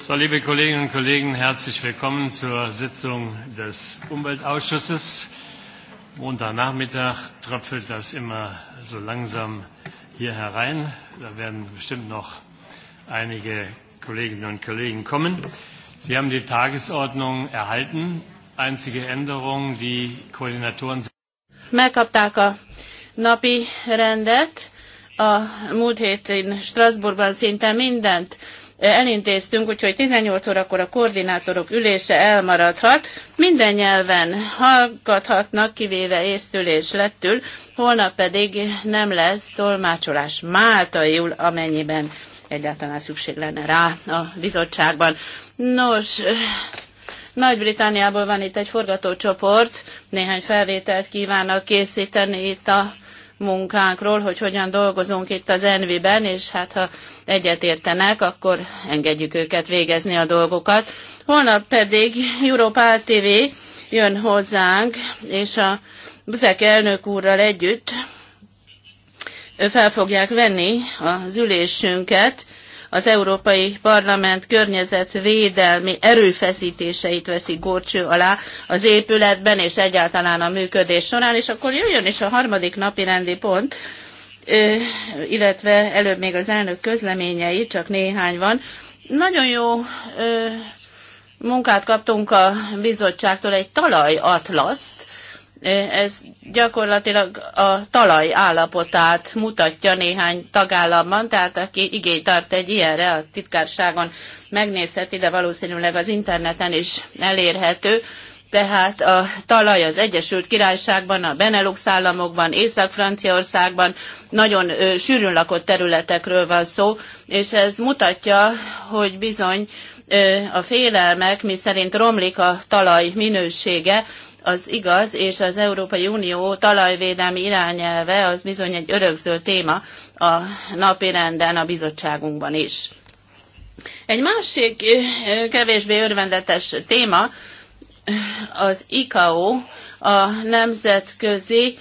So, liebe Kolleginnen und Kollegen, herzlich willkommen zur Sitzung des Umweltausschusses. Montagnachmittag tröpfelt das immer so langsam hier herein. Da werden bestimmt noch einige Kolleginnen und Kollegen kommen. Sie haben die Tagesordnung erhalten. Einzige Änderung, die Koordinatoren. Megkapták a napi rendet. A múlt héten Strasbourgban szinte mindent elintéztünk, úgyhogy 18 órakor a koordinátorok ülése elmaradhat. Minden nyelven hallgathatnak, kivéve észtül és lettül, holnap pedig nem lesz tolmácsolás máltaiul, amennyiben egyáltalán szükség lenne rá a bizottságban. Nos, nagy-Britániából van itt egy forgatócsoport, néhány felvételt kívánnak készíteni itt a munkánkról, hogy hogyan dolgozunk itt az Envi-ben, és hát ha egyetértenek, akkor engedjük őket végezni a dolgokat. Holnap pedig Európa TV jön hozzánk, és a Buzek elnök úrral együtt fel fogják venni az ülésünket, az Európai Parlament környezetvédelmi erőfeszítéseit veszi górcső alá az épületben és egyáltalán a működés során, és akkor jöjjön is a harmadik napi rendi pont, illetve előbb még az elnök közleményei, csak néhány van. Nagyon jó munkát kaptunk a bizottságtól, egy talajatlaszt, ez gyakorlatilag a talaj állapotát mutatja néhány tagállamban, tehát aki igényt tart egy ilyenre a titkárságon megnézheti, de valószínűleg az interneten is elérhető. Tehát a talaj az Egyesült Királyságban, a Benelux államokban, Észak-Franciaországban nagyon ö, sűrűn lakott területekről van szó, és ez mutatja, hogy bizony ö, a félelmek, miszerint romlik a talaj minősége, az igaz, és az Európai Unió talajvédelmi irányelve az bizony egy örökző téma a napi renden a bizottságunkban is. Egy másik kevésbé örvendetes téma az ICAO, a Nemzetközi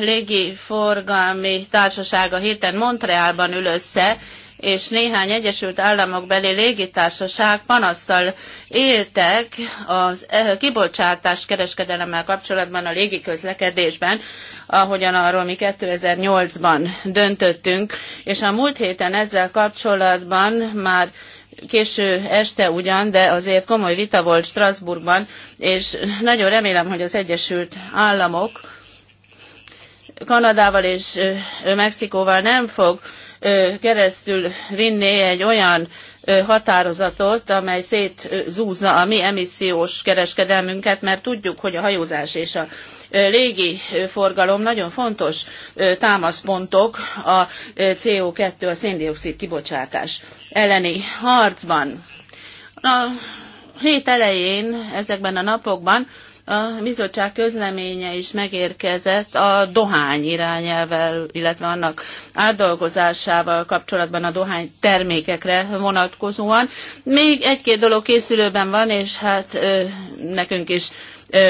Légiforgalmi Társasága héten Montrealban ül össze, és néhány Egyesült Államok beli légitársaság panasszal éltek az eh, kibocsátás kereskedelemmel kapcsolatban a légiközlekedésben, ahogyan arról mi 2008-ban döntöttünk, és a múlt héten ezzel kapcsolatban már késő este ugyan, de azért komoly vita volt Strasbourgban, és nagyon remélem, hogy az Egyesült Államok Kanadával és eh, Mexikóval nem fog keresztül vinni egy olyan határozatot, amely szétzúzza a mi emissziós kereskedelmünket, mert tudjuk, hogy a hajózás és a légi forgalom nagyon fontos támaszpontok a CO2, a széndiokszid kibocsátás elleni harcban. A hét elején, ezekben a napokban a bizottság közleménye is megérkezett a dohány irányelvel, illetve annak átdolgozásával kapcsolatban a dohány termékekre vonatkozóan. Még egy-két dolog készülőben van, és hát ö, nekünk is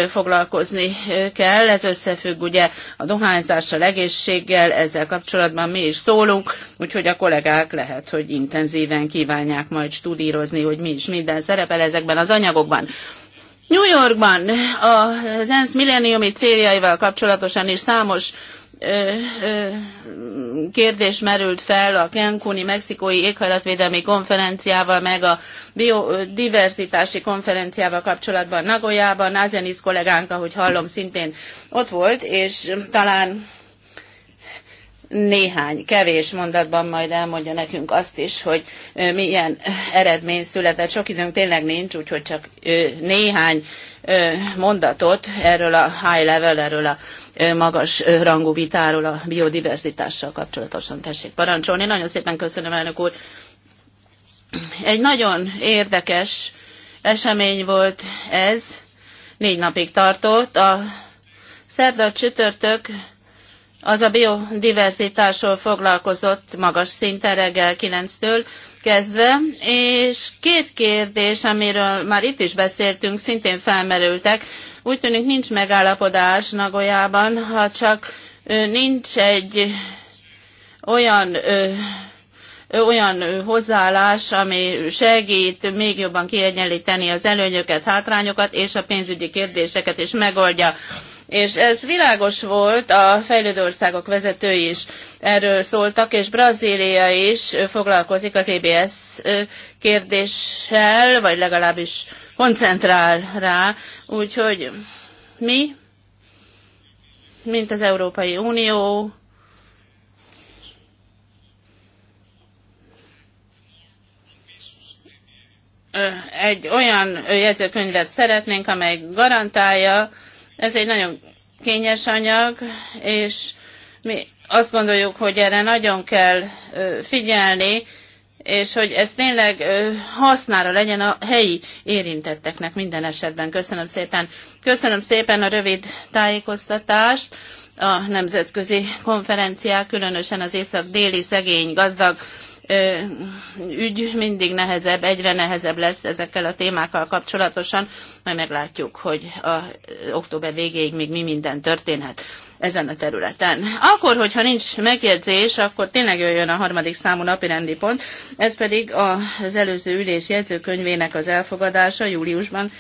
foglalkozni kell. Ez összefügg ugye a dohányzással, egészséggel, ezzel kapcsolatban mi is szólunk, úgyhogy a kollégák lehet, hogy intenzíven kívánják majd studírozni, hogy mi is minden szerepel ezekben az anyagokban. New Yorkban az ENSZ milleniumi céljaival kapcsolatosan is számos kérdés merült fel a Cancuni mexikói éghajlatvédelmi konferenciával, meg a biodiverzitási konferenciával kapcsolatban Nagoyában. Azenis kollégánk, ahogy hallom, szintén ott volt, és talán néhány kevés mondatban majd elmondja nekünk azt is, hogy milyen eredmény született. Sok időnk tényleg nincs, úgyhogy csak néhány mondatot erről a high level, erről a magas rangú vitáról a biodiverzitással kapcsolatosan tessék parancsolni. Nagyon szépen köszönöm, elnök úr. Egy nagyon érdekes esemény volt ez, négy napig tartott. A szerda csütörtök az a biodiverzitásról foglalkozott magas szinten reggel 9-től kezdve, és két kérdés, amiről már itt is beszéltünk, szintén felmerültek. Úgy tűnik nincs megállapodás Nagoyában, ha csak nincs egy olyan ö, olyan hozzáállás, ami segít még jobban kiegyenlíteni az előnyöket, hátrányokat és a pénzügyi kérdéseket is megoldja. És ez világos volt, a fejlődő országok vezetői is erről szóltak, és Brazília is foglalkozik az EBS kérdéssel, vagy legalábbis koncentrál rá, úgyhogy mi, mint az Európai Unió, egy olyan jegyzőkönyvet szeretnénk, amely garantálja, ez egy nagyon kényes anyag, és mi azt gondoljuk, hogy erre nagyon kell figyelni, és hogy ez tényleg hasznára legyen a helyi érintetteknek minden esetben. Köszönöm szépen. Köszönöm szépen a rövid tájékoztatást a nemzetközi konferenciák, különösen az észak-déli szegény gazdag ügy mindig nehezebb, egyre nehezebb lesz ezekkel a témákkal kapcsolatosan, majd meglátjuk, hogy a október végéig még mi minden történhet ezen a területen. Akkor, hogyha nincs megjegyzés, akkor tényleg jöjjön a harmadik számú napi rendi pont, ez pedig az előző ülés jegyzőkönyvének az elfogadása júliusban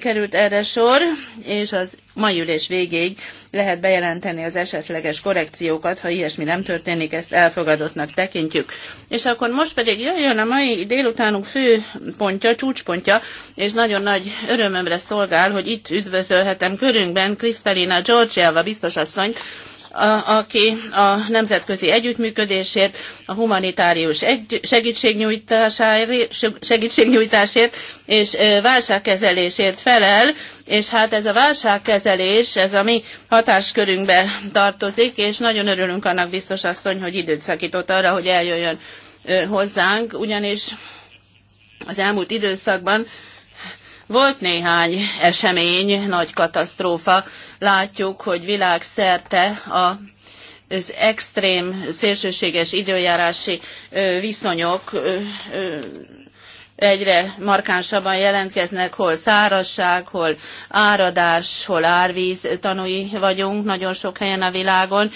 került erre sor, és az mai ülés végéig lehet bejelenteni az esetleges korrekciókat, ha ilyesmi nem történik, ezt elfogadottnak tekintjük. És akkor most pedig jöjjön a mai délutánunk fő pontja, csúcspontja, és nagyon nagy örömömre szolgál, hogy itt üdvözölhetem körünkben Kristalina Georgiava biztos asszonyt, aki a nemzetközi együttműködésért, a humanitárius segítségnyújtásáért, segítségnyújtásért és válságkezelésért felel, és hát ez a válságkezelés, ez a mi hatáskörünkbe tartozik, és nagyon örülünk annak biztos asszony, hogy időt szakított arra, hogy eljöjjön hozzánk, ugyanis az elmúlt időszakban volt néhány esemény, nagy katasztrófa. Látjuk, hogy világszerte a az extrém szélsőséges időjárási viszonyok egyre markánsabban jelentkeznek, hol szárazság, hol áradás, hol árvíz tanúi vagyunk nagyon sok helyen a világon,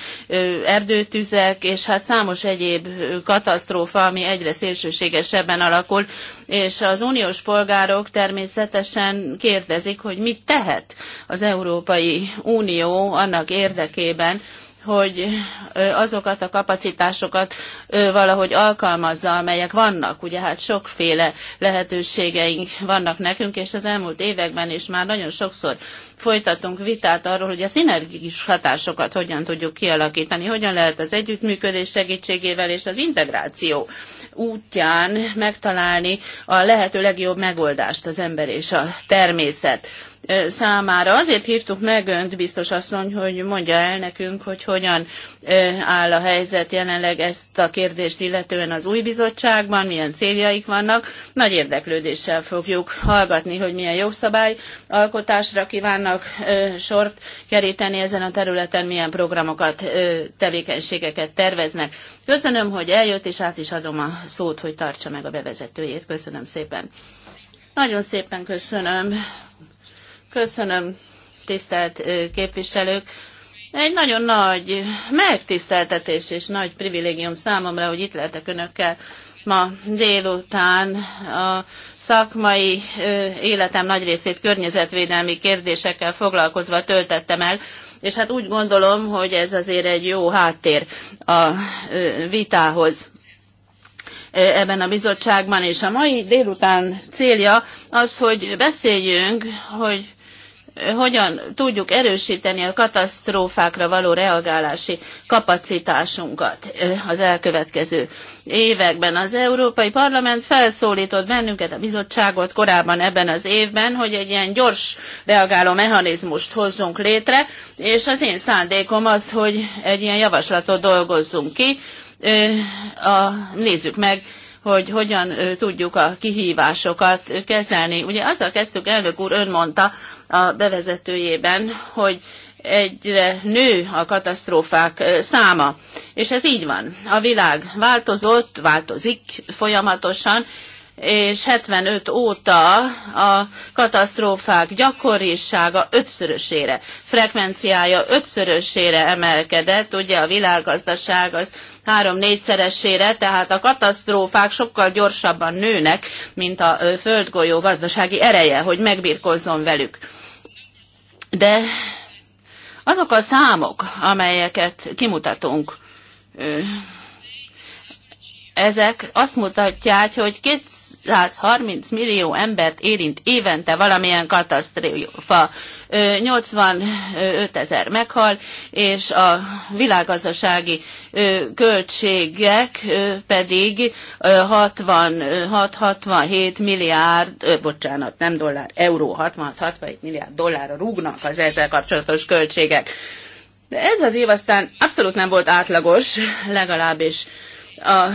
erdőtüzek, és hát számos egyéb katasztrófa, ami egyre szélsőségesebben alakul, és az uniós polgárok természetesen kérdezik, hogy mit tehet az Európai Unió annak érdekében, hogy azokat a kapacitásokat valahogy alkalmazza, amelyek vannak. Ugye hát sokféle lehetőségeink vannak nekünk, és az elmúlt években is már nagyon sokszor folytatunk vitát arról, hogy a szinergikus hatásokat hogyan tudjuk kialakítani, hogyan lehet az együttműködés segítségével és az integráció útján megtalálni a lehető legjobb megoldást az ember és a természet számára. Azért hívtuk meg önt, biztos asszony, hogy mondja el nekünk, hogy hogyan áll a helyzet jelenleg ezt a kérdést illetően az új bizottságban, milyen céljaik vannak. Nagy érdeklődéssel fogjuk hallgatni, hogy milyen jogszabály alkotásra kívánnak sort keríteni ezen a területen, milyen programokat, tevékenységeket terveznek. Köszönöm, hogy eljött, és át is adom a szót, hogy tartsa meg a bevezetőjét. Köszönöm szépen. Nagyon szépen köszönöm Köszönöm, tisztelt képviselők. Egy nagyon nagy megtiszteltetés és nagy privilégium számomra, hogy itt lehetek önökkel ma délután a szakmai életem nagy részét környezetvédelmi kérdésekkel foglalkozva töltettem el, és hát úgy gondolom, hogy ez azért egy jó háttér a vitához ebben a bizottságban, és a mai délután célja az, hogy beszéljünk, hogy hogyan tudjuk erősíteni a katasztrófákra való reagálási kapacitásunkat az elkövetkező években. Az Európai Parlament felszólított bennünket, a bizottságot korábban ebben az évben, hogy egy ilyen gyors reagáló mechanizmust hozzunk létre, és az én szándékom az, hogy egy ilyen javaslatot dolgozzunk ki. A, nézzük meg, hogy hogyan tudjuk a kihívásokat kezelni. Ugye azzal kezdtük, elnök úr ön mondta, a bevezetőjében, hogy egyre nő a katasztrófák száma. És ez így van. A világ változott, változik folyamatosan, és 75 óta a katasztrófák gyakorisága ötszörösére, frekvenciája ötszörösére emelkedett, ugye a világgazdaság az három-négyszeresére, tehát a katasztrófák sokkal gyorsabban nőnek, mint a földgolyó gazdasági ereje, hogy megbirkozzon velük. De azok a számok, amelyeket kimutatunk, ezek azt mutatják, hogy 130 millió embert érint évente valamilyen katasztrófa. 85 ezer meghal, és a világgazdasági költségek pedig 66-67 milliárd, bocsánat, nem dollár, euró, 66-67 milliárd dollárra rúgnak az ezzel kapcsolatos költségek. De ez az év aztán abszolút nem volt átlagos, legalábbis a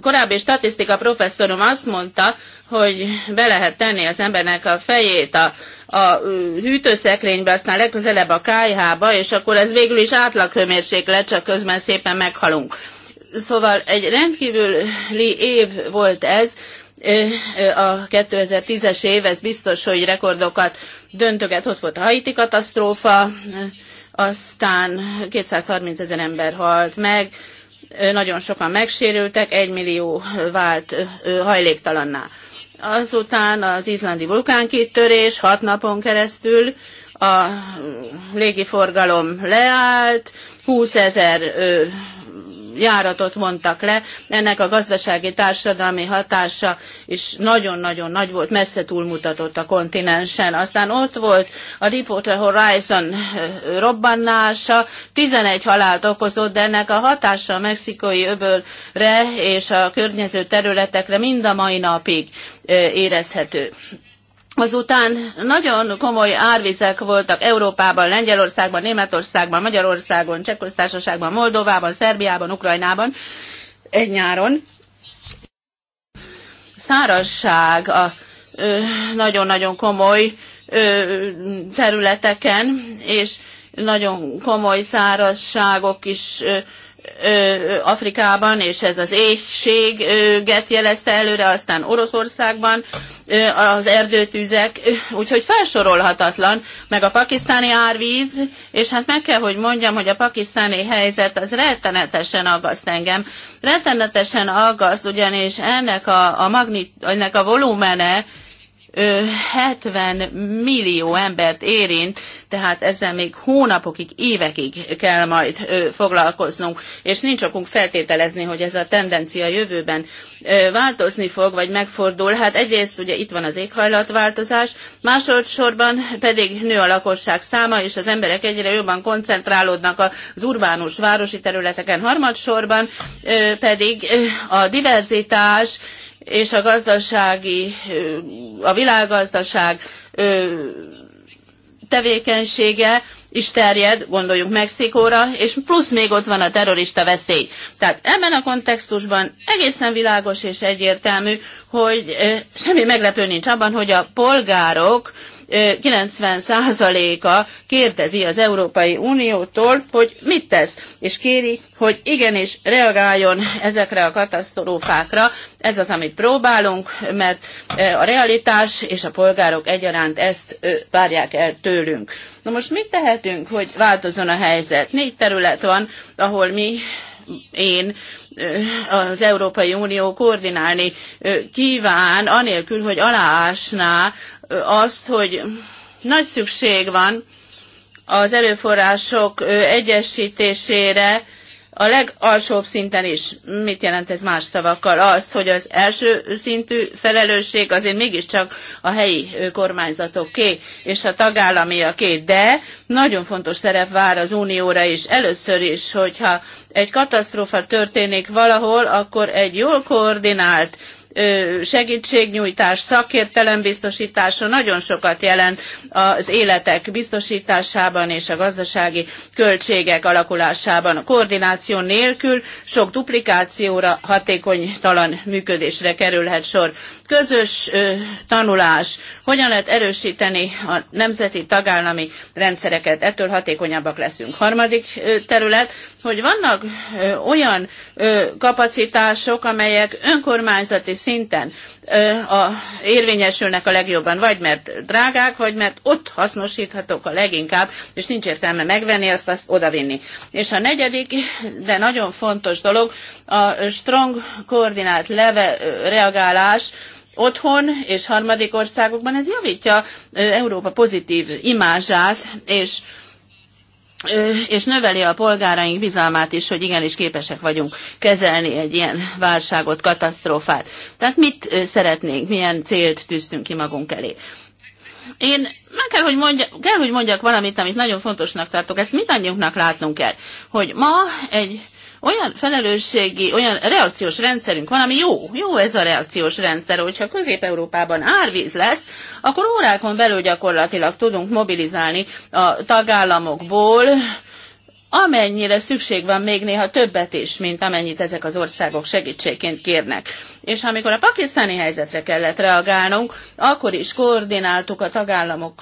korábbi statisztika professzorom azt mondta, hogy be lehet tenni az embernek a fejét a, a hűtőszekrénybe, aztán legközelebb a kájhába, és akkor ez végül is átlaghőmérséklet, csak közben szépen meghalunk. Szóval egy rendkívüli év volt ez, a 2010-es év, ez biztos, hogy rekordokat döntöget, ott volt a Haiti katasztrófa, aztán 230 ezer ember halt meg, nagyon sokan megsérültek, egy millió vált hajléktalanná. Azután az izlandi vulkánkitörés hat napon keresztül, a légiforgalom leállt, 20 ezer járatot vontak le. Ennek a gazdasági társadalmi hatása is nagyon-nagyon nagy volt, messze túlmutatott a kontinensen. Aztán ott volt a Deepwater Horizon eh, robbanása, 11 halált okozott, de ennek a hatása a mexikai öbölre és a környező területekre mind a mai napig eh, érezhető. Azután nagyon komoly árvizek voltak Európában, Lengyelországban, Németországban, Magyarországon, Csehköztársaságban, Moldovában, Szerbiában, Ukrajnában egy nyáron. Szárasság a nagyon-nagyon komoly ö, területeken, és nagyon komoly szárazságok is Afrikában, és ez az éhséget jelezte előre, aztán Oroszországban az erdőtüzek, úgyhogy felsorolhatatlan, meg a pakisztáni árvíz, és hát meg kell, hogy mondjam, hogy a pakisztáni helyzet az rettenetesen aggaszt engem. Rettenetesen aggaszt, ugyanis ennek a, a, magnit, ennek a volumene, 70 millió embert érint, tehát ezzel még hónapokig, évekig kell majd foglalkoznunk, és nincs okunk feltételezni, hogy ez a tendencia jövőben változni fog, vagy megfordul. Hát egyrészt ugye itt van az éghajlatváltozás, másodszorban pedig nő a lakosság száma, és az emberek egyre jobban koncentrálódnak az urbánus városi területeken, harmadsorban pedig a diverzitás és a gazdasági, a világgazdaság tevékenysége is terjed, gondoljuk Mexikóra, és plusz még ott van a terrorista veszély. Tehát ebben a kontextusban egészen világos és egyértelmű, hogy semmi meglepő nincs abban, hogy a polgárok 90%-a kérdezi az Európai Uniótól, hogy mit tesz, és kéri, hogy igenis reagáljon ezekre a katasztrófákra. Ez az, amit próbálunk, mert a realitás és a polgárok egyaránt ezt várják el tőlünk. Na most mit tehetünk, hogy változzon a helyzet? Négy terület van, ahol mi én az Európai Unió koordinálni kíván, anélkül, hogy aláásná azt, hogy nagy szükség van az előforrások egyesítésére a legalsóbb szinten is. Mit jelent ez más szavakkal? Azt, hogy az első szintű felelősség azért mégiscsak a helyi kormányzatoké és a tagállamiaké, de nagyon fontos szerep vár az unióra is. Először is, hogyha egy katasztrófa történik valahol, akkor egy jól koordinált segítségnyújtás, szakértelem biztosítása nagyon sokat jelent az életek biztosításában és a gazdasági költségek alakulásában. A koordináció nélkül sok duplikációra, hatékonytalan működésre kerülhet sor. Közös tanulás. Hogyan lehet erősíteni a nemzeti tagállami rendszereket? Ettől hatékonyabbak leszünk. Harmadik terület, hogy vannak olyan kapacitások, amelyek önkormányzati szinten a, érvényesülnek a legjobban, vagy mert drágák, vagy mert ott hasznosíthatók a leginkább, és nincs értelme megvenni, azt, azt odavinni. És a negyedik, de nagyon fontos dolog, a strong koordinált leve, reagálás, otthon és harmadik országokban ez javítja Európa pozitív imázsát, és és növeli a polgáraink bizalmát is, hogy igenis képesek vagyunk kezelni egy ilyen válságot, katasztrófát. Tehát mit szeretnénk, milyen célt tűztünk ki magunk elé? Én meg kell hogy, mondja, kell, hogy mondjak valamit, amit nagyon fontosnak tartok, ezt mindannyiunknak látnunk kell, hogy ma egy olyan felelősségi, olyan reakciós rendszerünk van, ami jó. Jó ez a reakciós rendszer, hogyha Közép-Európában árvíz lesz, akkor órákon belül gyakorlatilag tudunk mobilizálni a tagállamokból, amennyire szükség van még néha többet is, mint amennyit ezek az országok segítségként kérnek. És amikor a pakisztáni helyzetre kellett reagálnunk, akkor is koordináltuk a tagállamok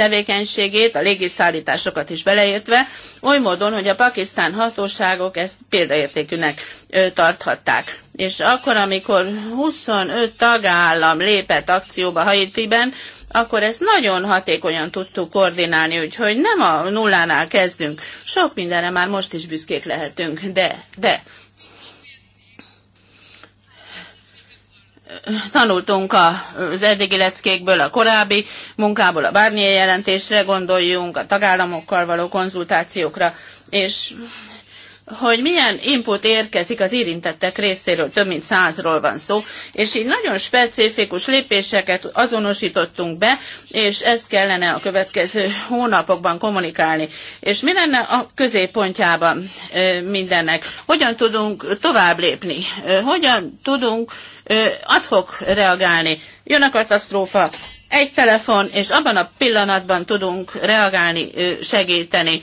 tevékenységét, a légiszállításokat is beleértve, oly módon, hogy a pakisztán hatóságok ezt példaértékűnek tarthatták. És akkor, amikor 25 tagállam lépett akcióba Haitiben, akkor ezt nagyon hatékonyan tudtuk koordinálni, úgyhogy nem a nullánál kezdünk. Sok mindenre már most is büszkék lehetünk, de, de tanultunk az eddigi leckékből, a korábbi munkából, a bármilyen jelentésre gondoljunk, a tagállamokkal való konzultációkra, és hogy milyen input érkezik az érintettek részéről, több mint százról van szó, és így nagyon specifikus lépéseket azonosítottunk be, és ezt kellene a következő hónapokban kommunikálni. És mi lenne a középpontjában mindennek? Hogyan tudunk tovább lépni? Hogyan tudunk adhok reagálni? Jön a katasztrófa, egy telefon, és abban a pillanatban tudunk reagálni, segíteni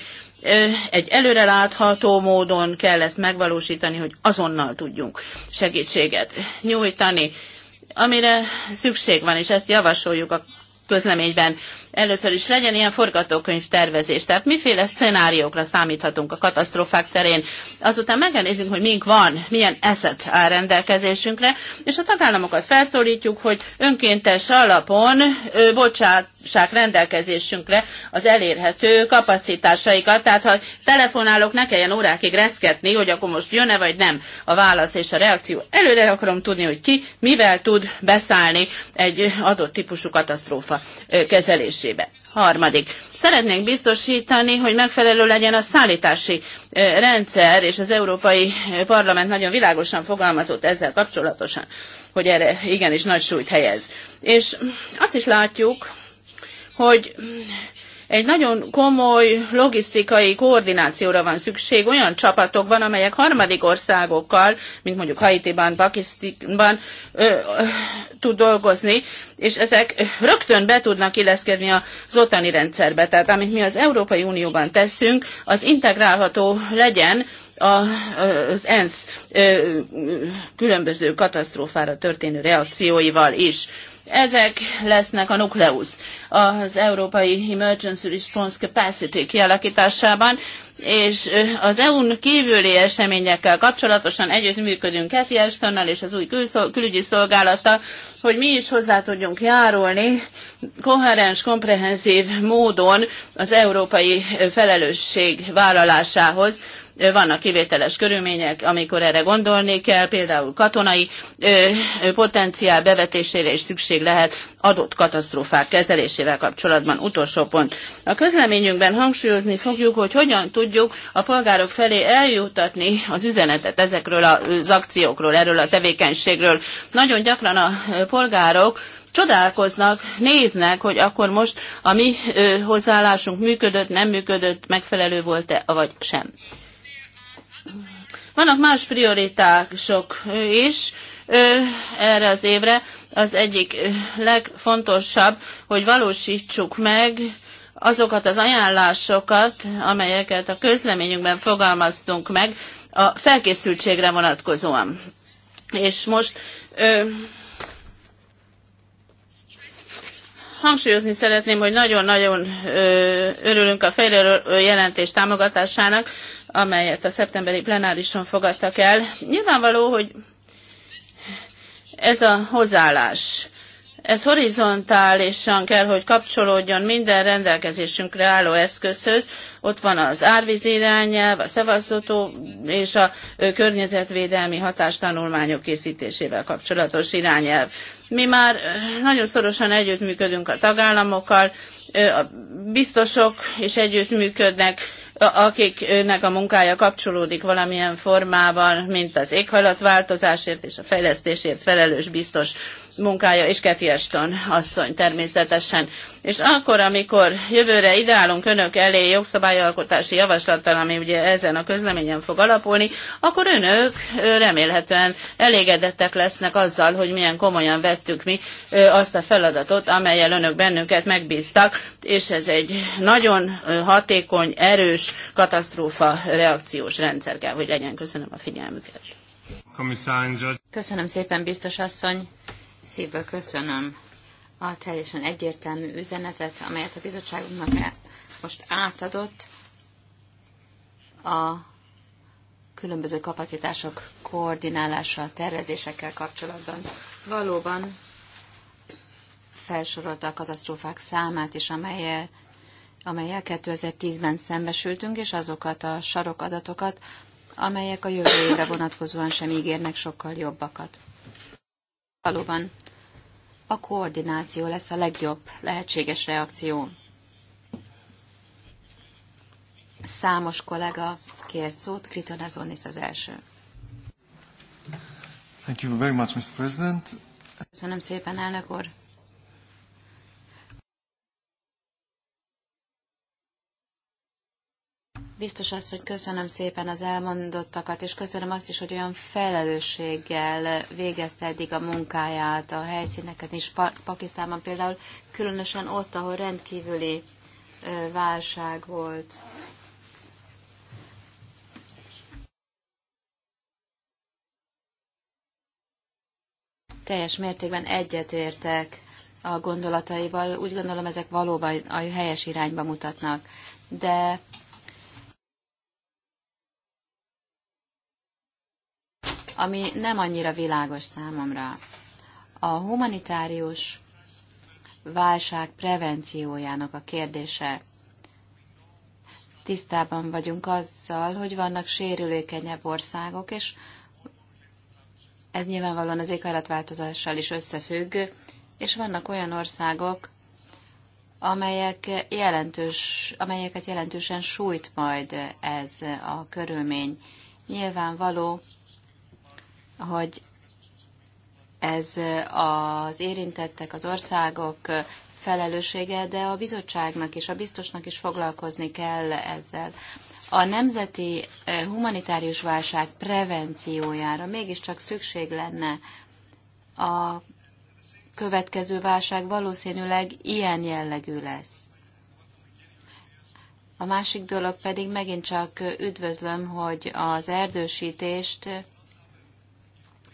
egy előrelátható módon kell ezt megvalósítani, hogy azonnal tudjunk segítséget nyújtani, amire szükség van, és ezt javasoljuk a közleményben először is legyen ilyen forgatókönyv tervezés. Tehát miféle szenáriókra számíthatunk a katasztrófák terén. Azután megnézzük, hogy mink van, milyen eszet áll rendelkezésünkre, és a tagállamokat felszólítjuk, hogy önkéntes alapon ö, bocsássák rendelkezésünkre az elérhető kapacitásaikat. Tehát ha telefonálok, ne kelljen órákig reszketni, hogy akkor most jön-e vagy nem a válasz és a reakció. Előre akarom tudni, hogy ki mivel tud beszállni egy adott típusú katasztrófa kezelésére kezelésébe. Harmadik. Szeretnénk biztosítani, hogy megfelelő legyen a szállítási rendszer, és az Európai Parlament nagyon világosan fogalmazott ezzel kapcsolatosan, hogy erre igenis nagy súlyt helyez. És azt is látjuk, hogy egy nagyon komoly logisztikai koordinációra van szükség olyan csapatokban, amelyek harmadik országokkal, mint mondjuk Haitiban, Pakisztánban tud dolgozni, és ezek rögtön be tudnak illeszkedni az ottani rendszerbe. Tehát amit mi az Európai Unióban teszünk, az integrálható legyen az ENSZ különböző katasztrófára történő reakcióival is. Ezek lesznek a nukleusz az Európai Emergency Response Capacity kialakításában, és az EU-n kívüli eseményekkel kapcsolatosan együttműködünk Kathy Ashtonnal és az új külügyi szolgálata, hogy mi is hozzá tudjunk járulni koherens, komprehenzív módon az európai felelősség vállalásához, vannak kivételes körülmények, amikor erre gondolni kell, például katonai potenciál bevetésére is szükség lehet adott katasztrófák kezelésével kapcsolatban. Utolsó pont. A közleményünkben hangsúlyozni fogjuk, hogy hogyan tudjuk a polgárok felé eljutatni az üzenetet ezekről az akciókról, erről a tevékenységről. Nagyon gyakran a polgárok csodálkoznak, néznek, hogy akkor most a mi hozzáállásunk működött, nem működött, megfelelő volt-e, vagy sem. Vannak más prioritások is erre az évre. Az egyik legfontosabb, hogy valósítsuk meg azokat az ajánlásokat, amelyeket a közleményünkben fogalmaztunk meg a felkészültségre vonatkozóan. És most ö, hangsúlyozni szeretném, hogy nagyon-nagyon örülünk a fejlő jelentés támogatásának, amelyet a szeptemberi plenárison fogadtak el. Nyilvánvaló, hogy ez a hozzáállás, ez horizontálisan kell, hogy kapcsolódjon minden rendelkezésünkre álló eszközhöz. Ott van az árvíz irányelv, a szavazható és a környezetvédelmi hatástanulmányok készítésével kapcsolatos irányelv. Mi már nagyon szorosan együttműködünk a tagállamokkal, a biztosok is együttműködnek akiknek a munkája kapcsolódik valamilyen formában, mint az éghajlatváltozásért és a fejlesztésért felelős biztos munkája, és Kathy Ashton asszony természetesen. És akkor, amikor jövőre ideálunk önök elé jogszabályalkotási javaslattal, ami ugye ezen a közleményen fog alapulni, akkor önök remélhetően elégedettek lesznek azzal, hogy milyen komolyan vettük mi azt a feladatot, amelyel önök bennünket megbíztak, és ez egy nagyon hatékony, erős katasztrófa reakciós rendszer kell, hogy legyen. Köszönöm a figyelmüket. Köszönöm szépen, biztos asszony. Szívből köszönöm a teljesen egyértelmű üzenetet, amelyet a bizottságunknak most átadott a különböző kapacitások koordinálása, tervezésekkel kapcsolatban. Valóban felsorolta a katasztrófák számát is, amelyel, amelyel 2010-ben szembesültünk, és azokat a sarokadatokat, amelyek a jövő évre vonatkozóan sem ígérnek sokkal jobbakat. Valóban a koordináció lesz a legjobb lehetséges reakció. Számos kollega kért szót, Kriton Azonis az első. Thank you very much, Mr. President. Köszönöm szépen, elnök úr. Biztos asszony, köszönöm szépen az elmondottakat, és köszönöm azt is, hogy olyan felelősséggel végezte eddig a munkáját a helyszíneket is, pa- Pakisztánban például, különösen ott, ahol rendkívüli ö, válság volt. Teljes mértékben egyetértek a gondolataival, úgy gondolom ezek valóban a helyes irányba mutatnak, de ami nem annyira világos számomra. A humanitárius válság prevenciójának a kérdése. Tisztában vagyunk azzal, hogy vannak sérülékenyebb országok, és ez nyilvánvalóan az éghajlatváltozással is összefügg, és vannak olyan országok, amelyek jelentős, amelyeket jelentősen sújt majd ez a körülmény. Nyilvánvaló, hogy ez az érintettek, az országok felelőssége, de a bizottságnak és a biztosnak is foglalkozni kell ezzel. A nemzeti eh, humanitárius válság prevenciójára mégiscsak szükség lenne a következő válság valószínűleg ilyen jellegű lesz. A másik dolog pedig megint csak üdvözlöm, hogy az erdősítést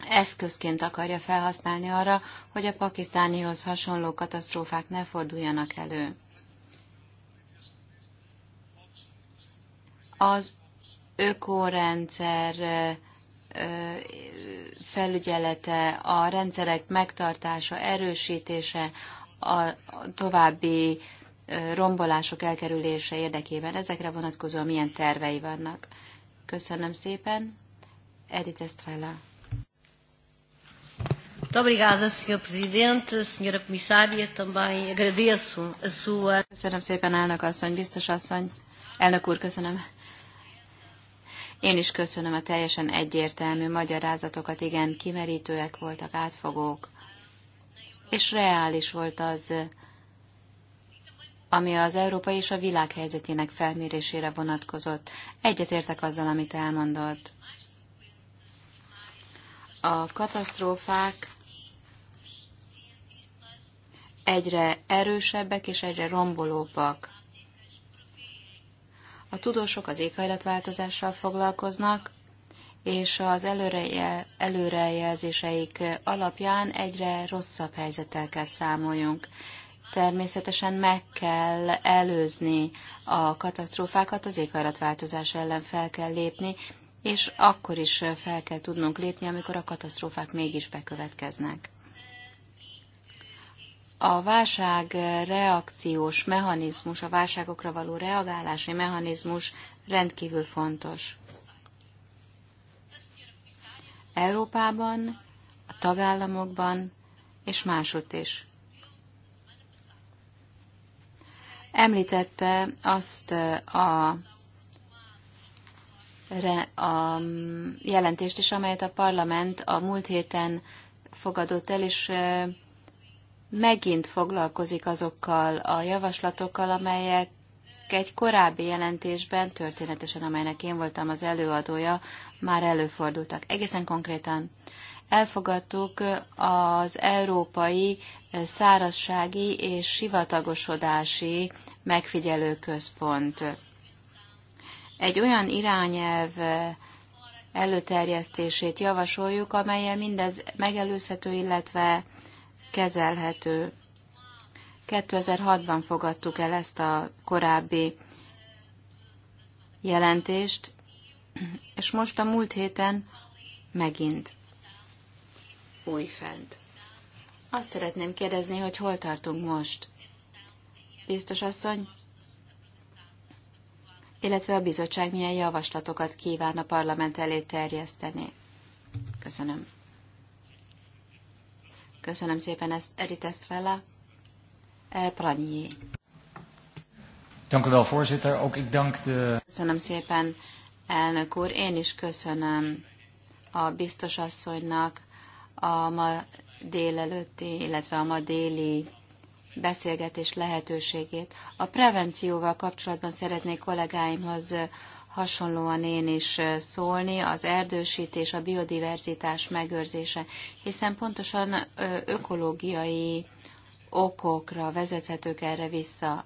eszközként akarja felhasználni arra, hogy a pakisztánihoz hasonló katasztrófák ne forduljanak elő. Az ökorendszer felügyelete, a rendszerek megtartása, erősítése, a további rombolások elkerülése érdekében. Ezekre vonatkozóan milyen tervei vannak? Köszönöm szépen. Edith Estrella. Muito obrigada, Sr. Presidente, Sra. Comissária, também agradeço a sua... Köszönöm szépen, elnök asszony, biztos asszony. Elnök úr, köszönöm. Én is köszönöm a teljesen egyértelmű magyarázatokat, igen, kimerítőek voltak, átfogók, és reális volt az, ami az európai és a világ helyzetének felmérésére vonatkozott. Egyetértek azzal, amit elmondott. A katasztrófák egyre erősebbek és egyre rombolóbbak. A tudósok az éghajlatváltozással foglalkoznak, és az előrejel, előrejelzéseik alapján egyre rosszabb helyzettel kell számoljunk. Természetesen meg kell előzni a katasztrófákat, az éghajlatváltozás ellen fel kell lépni, és akkor is fel kell tudnunk lépni, amikor a katasztrófák mégis bekövetkeznek a válság reakciós mechanizmus, a válságokra való reagálási mechanizmus rendkívül fontos. Európában, a tagállamokban és másutt is. Említette azt uh, a, a um, jelentést is, amelyet a parlament a múlt héten fogadott el, és uh, megint foglalkozik azokkal a javaslatokkal, amelyek egy korábbi jelentésben, történetesen amelynek én voltam az előadója, már előfordultak. Egészen konkrétan elfogadtuk az európai szárazsági és sivatagosodási megfigyelőközpont. Egy olyan irányelv előterjesztését javasoljuk, amelyen mindez megelőzhető, illetve kezelhető. 2006-ban fogadtuk el ezt a korábbi jelentést, és most a múlt héten megint újfent. Azt szeretném kérdezni, hogy hol tartunk most. Biztos asszony, illetve a bizottság milyen javaslatokat kíván a parlament elé terjeszteni. Köszönöm. Köszönöm szépen ezt, Edith Estrella. Eh, Pranyi. Dank u wel, voorzitter. Ook ik dank de... Köszönöm szépen, elnök úr. Én is köszönöm a biztos asszonynak a ma délelőtti, illetve a ma déli beszélgetés lehetőségét. A prevencióval kapcsolatban szeretnék kollégáimhoz hasonlóan én is szólni, az erdősítés, a biodiverzitás megőrzése, hiszen pontosan ökológiai okokra vezethetők erre vissza.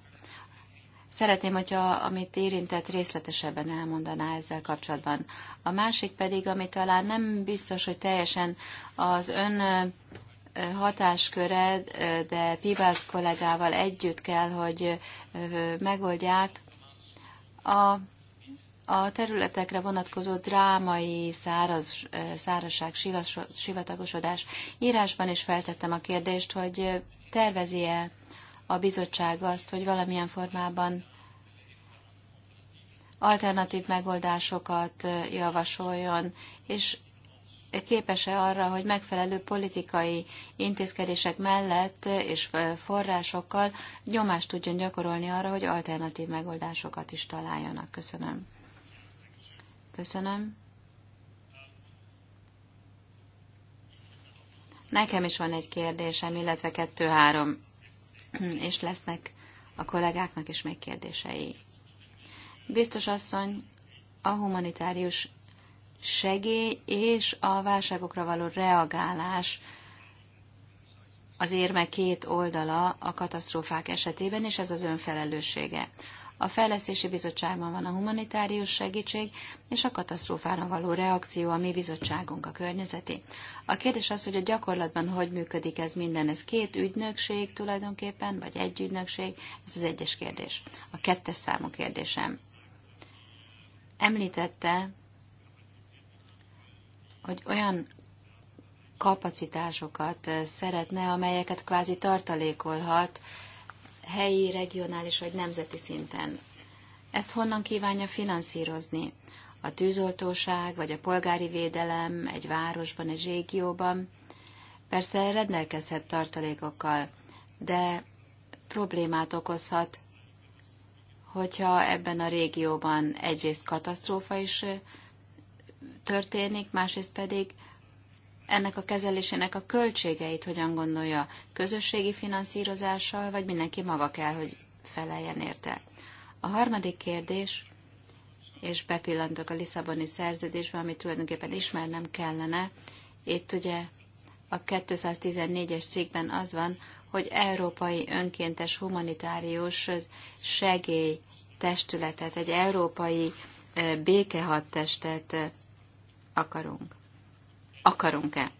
Szeretném, hogyha amit érintett részletesebben elmondaná ezzel kapcsolatban. A másik pedig, ami talán nem biztos, hogy teljesen az ön hatásköre, de Pibász kollégával együtt kell, hogy megoldják. A a területekre vonatkozó drámai száraz, szárazság, sivatagosodás írásban is feltettem a kérdést, hogy tervezi-e a bizottság azt, hogy valamilyen formában alternatív megoldásokat javasoljon, és képes-e arra, hogy megfelelő politikai intézkedések mellett és forrásokkal nyomást tudjon gyakorolni arra, hogy alternatív megoldásokat is találjanak. Köszönöm. Köszönöm. Nekem is van egy kérdésem, illetve kettő-három, és lesznek a kollégáknak is még kérdései. Biztos asszony, a humanitárius segély és a válságokra való reagálás az érme két oldala a katasztrófák esetében, és ez az önfelelőssége. A Fejlesztési Bizottságban van a humanitárius segítség és a katasztrófára való reakció, a mi bizottságunk a környezeti. A kérdés az, hogy a gyakorlatban hogy működik ez minden. Ez két ügynökség tulajdonképpen, vagy egy ügynökség, ez az egyes kérdés. A kettes számú kérdésem. Említette, hogy olyan kapacitásokat szeretne, amelyeket kvázi tartalékolhat helyi, regionális vagy nemzeti szinten. Ezt honnan kívánja finanszírozni? A tűzoltóság vagy a polgári védelem egy városban, egy régióban persze rendelkezhet tartalékokkal, de problémát okozhat, hogyha ebben a régióban egyrészt katasztrófa is történik, másrészt pedig ennek a kezelésének a költségeit hogyan gondolja, közösségi finanszírozással, vagy mindenki maga kell, hogy feleljen érte. A harmadik kérdés, és bepillantok a Lisszaboni szerződésbe, amit tulajdonképpen ismernem kellene, itt ugye a 214-es cikkben az van, hogy európai önkéntes humanitárius segély testületet, egy európai békehadtestet akarunk akarunk-e.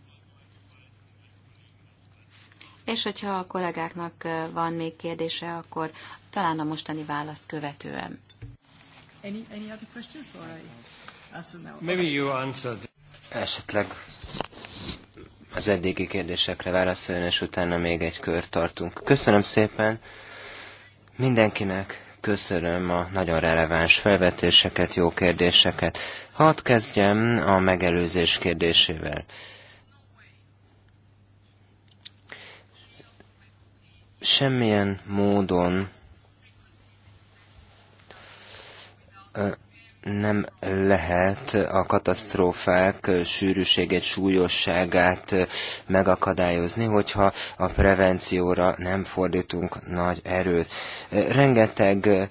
És hogyha a kollégáknak van még kérdése, akkor talán a mostani választ követően. Any, any other questions or I Maybe you answered. Esetleg az eddigi kérdésekre válaszoljon, és utána még egy kört tartunk. Köszönöm szépen mindenkinek! Köszönöm a nagyon releváns felvetéseket, jó kérdéseket. Hadd kezdjem a megelőzés kérdésével. Semmilyen módon nem lehet a katasztrófák sűrűségét, súlyosságát megakadályozni, hogyha a prevencióra nem fordítunk nagy erőt. Rengeteg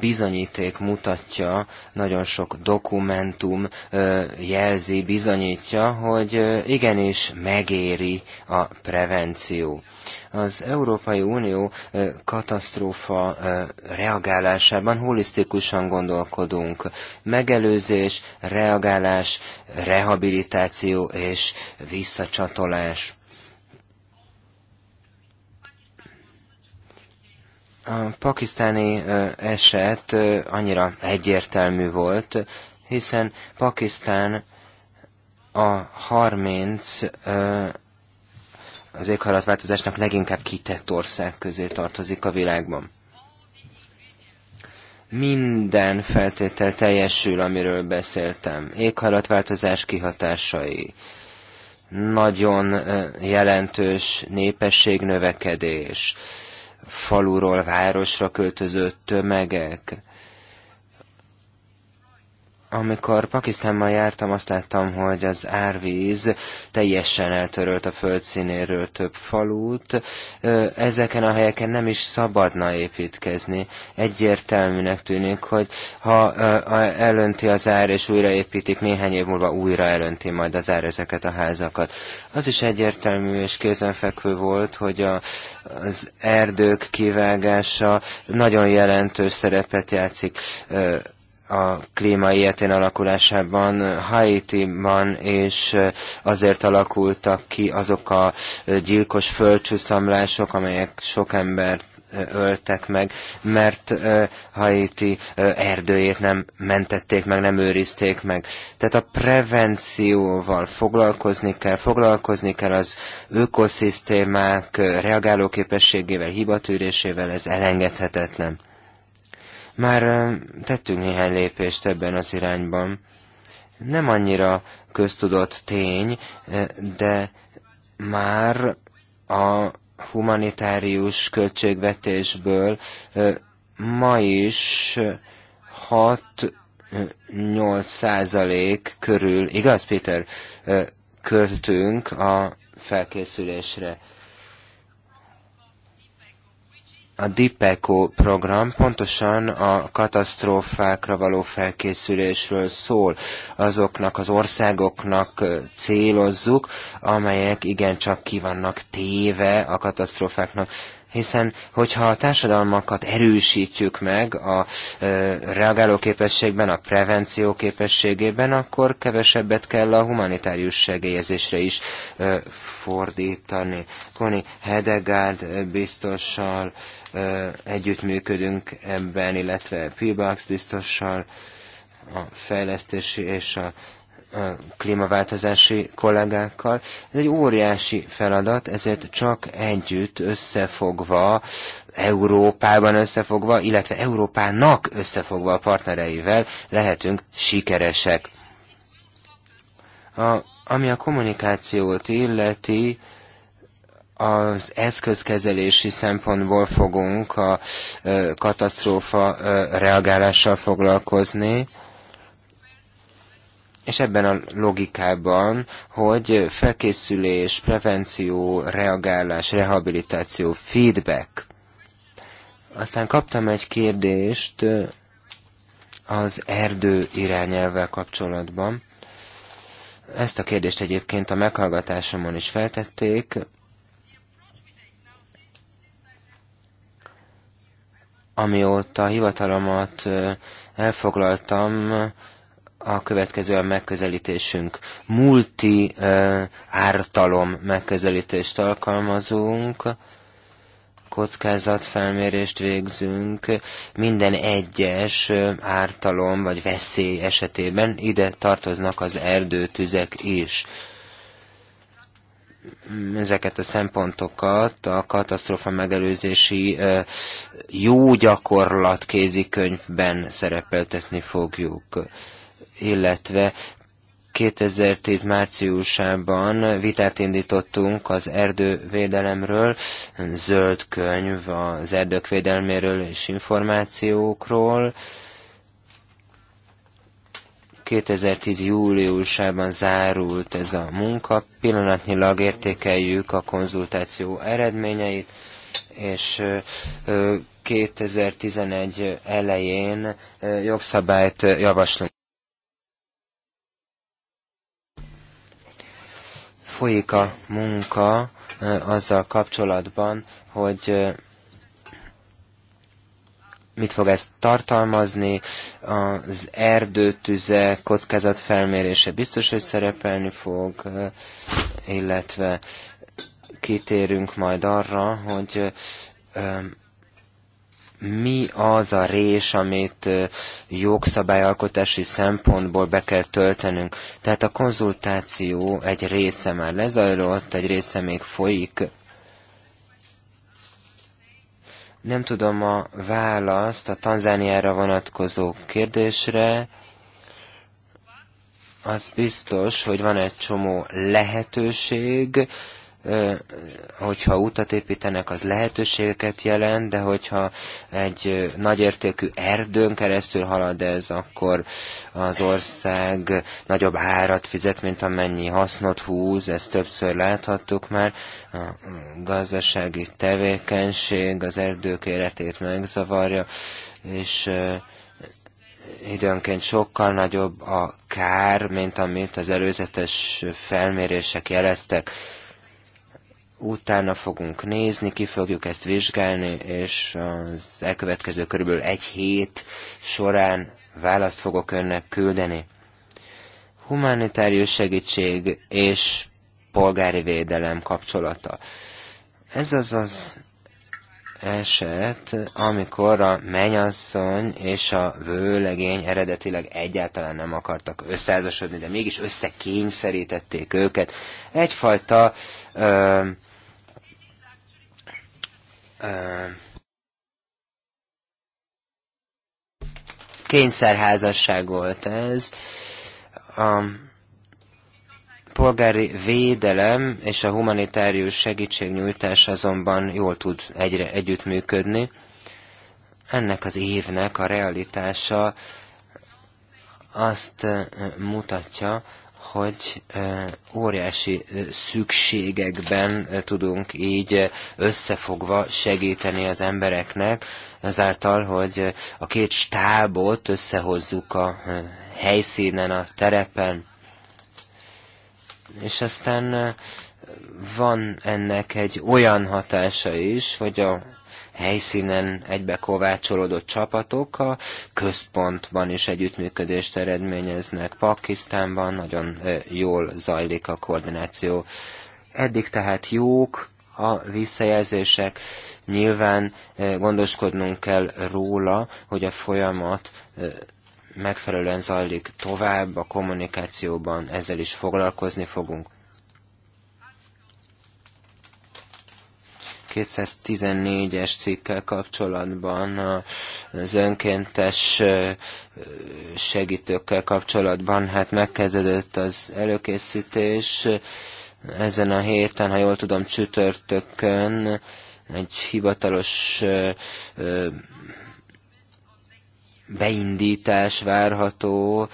bizonyíték mutatja, nagyon sok dokumentum jelzi, bizonyítja, hogy igenis megéri a prevenció. Az Európai Unió katasztrófa reagálásában holisztikusan gondolkodunk. Megelőzés, reagálás, rehabilitáció és visszacsatolás. A pakisztáni eset annyira egyértelmű volt, hiszen Pakisztán a 30 az éghajlatváltozásnak leginkább kitett ország közé tartozik a világban. Minden feltétel teljesül, amiről beszéltem. Éghajlatváltozás kihatásai, nagyon jelentős népességnövekedés, faluról városra költözött tömegek, amikor Pakisztánban jártam, azt láttam, hogy az árvíz teljesen eltörölt a földszínéről több falut. Ezeken a helyeken nem is szabadna építkezni. Egyértelműnek tűnik, hogy ha elönti az ár és újraépítik, néhány év múlva újra elönti majd az ár ezeket a házakat. Az is egyértelmű és kézenfekvő volt, hogy a, az erdők kivágása nagyon jelentős szerepet játszik a klíma ilyetén alakulásában, Haiti-ban és eh, azért alakultak ki azok a eh, gyilkos földcsúszamlások, amelyek sok embert eh, öltek meg, mert Haiti erdőjét nem mentették meg, nem őrizték meg. Tehát a prevencióval foglalkozni kell, foglalkozni kell az ökoszisztémák reagálóképességével, hibatűrésével, ez elengedhetetlen. Már tettünk néhány lépést ebben az irányban. Nem annyira köztudott tény, de már a humanitárius költségvetésből ma is 6-8 százalék körül, igaz Péter, költünk a felkészülésre a DIPECO program pontosan a katasztrófákra való felkészülésről szól. Azoknak az országoknak célozzuk, amelyek igencsak kivannak téve a katasztrófáknak hiszen hogyha a társadalmakat erősítjük meg a képességben, a prevenció képességében, akkor kevesebbet kell a humanitárius segélyezésre is fordítani. Koni Hedegard biztossal együttműködünk ebben, illetve Pibax biztossal a fejlesztési és a klímaváltozási kollégákkal. Ez egy óriási feladat, ezért csak együtt összefogva, Európában összefogva, illetve Európának összefogva a partnereivel lehetünk sikeresek. A, ami a kommunikációt illeti, az eszközkezelési szempontból fogunk a katasztrófa reagálással foglalkozni és ebben a logikában, hogy felkészülés, prevenció, reagálás, rehabilitáció, feedback. Aztán kaptam egy kérdést az erdő irányelvvel kapcsolatban. Ezt a kérdést egyébként a meghallgatásomon is feltették. Amióta hivatalomat elfoglaltam, a következő a megközelítésünk. Multi ártalom megközelítést alkalmazunk, kockázatfelmérést végzünk minden egyes ártalom vagy veszély esetében. Ide tartoznak az erdőtüzek is ezeket a szempontokat a katasztrófa megelőzési jó gyakorlat kézikönyvben szerepeltetni fogjuk illetve 2010 márciusában vitát indítottunk az erdővédelemről, zöld könyv az erdők védelméről és információkról. 2010 júliusában zárult ez a munka, pillanatnyilag értékeljük a konzultáció eredményeit, és 2011 elején jogszabályt javaslunk. folyik a munka azzal kapcsolatban, hogy mit fog ez tartalmazni, az erdőtüze felmérése biztos, hogy szerepelni fog, illetve kitérünk majd arra, hogy mi az a rés, amit jogszabályalkotási szempontból be kell töltenünk. Tehát a konzultáció egy része már lezajlott, egy része még folyik. Nem tudom a választ a Tanzániára vonatkozó kérdésre. Az biztos, hogy van egy csomó lehetőség, hogyha utat építenek, az lehetőségeket jelent, de hogyha egy nagyértékű erdőn keresztül halad ez, akkor az ország nagyobb árat fizet, mint amennyi hasznot húz, ezt többször láthattuk már. A gazdasági tevékenység az erdők életét megzavarja, és időnként sokkal nagyobb a kár, mint amit az előzetes felmérések jeleztek utána fogunk nézni, ki fogjuk ezt vizsgálni, és az elkövetkező körülbelül egy hét során választ fogok önnek küldeni. Humanitárius segítség és polgári védelem kapcsolata. Ez az az eset, amikor a menyasszony és a vőlegény eredetileg egyáltalán nem akartak összeházasodni, de mégis összekényszerítették őket. Egyfajta Ö, ö, kényszerházasság volt ez. A polgári védelem és a humanitárius segítségnyújtás azonban jól tud egyre együttműködni. Ennek az évnek a realitása azt mutatja, hogy óriási szükségekben tudunk így összefogva segíteni az embereknek, azáltal, hogy a két stábot összehozzuk a helyszínen, a terepen. És aztán van ennek egy olyan hatása is, hogy a helyszínen kovácsolódott csapatok a központban is együttműködést eredményeznek. Pakisztánban nagyon jól zajlik a koordináció. Eddig tehát jók a visszajelzések, nyilván gondoskodnunk kell róla, hogy a folyamat megfelelően zajlik tovább a kommunikációban, ezzel is foglalkozni fogunk. 214-es cikkel kapcsolatban, az önkéntes segítőkkel kapcsolatban, hát megkezdődött az előkészítés. Ezen a héten, ha jól tudom, csütörtökön egy hivatalos beindítás várható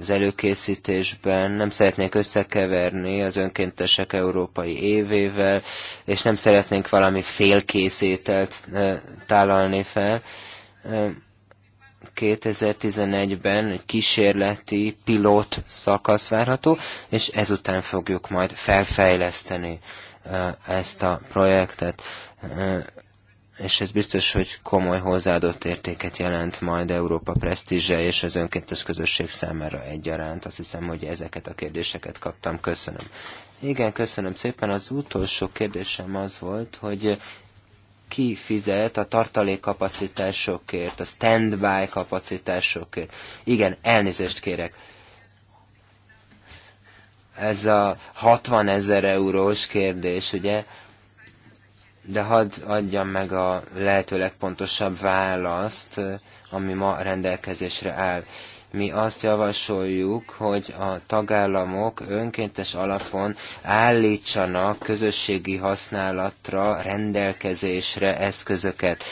az előkészítésben, nem szeretnék összekeverni az önkéntesek európai évével, és nem szeretnénk valami félkészételt tálalni fel. 2011-ben egy kísérleti pilot szakasz várható, és ezután fogjuk majd felfejleszteni ezt a projektet és ez biztos, hogy komoly hozzáadott értéket jelent majd Európa presztízse és az önkéntes közösség számára egyaránt. Azt hiszem, hogy ezeket a kérdéseket kaptam. Köszönöm. Igen, köszönöm szépen. Az utolsó kérdésem az volt, hogy ki fizet a tartalékkapacitásokért, a standby kapacitásokért. Igen, elnézést kérek. Ez a 60 ezer eurós kérdés, ugye? de hadd adjam meg a lehető legpontosabb választ, ami ma rendelkezésre áll. Mi azt javasoljuk, hogy a tagállamok önkéntes alapon állítsanak közösségi használatra, rendelkezésre eszközöket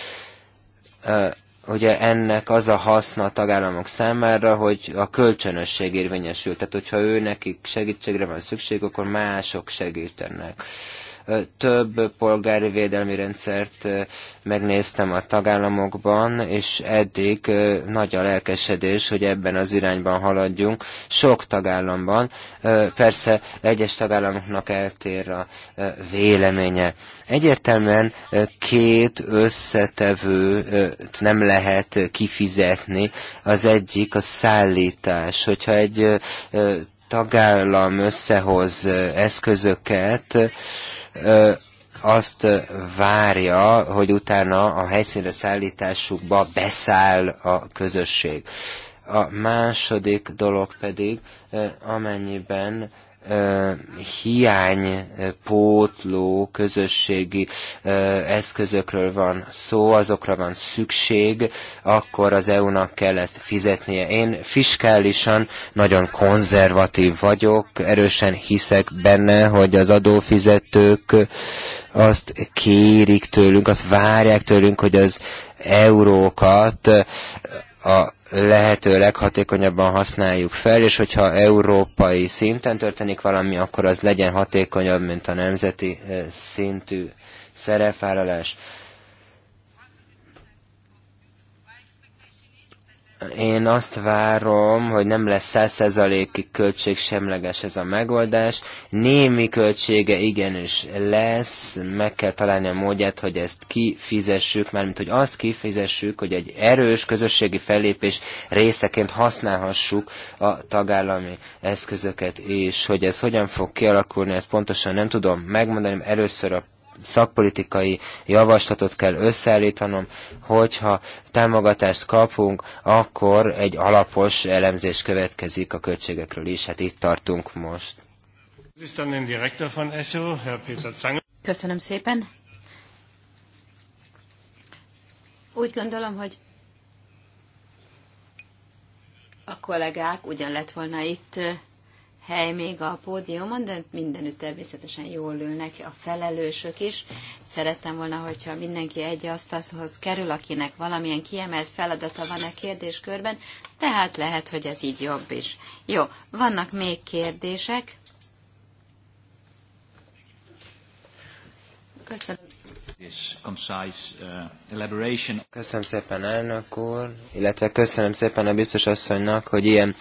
ugye ennek az a haszna a tagállamok számára, hogy a kölcsönösség érvényesül. Tehát, hogyha ő nekik segítségre van szükség, akkor mások segítenek. Több polgári védelmi rendszert megnéztem a tagállamokban, és eddig nagy a lelkesedés, hogy ebben az irányban haladjunk. Sok tagállamban, persze egyes tagállamoknak eltér a véleménye. Egyértelműen két összetevőt nem lehet kifizetni. Az egyik a szállítás. Hogyha egy tagállam összehoz eszközöket, azt várja, hogy utána a helyszínre szállításukba beszáll a közösség. A második dolog pedig, amennyiben hiánypótló közösségi eszközökről van szó, azokra van szükség, akkor az EU-nak kell ezt fizetnie. Én fiskálisan nagyon konzervatív vagyok, erősen hiszek benne, hogy az adófizetők azt kérik tőlünk, azt várják tőlünk, hogy az eurókat a lehető leghatékonyabban használjuk fel, és hogyha európai szinten történik valami, akkor az legyen hatékonyabb, mint a nemzeti eh, szintű szerepvállalás. Én azt várom, hogy nem lesz 100%-ig költségsemleges ez a megoldás. Némi költsége igenis lesz, meg kell találni a módját, hogy ezt kifizessük, mármint hogy azt kifizessük, hogy egy erős közösségi fellépés részeként használhassuk a tagállami eszközöket, és hogy ez hogyan fog kialakulni, ezt pontosan nem tudom megmondani, először a szakpolitikai javaslatot kell összeállítanom, hogyha támogatást kapunk, akkor egy alapos elemzés következik a költségekről is. Hát itt tartunk most. Köszönöm szépen. Úgy gondolom, hogy a kollégák ugyan lett volna itt hely még a pódiumon, de mindenütt természetesen jól ülnek a felelősök is. Szerettem volna, hogyha mindenki egy asztalhoz kerül, akinek valamilyen kiemelt feladata van a e kérdéskörben, tehát lehet, hogy ez így jobb is. Jó, vannak még kérdések? Köszönöm Uh, köszönöm szépen elnök úr, illetve köszönöm szépen a biztos asszonynak, hogy ilyen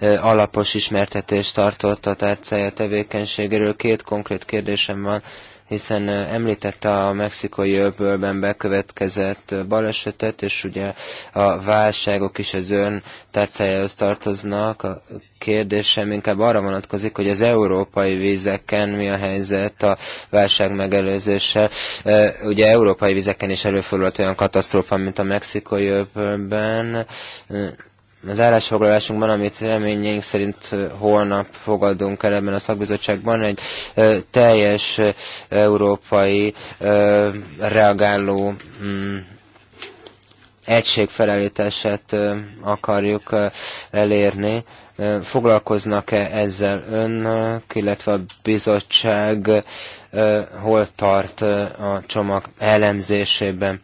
alapos ismertetést tartott a tárcája tevékenységéről. Két konkrét kérdésem van hiszen említette a mexikai öbölben bekövetkezett balesetet, és ugye a válságok is az ön tárcájához tartoznak. A kérdésem inkább arra vonatkozik, hogy az európai vízeken mi a helyzet a válság megelőzéssel. Ugye európai vizeken is előfordulhat olyan katasztrófa, mint a mexikai öbölben az állásfoglalásunkban, amit reményénk szerint holnap fogadunk el ebben a szakbizottságban, egy teljes európai reagáló mm, egységfelelítását akarjuk elérni. Foglalkoznak-e ezzel önök, illetve a bizottság hol tart a csomag elemzésében?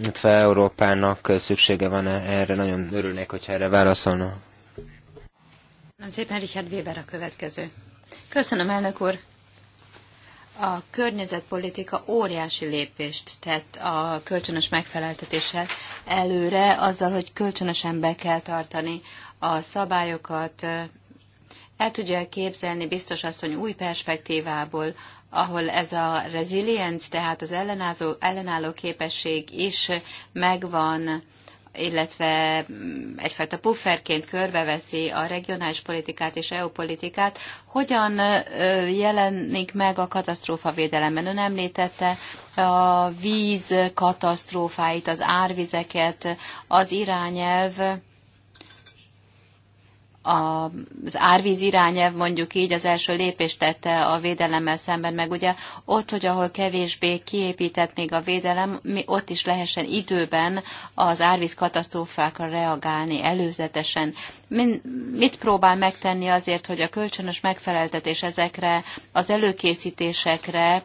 illetve Európának szüksége van -e erre? Nagyon örülnék, hogyha erre válaszolna. Nem szépen Richard Weber a következő. Köszönöm, elnök úr! A környezetpolitika óriási lépést tett a kölcsönös megfeleltetéssel előre, azzal, hogy kölcsönösen be kell tartani a szabályokat, el tudja képzelni biztos asszony új perspektívából ahol ez a resilience, tehát az ellenázó, ellenálló képesség is megvan, illetve mm, egyfajta pufferként körbeveszi a regionális politikát és EU politikát, hogyan jelenik meg a katasztrófa védelemben? Ön említette a víz katasztrófáit, az árvizeket, az irányelv, az árvíz irányelv mondjuk így az első lépést tette a védelemmel szemben, meg ugye ott, hogy ahol kevésbé kiépített még a védelem, ott is lehessen időben az árvíz katasztrófákra reagálni előzetesen. Mit próbál megtenni azért, hogy a kölcsönös megfeleltetés ezekre az előkészítésekre,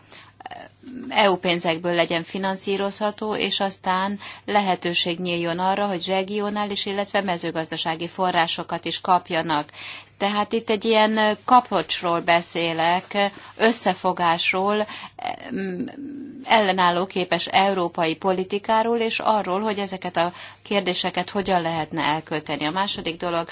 EU pénzekből legyen finanszírozható, és aztán lehetőség nyíljon arra, hogy regionális, illetve mezőgazdasági forrásokat is kapjanak. Tehát itt egy ilyen kapocsról beszélek, összefogásról, ellenálló képes európai politikáról, és arról, hogy ezeket a kérdéseket hogyan lehetne elkölteni. A második dolog,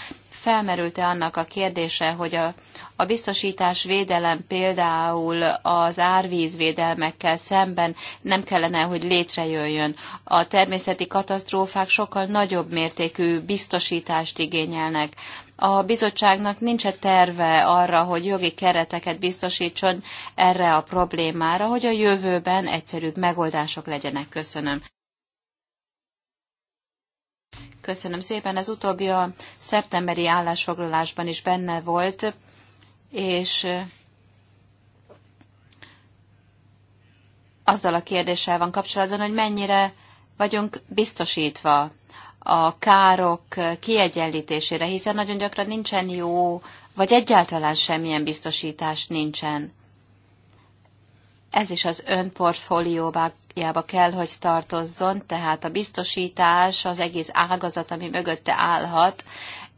felmerült-e annak a kérdése, hogy a, a biztosítás védelem például az árvízvédelmekkel szemben nem kellene, hogy létrejöjjön. A természeti katasztrófák sokkal nagyobb mértékű biztosítást igényelnek. A bizottságnak nincs -e terve arra, hogy jogi kereteket biztosítson erre a problémára, hogy a jövőben egyszerűbb megoldások legyenek. Köszönöm. Köszönöm szépen. Ez utóbbi a szeptemberi állásfoglalásban is benne volt, és azzal a kérdéssel van kapcsolatban, hogy mennyire vagyunk biztosítva a károk kiegyenlítésére, hiszen nagyon gyakran nincsen jó, vagy egyáltalán semmilyen biztosítás nincsen. Ez is az ön portfólióban alapjába kell, hogy tartozzon, tehát a biztosítás, az egész ágazat, ami mögötte állhat,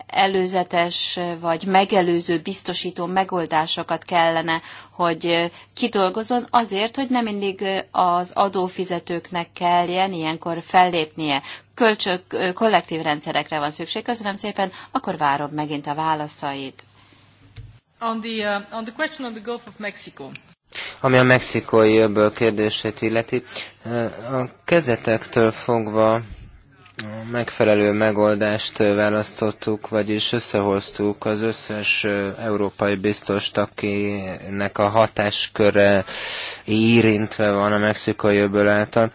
előzetes vagy megelőző biztosító megoldásokat kellene, hogy kidolgozon azért, hogy nem mindig az adófizetőknek kelljen ilyenkor fellépnie. Kölcsök, kollektív rendszerekre van szükség. Köszönöm szépen, akkor várom megint a válaszait. On the, uh, on the question on the Gulf of Mexico. Ami a mexikói öböl kérdését illeti, a kezetektől fogva megfelelő megoldást választottuk, vagyis összehoztuk az összes európai biztos, akinek a hatásköre érintve van a Mexikói öböl által.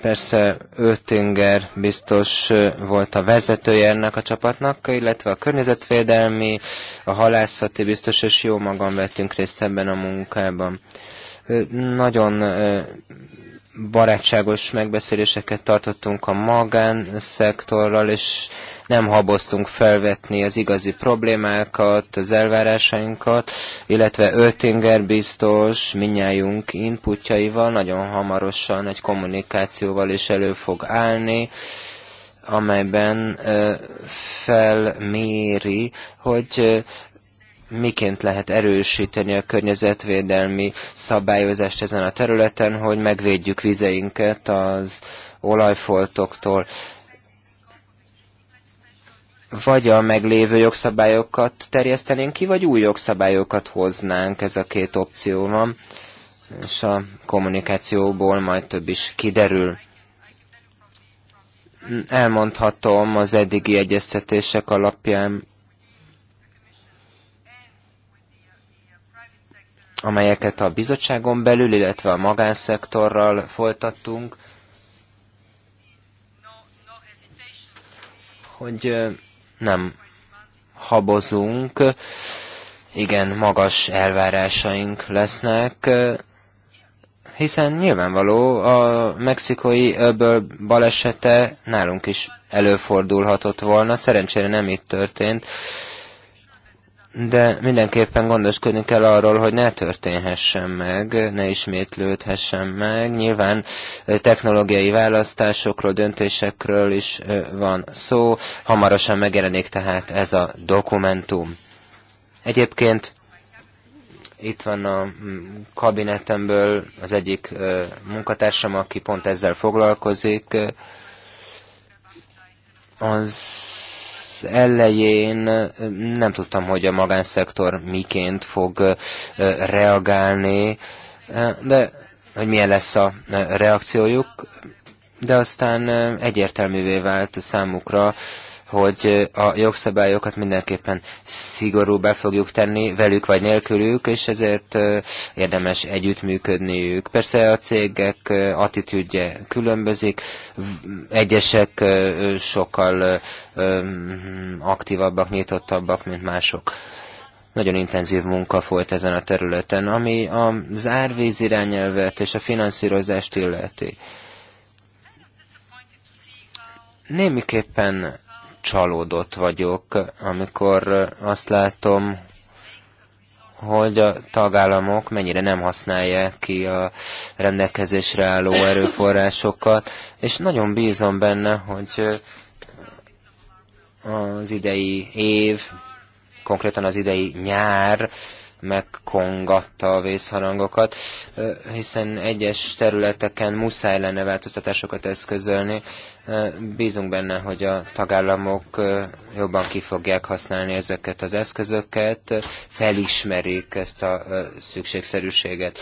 Persze Ötinger biztos volt a vezetője ennek a csapatnak, illetve a környezetvédelmi, a halászati biztos, és jó magam vettünk részt ebben a munkában. Nagyon barátságos megbeszéléseket tartottunk a magánszektorral, és nem haboztunk felvetni az igazi problémákat, az elvárásainkat, illetve Öltinger biztos minnyájunk inputjaival nagyon hamarosan egy kommunikációval is elő fog állni, amelyben felméri, hogy miként lehet erősíteni a környezetvédelmi szabályozást ezen a területen, hogy megvédjük vizeinket az olajfoltoktól vagy a meglévő jogszabályokat terjesztenénk ki, vagy új jogszabályokat hoznánk, ez a két opció van, és a kommunikációból majd több is kiderül. Elmondhatom az eddigi egyeztetések alapján, amelyeket a bizottságon belül, illetve a magánszektorral folytattunk, hogy nem habozunk, igen, magas elvárásaink lesznek, hiszen nyilvánvaló a mexikai öböl balesete nálunk is előfordulhatott volna, szerencsére nem itt történt, de mindenképpen gondoskodni kell arról, hogy ne történhessen meg, ne ismétlődhessen meg. Nyilván technológiai választásokról, döntésekről is van szó. Hamarosan megjelenik tehát ez a dokumentum. Egyébként itt van a mm, kabinetemből az egyik munkatársam, aki pont ezzel foglalkozik. Az elején nem tudtam, hogy a magánszektor miként fog reagálni, de hogy milyen lesz a reakciójuk, de aztán egyértelművé vált számukra, hogy a jogszabályokat mindenképpen szigorú be fogjuk tenni velük vagy nélkülük, és ezért érdemes együttműködniük. Persze a cégek attitűdje különbözik, egyesek sokkal aktívabbak, nyitottabbak, mint mások nagyon intenzív munka folyt ezen a területen, ami az árvíz irányelvet és a finanszírozást illeti. Némiképpen csalódott vagyok, amikor azt látom, hogy a tagállamok mennyire nem használják ki a rendelkezésre álló erőforrásokat, és nagyon bízom benne, hogy az idei év, konkrétan az idei nyár megkongatta a vészharangokat, hiszen egyes területeken muszáj lenne változtatásokat eszközölni. Bízunk benne, hogy a tagállamok jobban ki fogják használni ezeket az eszközöket, felismerik ezt a szükségszerűséget.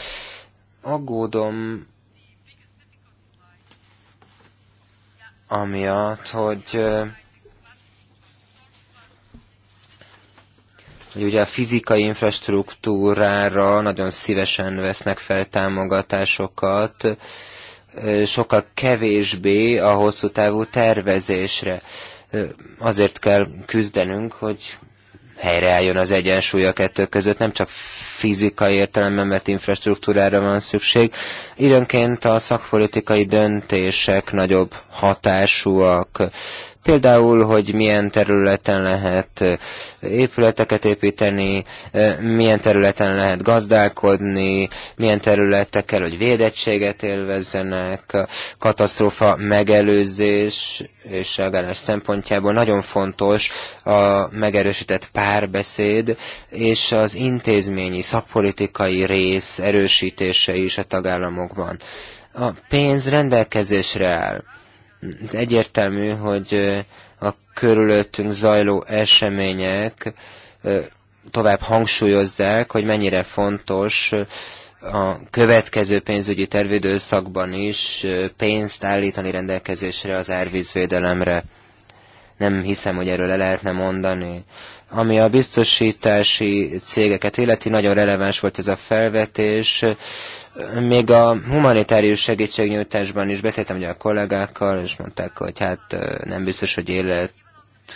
Aggódom amiatt, hogy hogy ugye a fizikai infrastruktúrára nagyon szívesen vesznek fel támogatásokat, sokkal kevésbé a hosszú távú tervezésre. Azért kell küzdenünk, hogy helyreálljon az egyensúly a kettő között, nem csak fizikai értelemben vett infrastruktúrára van szükség. Időnként a szakpolitikai döntések nagyobb hatásúak, Például, hogy milyen területen lehet épületeket építeni, milyen területen lehet gazdálkodni, milyen területekkel, kell, hogy védettséget élvezzenek, katasztrófa megelőzés és reagálás szempontjából nagyon fontos a megerősített párbeszéd és az intézményi, szakpolitikai rész erősítése is a tagállamokban. A pénz rendelkezésre áll ez egyértelmű, hogy a körülöttünk zajló események tovább hangsúlyozzák, hogy mennyire fontos a következő pénzügyi tervidőszakban is pénzt állítani rendelkezésre az árvízvédelemre nem hiszem, hogy erről le lehetne mondani. Ami a biztosítási cégeket illeti, nagyon releváns volt ez a felvetés. Még a humanitárius segítségnyújtásban is beszéltem ugye a kollégákkal, és mondták, hogy hát nem biztos, hogy élet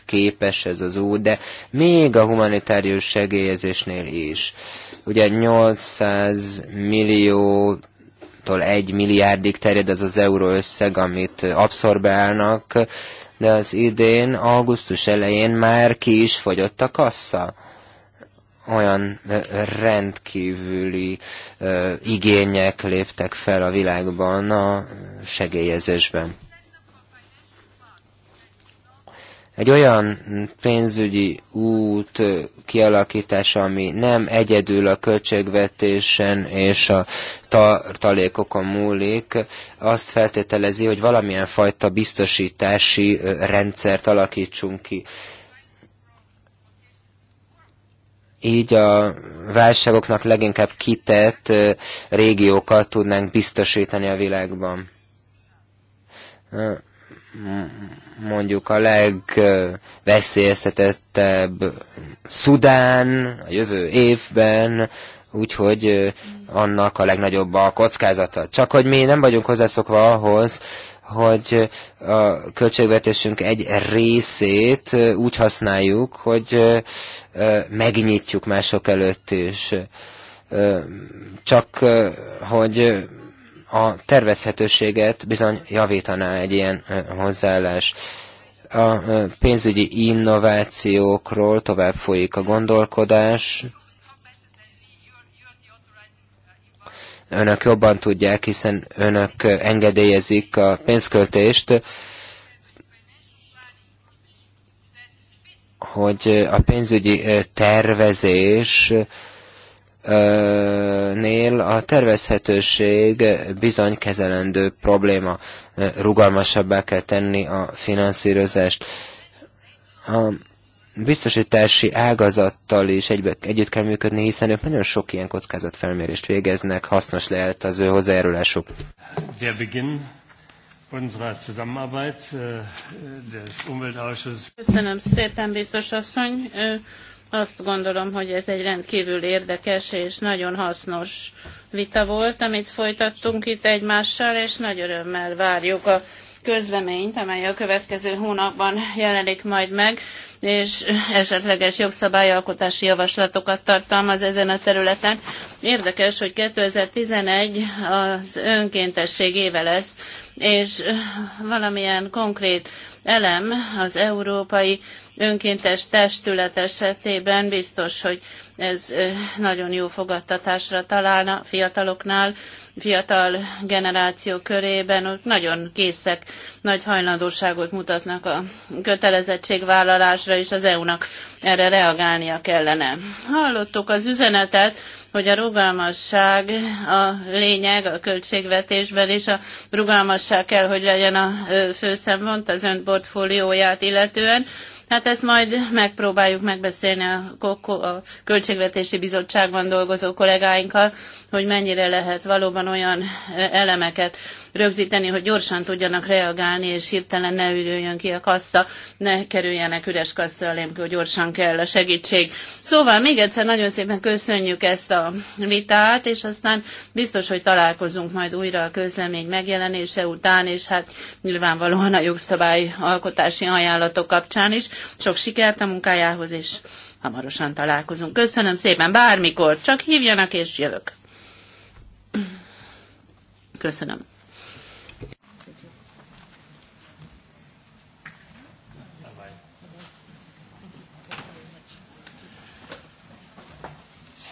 képes ez az út, de még a humanitárius segélyezésnél is. Ugye 800 milliótól 1 milliárdig terjed az az euró összeg, amit abszorbálnak de az idén augusztus elején már ki is fogyott a kassa. Olyan rendkívüli igények léptek fel a világban a segélyezésben. Egy olyan pénzügyi út kialakítása, ami nem egyedül a költségvetésen és a tartalékokon múlik, azt feltételezi, hogy valamilyen fajta biztosítási rendszert alakítsunk ki. Így a válságoknak leginkább kitett régiókat tudnánk biztosítani a világban mondjuk a legveszélyeztetettebb Szudán a jövő évben, úgyhogy annak a legnagyobb a kockázata. Csak hogy mi nem vagyunk hozzászokva ahhoz, hogy a költségvetésünk egy részét úgy használjuk, hogy megnyitjuk mások előtt is. Csak hogy a tervezhetőséget bizony javítaná egy ilyen hozzáállás. A pénzügyi innovációkról tovább folyik a gondolkodás. Önök jobban tudják, hiszen önök engedélyezik a pénzköltést. hogy a pénzügyi tervezés nél a tervezhetőség bizony kezelendő probléma. Rugalmasabbá kell tenni a finanszírozást. A biztosítási ágazattal is egybe, együtt kell működni, hiszen ők nagyon sok ilyen kockázatfelmérést végeznek, hasznos lehet az ő hozzájárulásuk. Der Beginn unserer Zusammenarbeit äh, des Umweltausschusses. Köszönöm szépen, biztos asszony. Azt gondolom, hogy ez egy rendkívül érdekes és nagyon hasznos vita volt, amit folytattunk itt egymással, és nagy örömmel várjuk a közleményt, amely a következő hónapban jelenik majd meg, és esetleges jogszabályalkotási javaslatokat tartalmaz ezen a területen. Érdekes, hogy 2011 az önkéntesség éve lesz, és valamilyen konkrét elem az európai önkéntes testület esetében biztos, hogy ez nagyon jó fogadtatásra találna fiataloknál, fiatal generáció körében, ott nagyon készek, nagy hajlandóságot mutatnak a kötelezettségvállalásra, és az EU-nak erre reagálnia kellene. Hallottuk az üzenetet, hogy a rugalmasság a lényeg a költségvetésben, és a rugalmasság kell, hogy legyen a főszempont az ön portfólióját illetően, Hát ezt majd megpróbáljuk megbeszélni a, a Költségvetési Bizottságban dolgozó kollégáinkkal, hogy mennyire lehet valóban olyan e, elemeket rögzíteni, hogy gyorsan tudjanak reagálni, és hirtelen ne üljön ki a kassa, ne kerüljenek üres kassa elém, hogy gyorsan kell a segítség. Szóval még egyszer nagyon szépen köszönjük ezt a vitát, és aztán biztos, hogy találkozunk majd újra a közlemény megjelenése után, és hát nyilvánvalóan a jogszabály alkotási ajánlatok kapcsán is. Sok sikert a munkájához, és hamarosan találkozunk. Köszönöm szépen, bármikor, csak hívjanak, és jövök. Köszönöm.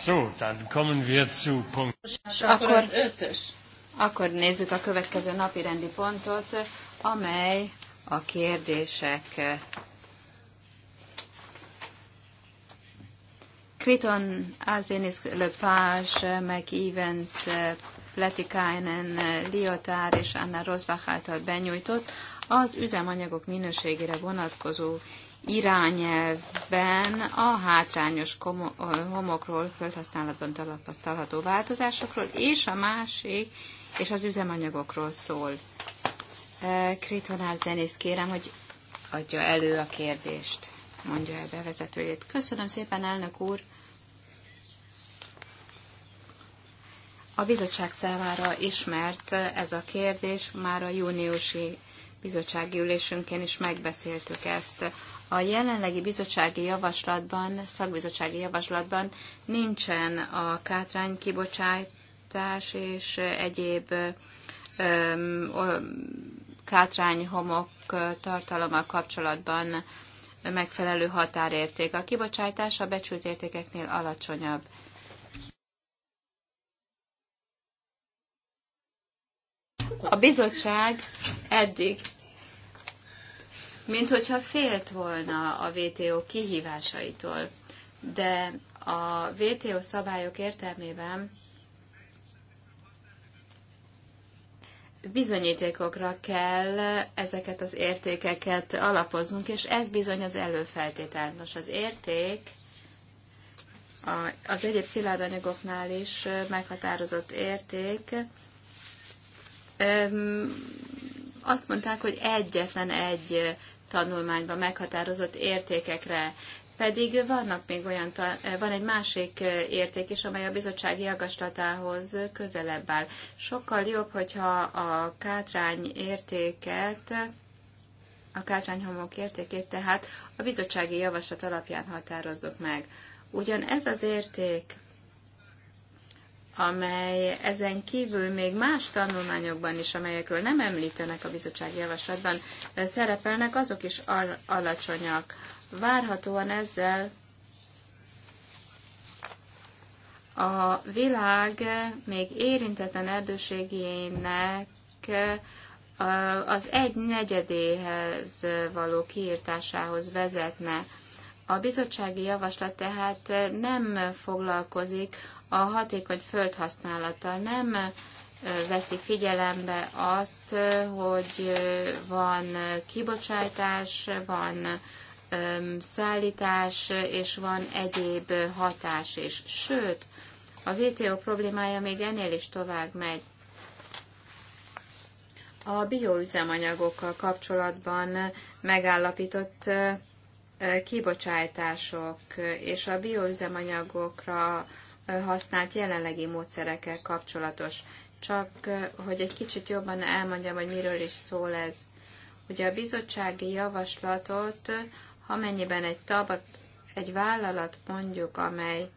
So, dann kommen wir zu Punkt. Akkor, Akkor nézzük a következő napi rendi pontot, amely a kérdések Kriton, Le Page, meg Evans, Pletikainen, Liotár és Anna Rosbach által benyújtott az üzemanyagok minőségére vonatkozó irányelvben a hátrányos homokról, földhasználatban tapasztalható változásokról, és a másik, és az üzemanyagokról szól. Kritonár zenészt kérem, hogy adja elő a kérdést, mondja el bevezetőjét. Köszönöm szépen, elnök úr! A bizottság számára ismert ez a kérdés, már a júniusi bizottsági ülésünkén is megbeszéltük ezt. A jelenlegi bizottsági javaslatban, szakbizottsági javaslatban nincsen a kátrány kibocsátás és egyéb kátrányhomok tartalommal kapcsolatban megfelelő határérték. A kibocsátás a becsült értékeknél alacsonyabb. A bizottság eddig, mint hogyha félt volna a VTO kihívásaitól, de a VTO szabályok értelmében bizonyítékokra kell ezeket az értékeket alapoznunk, és ez bizony az előfeltétel. Nos, az érték az egyéb szilárdanyagoknál is meghatározott érték azt mondták, hogy egyetlen egy tanulmányban meghatározott értékekre pedig vannak még olyan, van egy másik érték is, amely a bizottsági agaslatához közelebb áll. Sokkal jobb, hogyha a kátrány értéket, a kátrányhomok értékét tehát a bizottsági javaslat alapján határozzuk meg. Ugyan ez az érték amely ezen kívül még más tanulmányokban is, amelyekről nem említenek a bizottság javaslatban, eh, szerepelnek, azok is alacsonyak. Várhatóan ezzel a világ még érintetlen erdőségének eh, az egy negyedéhez való kiirtásához vezetne. A bizottsági javaslat tehát nem foglalkozik a hatékony földhasználattal nem veszi figyelembe azt, hogy van kibocsátás, van szállítás, és van egyéb hatás is. Sőt, a VTO problémája még ennél is tovább megy. A bioüzemanyagokkal kapcsolatban megállapított kibocsátások és a bioüzemanyagokra használt jelenlegi módszerekkel kapcsolatos. Csak hogy egy kicsit jobban elmondjam, hogy miről is szól ez. Ugye a bizottsági javaslatot, ha mennyiben egy, tab, egy vállalat mondjuk, amely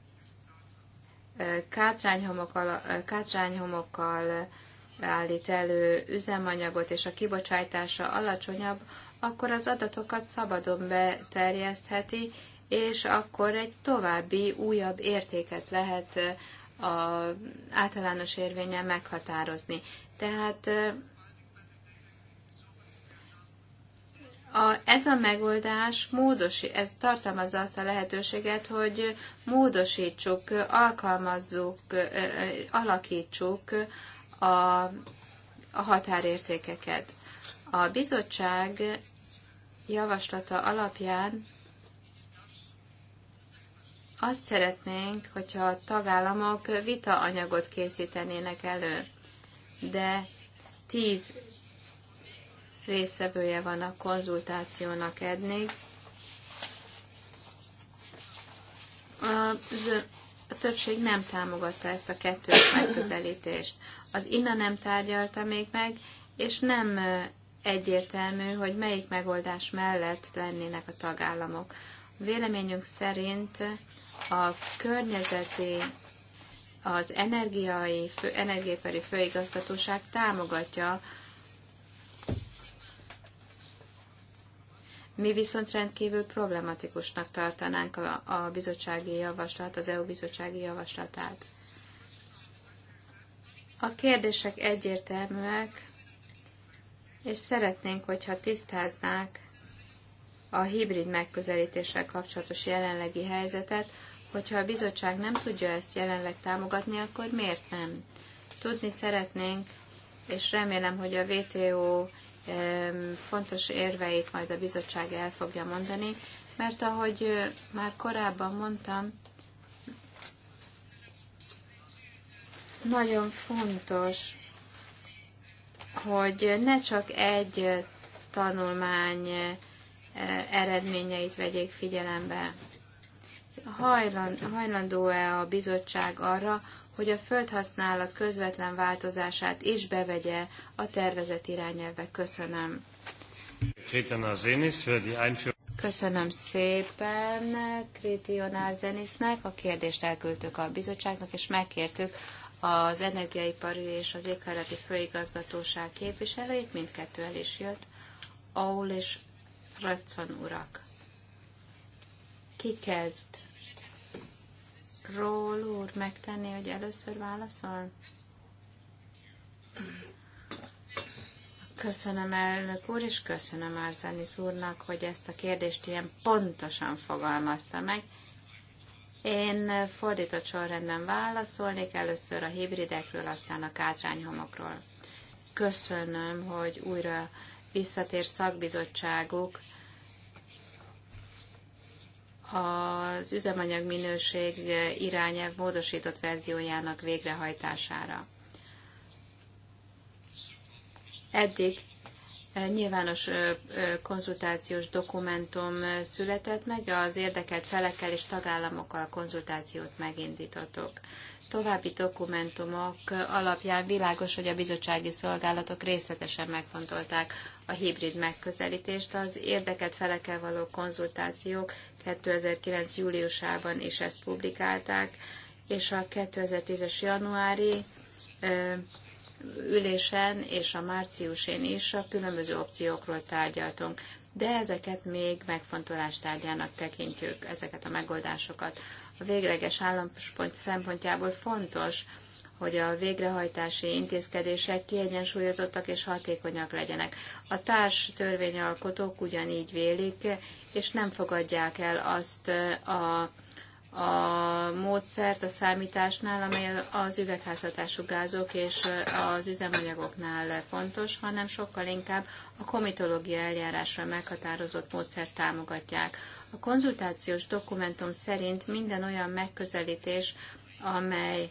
kátrányhomokkal, kátrányhomokkal állít elő üzemanyagot, és a kibocsátása alacsonyabb, akkor az adatokat szabadon beterjesztheti, és akkor egy további, újabb értéket lehet a általános érvényen meghatározni. Tehát a, ez a megoldás módosi, ez tartalmazza azt a lehetőséget, hogy módosítsuk, alkalmazzuk, alakítsuk a, a határértékeket. A bizottság javaslata alapján azt szeretnénk, hogyha a tagállamok vita anyagot készítenének elő, de tíz részvevője van a konzultációnak eddig. A, a többség nem támogatta ezt a kettős megközelítést. Az inna nem tárgyalta még meg, és nem egyértelmű, hogy melyik megoldás mellett lennének a tagállamok. Véleményünk szerint a környezeti, az energiai, fő, energiaipari főigazgatóság támogatja Mi viszont rendkívül problematikusnak tartanánk a, a bizottsági javaslat, az EU bizottsági javaslatát. A kérdések egyértelműek, és szeretnénk, hogyha tisztáznák a hibrid megközelítéssel kapcsolatos jelenlegi helyzetet, hogyha a bizottság nem tudja ezt jelenleg támogatni, akkor miért nem? Tudni szeretnénk, és remélem, hogy a WTO fontos érveit majd a bizottság el fogja mondani, mert ahogy már korábban mondtam, nagyon fontos, hogy ne csak egy tanulmány E, eredményeit vegyék figyelembe. hajlandó-e a bizottság arra, hogy a földhasználat közvetlen változását is bevegye a tervezett irányelvek? Köszönöm. Köszönöm szépen Krétion Arzenisnek. A kérdést elküldtük a bizottságnak, és megkértük az energiaipari és az éghajlati főigazgatóság képviselőit, mindkettő el is jött. Aul és Röccon urak. Ki kezd? Ról úr megtenni, hogy először válaszol? Köszönöm elnök úr, és köszönöm Arzenis úrnak, hogy ezt a kérdést ilyen pontosan fogalmazta meg. Én fordított sorrendben válaszolnék, először a hibridekről, aztán a kátrányhomokról. Köszönöm, hogy újra visszatér szakbizottságuk az üzemanyag minőség irányelv módosított verziójának végrehajtására. Eddig nyilvános konzultációs dokumentum született meg, az érdekelt felekkel és tagállamokkal konzultációt megindítottuk. További dokumentumok alapján világos, hogy a bizottsági szolgálatok részletesen megfontolták a hibrid megközelítést, az érdekelt felekkel való konzultációk 2009. júliusában is ezt publikálták, és a 2010-es januári ülésen és a márciusén is a különböző opciókról tárgyaltunk, de ezeket még megfontolás tárgyának tekintjük, ezeket a megoldásokat. A végleges állampont szempontjából fontos, hogy a végrehajtási intézkedések kiegyensúlyozottak és hatékonyak legyenek. A társ törvényalkotók ugyanígy vélik, és nem fogadják el azt a a módszert a számításnál, amely az üvegházhatású gázok és az üzemanyagoknál fontos, hanem sokkal inkább a komitológia eljárásra meghatározott módszert támogatják. A konzultációs dokumentum szerint minden olyan megközelítés, amely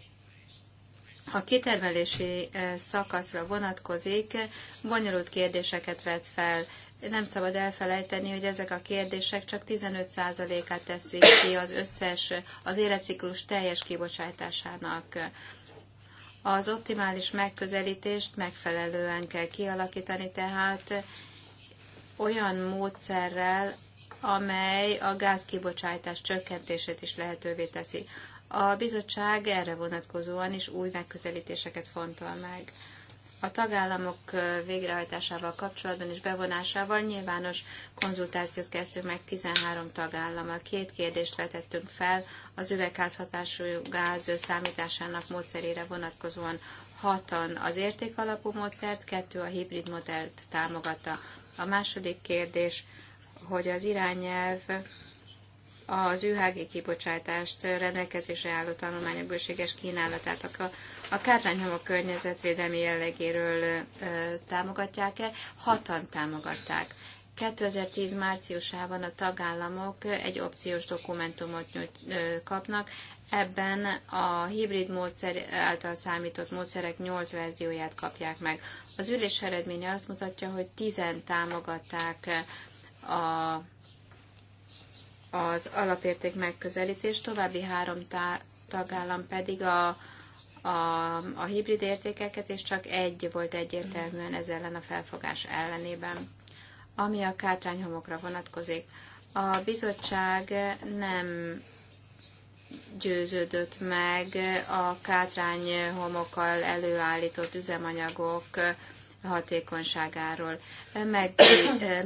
a kitermelési eh, szakaszra vonatkozik, bonyolult kérdéseket vet fel. Nem szabad elfelejteni, hogy ezek a kérdések csak 15%-át teszik ki az összes, az életciklus teljes kibocsátásának. Az optimális megközelítést megfelelően kell kialakítani, tehát olyan módszerrel, amely a gázkibocsátás csökkentését is lehetővé teszi. A bizottság erre vonatkozóan is új megközelítéseket fontol meg. A tagállamok végrehajtásával kapcsolatban és bevonásával nyilvános konzultációt kezdtünk meg 13 tagállammal. Két kérdést vetettünk fel az üvegházhatású gáz számításának módszerére vonatkozóan. Hatan az értékalapú módszert, kettő a hibrid modellt támogatta. A második kérdés, hogy az irányelv az UHG kibocsátást rendelkezésre álló tanulmányok bőséges kínálatát a, a környezetvédelmi jellegéről ö, támogatják-e? Hatan támogatták. 2010 márciusában a tagállamok egy opciós dokumentumot nyújt, ö, kapnak, Ebben a hibrid módszer által számított módszerek 8 verzióját kapják meg. Az ülés eredménye azt mutatja, hogy 10 támogatták a az alapérték megközelítés, további három tá- tagállam pedig a, a, a hibrid értékeket, és csak egy volt egyértelműen ez ellen a felfogás ellenében, ami a kátrányhomokra vonatkozik. A bizottság nem győződött meg a kátrányhomokkal előállított üzemanyagok hatékonyságáról. Meg,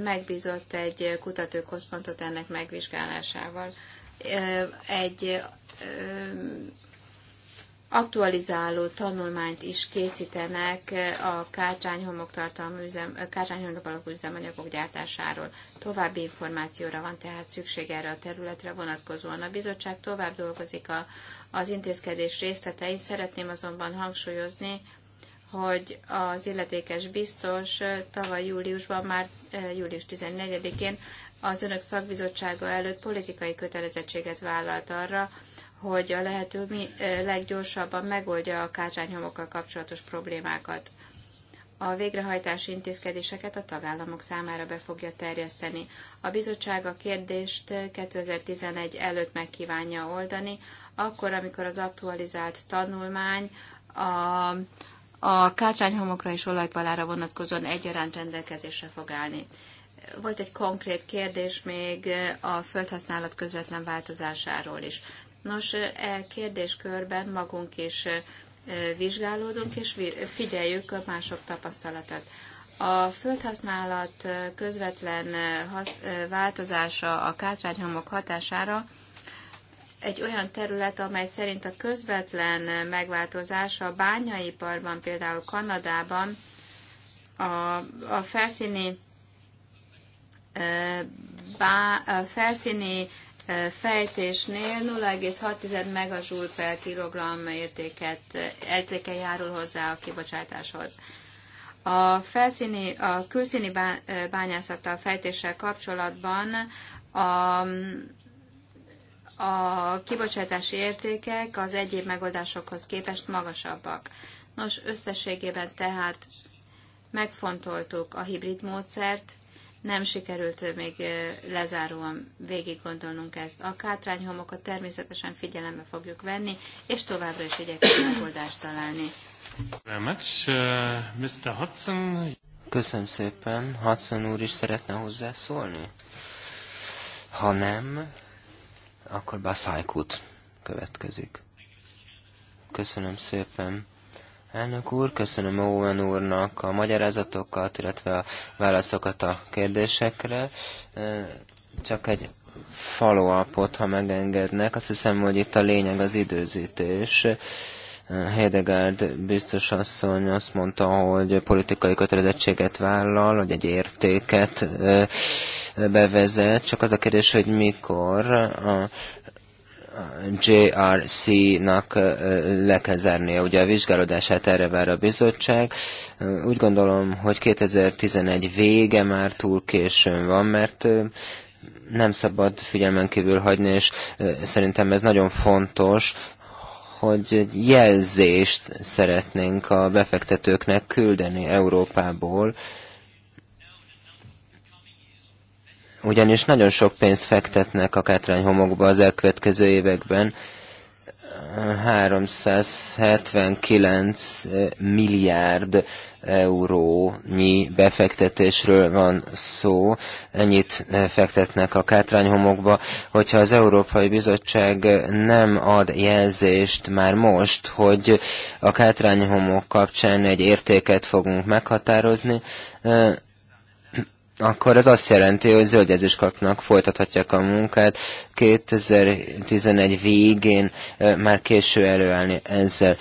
megbízott egy kutatóközpontot ennek megvizsgálásával. Egy aktualizáló tanulmányt is készítenek a kátrányhomok tartalmú üzem, kátrányhomok alapú üzemanyagok gyártásáról. További információra van tehát szükség erre a területre vonatkozóan. A bizottság tovább dolgozik a, az intézkedés részletein. Szeretném azonban hangsúlyozni, hogy az illetékes biztos tavaly júliusban, már július 14-én az önök szakbizottsága előtt politikai kötelezettséget vállalt arra, hogy a lehető mi, leggyorsabban megoldja a kárcsányhomokkal kapcsolatos problémákat. A végrehajtási intézkedéseket a tagállamok számára be fogja terjeszteni. A bizottság a kérdést 2011 előtt megkívánja oldani, akkor, amikor az aktualizált tanulmány a a kácsányhomokra és olajpalára vonatkozóan egyaránt rendelkezésre fog állni. Volt egy konkrét kérdés még a földhasználat közvetlen változásáról is. Nos, e kérdéskörben magunk is e, vizsgálódunk, és figyeljük a mások tapasztalatát. A földhasználat e, közvetlen e, változása a kátrányhomok hatására egy olyan terület, amely szerint a közvetlen megváltozása a bányaiparban, például Kanadában a, a felszíni bá, a felszíni fejtésnél 0,6 megazsul per kilogramm értéket, értéke járul hozzá a kibocsátáshoz. A, felszíni, a külszíni bányászattal, fejtéssel kapcsolatban a, a kibocsátási értékek az egyéb megoldásokhoz képest magasabbak. Nos, összességében tehát megfontoltuk a hibrid módszert, nem sikerült még lezáróan végig gondolnunk ezt. A kátrányhomokat természetesen figyelembe fogjuk venni, és továbbra is igyekszünk megoldást találni. Uh, Köszönöm szépen. Hudson úr is szeretne hozzászólni? Ha nem, akkor Baszájkút következik. Köszönöm szépen. Elnök úr, köszönöm Owen úrnak a magyarázatokat, illetve a válaszokat a kérdésekre. Csak egy follow-upot, ha megengednek. Azt hiszem, hogy itt a lényeg az időzítés. Heidegard biztos asszony azt mondta, hogy politikai kötelezettséget vállal, hogy egy értéket bevezet, csak az a kérdés, hogy mikor a JRC-nak le kell zárnia. Ugye a vizsgálódását erre vár a bizottság. Úgy gondolom, hogy 2011 vége már túl későn van, mert nem szabad figyelmen kívül hagyni, és szerintem ez nagyon fontos, hogy egy jelzést szeretnénk a befektetőknek küldeni Európából, ugyanis nagyon sok pénzt fektetnek a kátrányhomokba az elkövetkező években, 379 eh, milliárd eurónyi befektetésről van szó, ennyit eh, fektetnek a kátrányhomokba, hogyha az Európai Bizottság eh, nem ad jelzést már most, hogy a kátrányhomok kapcsán egy értéket fogunk meghatározni, akkor ez azt jelenti, hogy zöldjelzést kapnak, folytathatják a munkát. 2011 végén már késő előállni ezzel.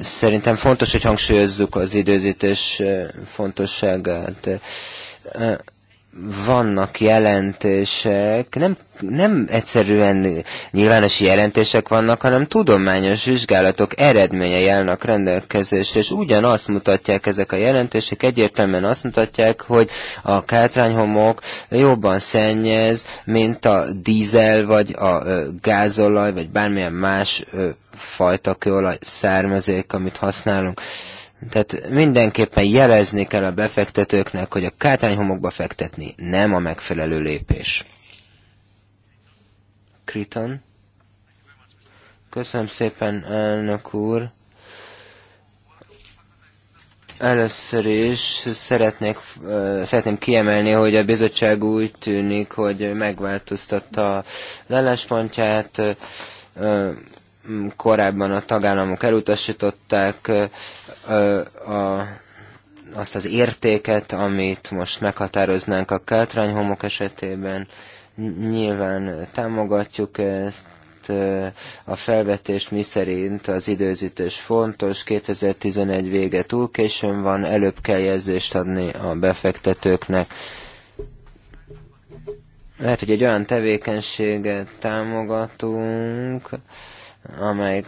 Szerintem fontos, hogy hangsúlyozzuk az időzítés fontosságát vannak jelentések, nem, nem egyszerűen nyilvános jelentések vannak, hanem tudományos vizsgálatok eredményei állnak rendelkezésre, és ugyanazt mutatják ezek a jelentések, egyértelműen azt mutatják, hogy a kátrányhomok jobban szennyez, mint a dízel, vagy a gázolaj, vagy bármilyen más fajta kőolaj származék, amit használunk. Ö, tehát mindenképpen jelezni kell a befektetőknek, hogy a kátányhomokba fektetni nem a megfelelő lépés. Kriton. Köszönöm szépen, elnök úr. Először is szeretnék, szeretném kiemelni, hogy a bizottság úgy tűnik, hogy megváltoztatta a lelespontját. Korábban a tagállamok elutasították, a, azt az értéket, amit most meghatároznánk a keltrányhomok esetében. Nyilván támogatjuk ezt, a felvetést mi szerint az időzítés fontos, 2011 vége túl későn van, előbb kell jelzést adni a befektetőknek. Lehet, hogy egy olyan tevékenységet támogatunk, amely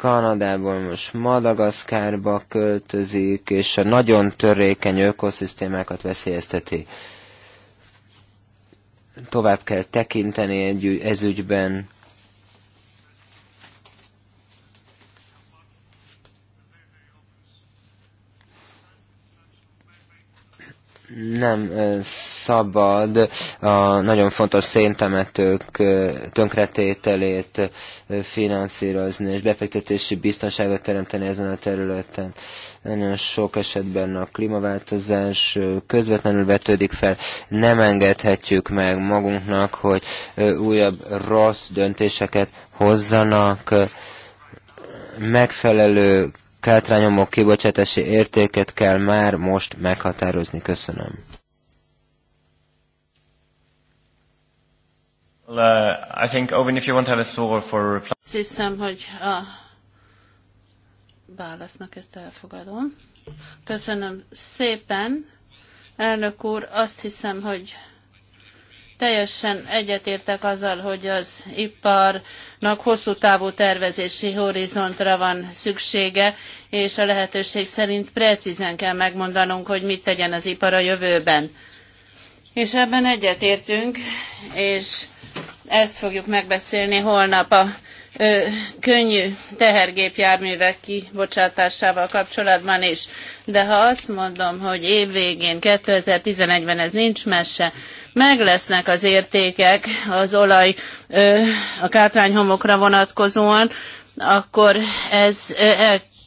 Kanadából most Madagaszkárba költözik, és a nagyon törékeny ökoszisztémákat veszélyezteti. Tovább kell tekinteni egy, ezügyben. nem szabad a nagyon fontos széntemetők tönkretételét finanszírozni, és befektetési biztonságot teremteni ezen a területen. Nagyon sok esetben a klímaváltozás közvetlenül vetődik fel. Nem engedhetjük meg magunknak, hogy újabb rossz döntéseket hozzanak, megfelelő kátrányomok kibocsátási értéket kell már most meghatározni. Köszönöm. Uh, I think, Owen, if you want a for a reply. Hiszem, hogy a válasznak ezt elfogadom. Köszönöm szépen. Elnök úr, azt hiszem, hogy Teljesen egyetértek azzal, hogy az iparnak hosszú távú tervezési horizontra van szüksége, és a lehetőség szerint precízen kell megmondanunk, hogy mit tegyen az ipar a jövőben. És ebben egyetértünk, és ezt fogjuk megbeszélni holnap a könnyű tehergépjárművek kibocsátásával kapcsolatban is. De ha azt mondom, hogy évvégén 2011-ben ez nincs messe, meg lesznek az értékek az olaj, a kátrányhomokra vonatkozóan, akkor ez el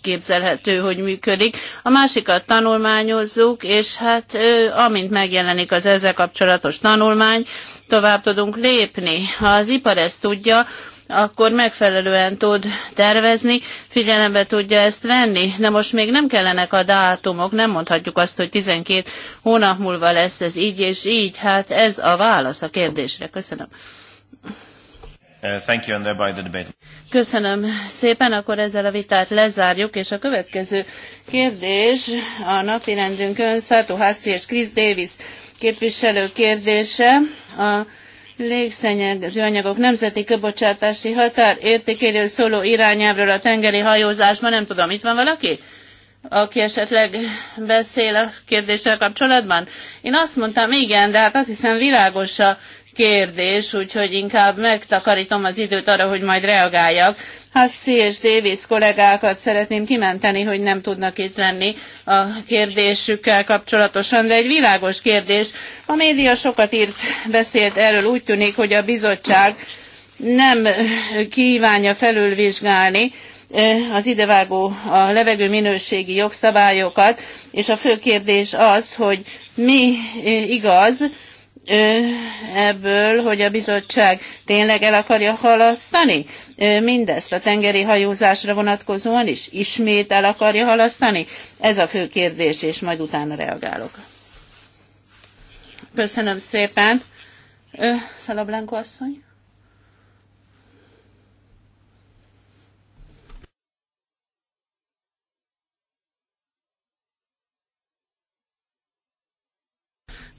elképzelhető, hogy működik. A másikat tanulmányozzuk, és hát amint megjelenik az ezzel kapcsolatos tanulmány, tovább tudunk lépni. Ha az ipar ezt tudja, akkor megfelelően tud tervezni, figyelembe tudja ezt venni. De most még nem kellenek a dátumok, nem mondhatjuk azt, hogy 12 hónap múlva lesz ez így és így. Hát ez a válasz a kérdésre. Köszönöm. Uh, Köszönöm szépen, akkor ezzel a vitát lezárjuk, és a következő kérdés a napirendünkön Szátó Hászi és Krisz Davis képviselő kérdése. A légszennyezőanyagok nemzeti köbocsátási határ értékéről szóló irányábról a tengeri hajózásban. Nem tudom, itt van valaki? aki esetleg beszél a kérdéssel kapcsolatban? Én azt mondtam, igen, de hát azt hiszem világos a kérdés, úgyhogy inkább megtakarítom az időt arra, hogy majd reagáljak. Hassi és Davis kollégákat szeretném kimenteni, hogy nem tudnak itt lenni a kérdésükkel kapcsolatosan, de egy világos kérdés. A média sokat írt, beszélt erről, úgy tűnik, hogy a bizottság nem kívánja felülvizsgálni, eh, az idevágó a levegő minőségi jogszabályokat, és a fő kérdés az, hogy mi eh, igaz, ebből, hogy a bizottság tényleg el akarja halasztani mindezt a tengeri hajózásra vonatkozóan is? Ismét el akarja halasztani? Ez a fő kérdés, és majd utána reagálok. Köszönöm szépen. Szalablanko asszony.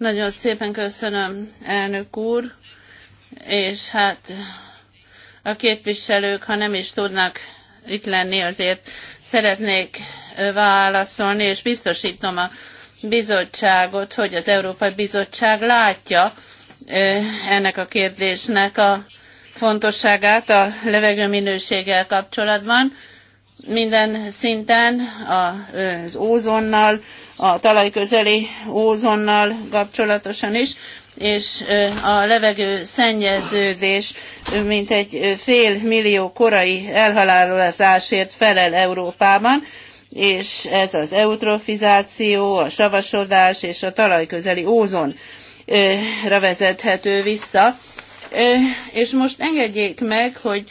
Nagyon szépen köszönöm, elnök úr, és hát a képviselők, ha nem is tudnak itt lenni, azért szeretnék válaszolni, és biztosítom a bizottságot, hogy az Európai Bizottság látja ennek a kérdésnek a fontosságát a levegőminőséggel kapcsolatban minden szinten, az ózonnal, a talajközeli ózonnal kapcsolatosan is, és a levegő szennyeződés mint egy fél millió korai elhalálozásért felel Európában, és ez az eutrofizáció, a savasodás és a talajközeli ózon vezethető vissza. És most engedjék meg, hogy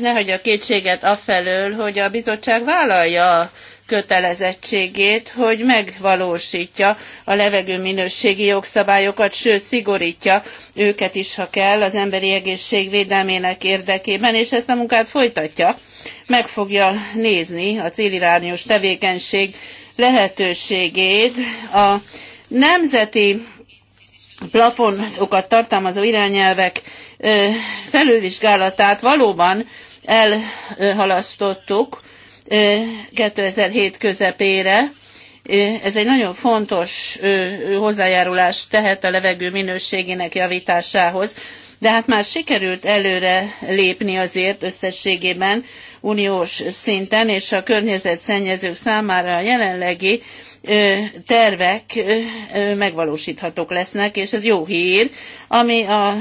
ne hagyja kétséget afelől, hogy a bizottság vállalja a kötelezettségét, hogy megvalósítja a levegő minőségi jogszabályokat, sőt szigorítja őket is, ha kell, az emberi egészség védelmének érdekében, és ezt a munkát folytatja. Meg fogja nézni a célirányos tevékenység lehetőségét. A nemzeti plafonokat tartalmazó irányelvek felülvizsgálatát valóban elhalasztottuk 2007 közepére. Ez egy nagyon fontos hozzájárulás tehet a levegő minőségének javításához, de hát már sikerült előre lépni azért összességében uniós szinten, és a környezetszennyezők számára a jelenlegi tervek megvalósíthatók lesznek, és ez jó hír, ami a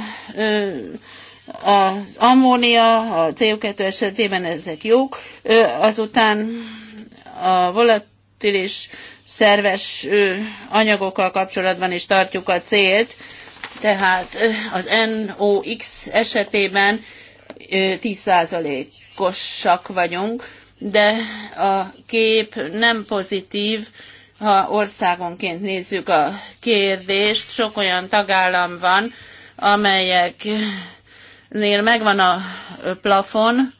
az ammónia, a CO2 esetében ezek jók, azután a volatilis szerves anyagokkal kapcsolatban is tartjuk a célt, tehát az NOx esetében 10%-osak vagyunk, de a kép nem pozitív, ha országonként nézzük a kérdést, sok olyan tagállam van, amelyeknél megvan a plafon,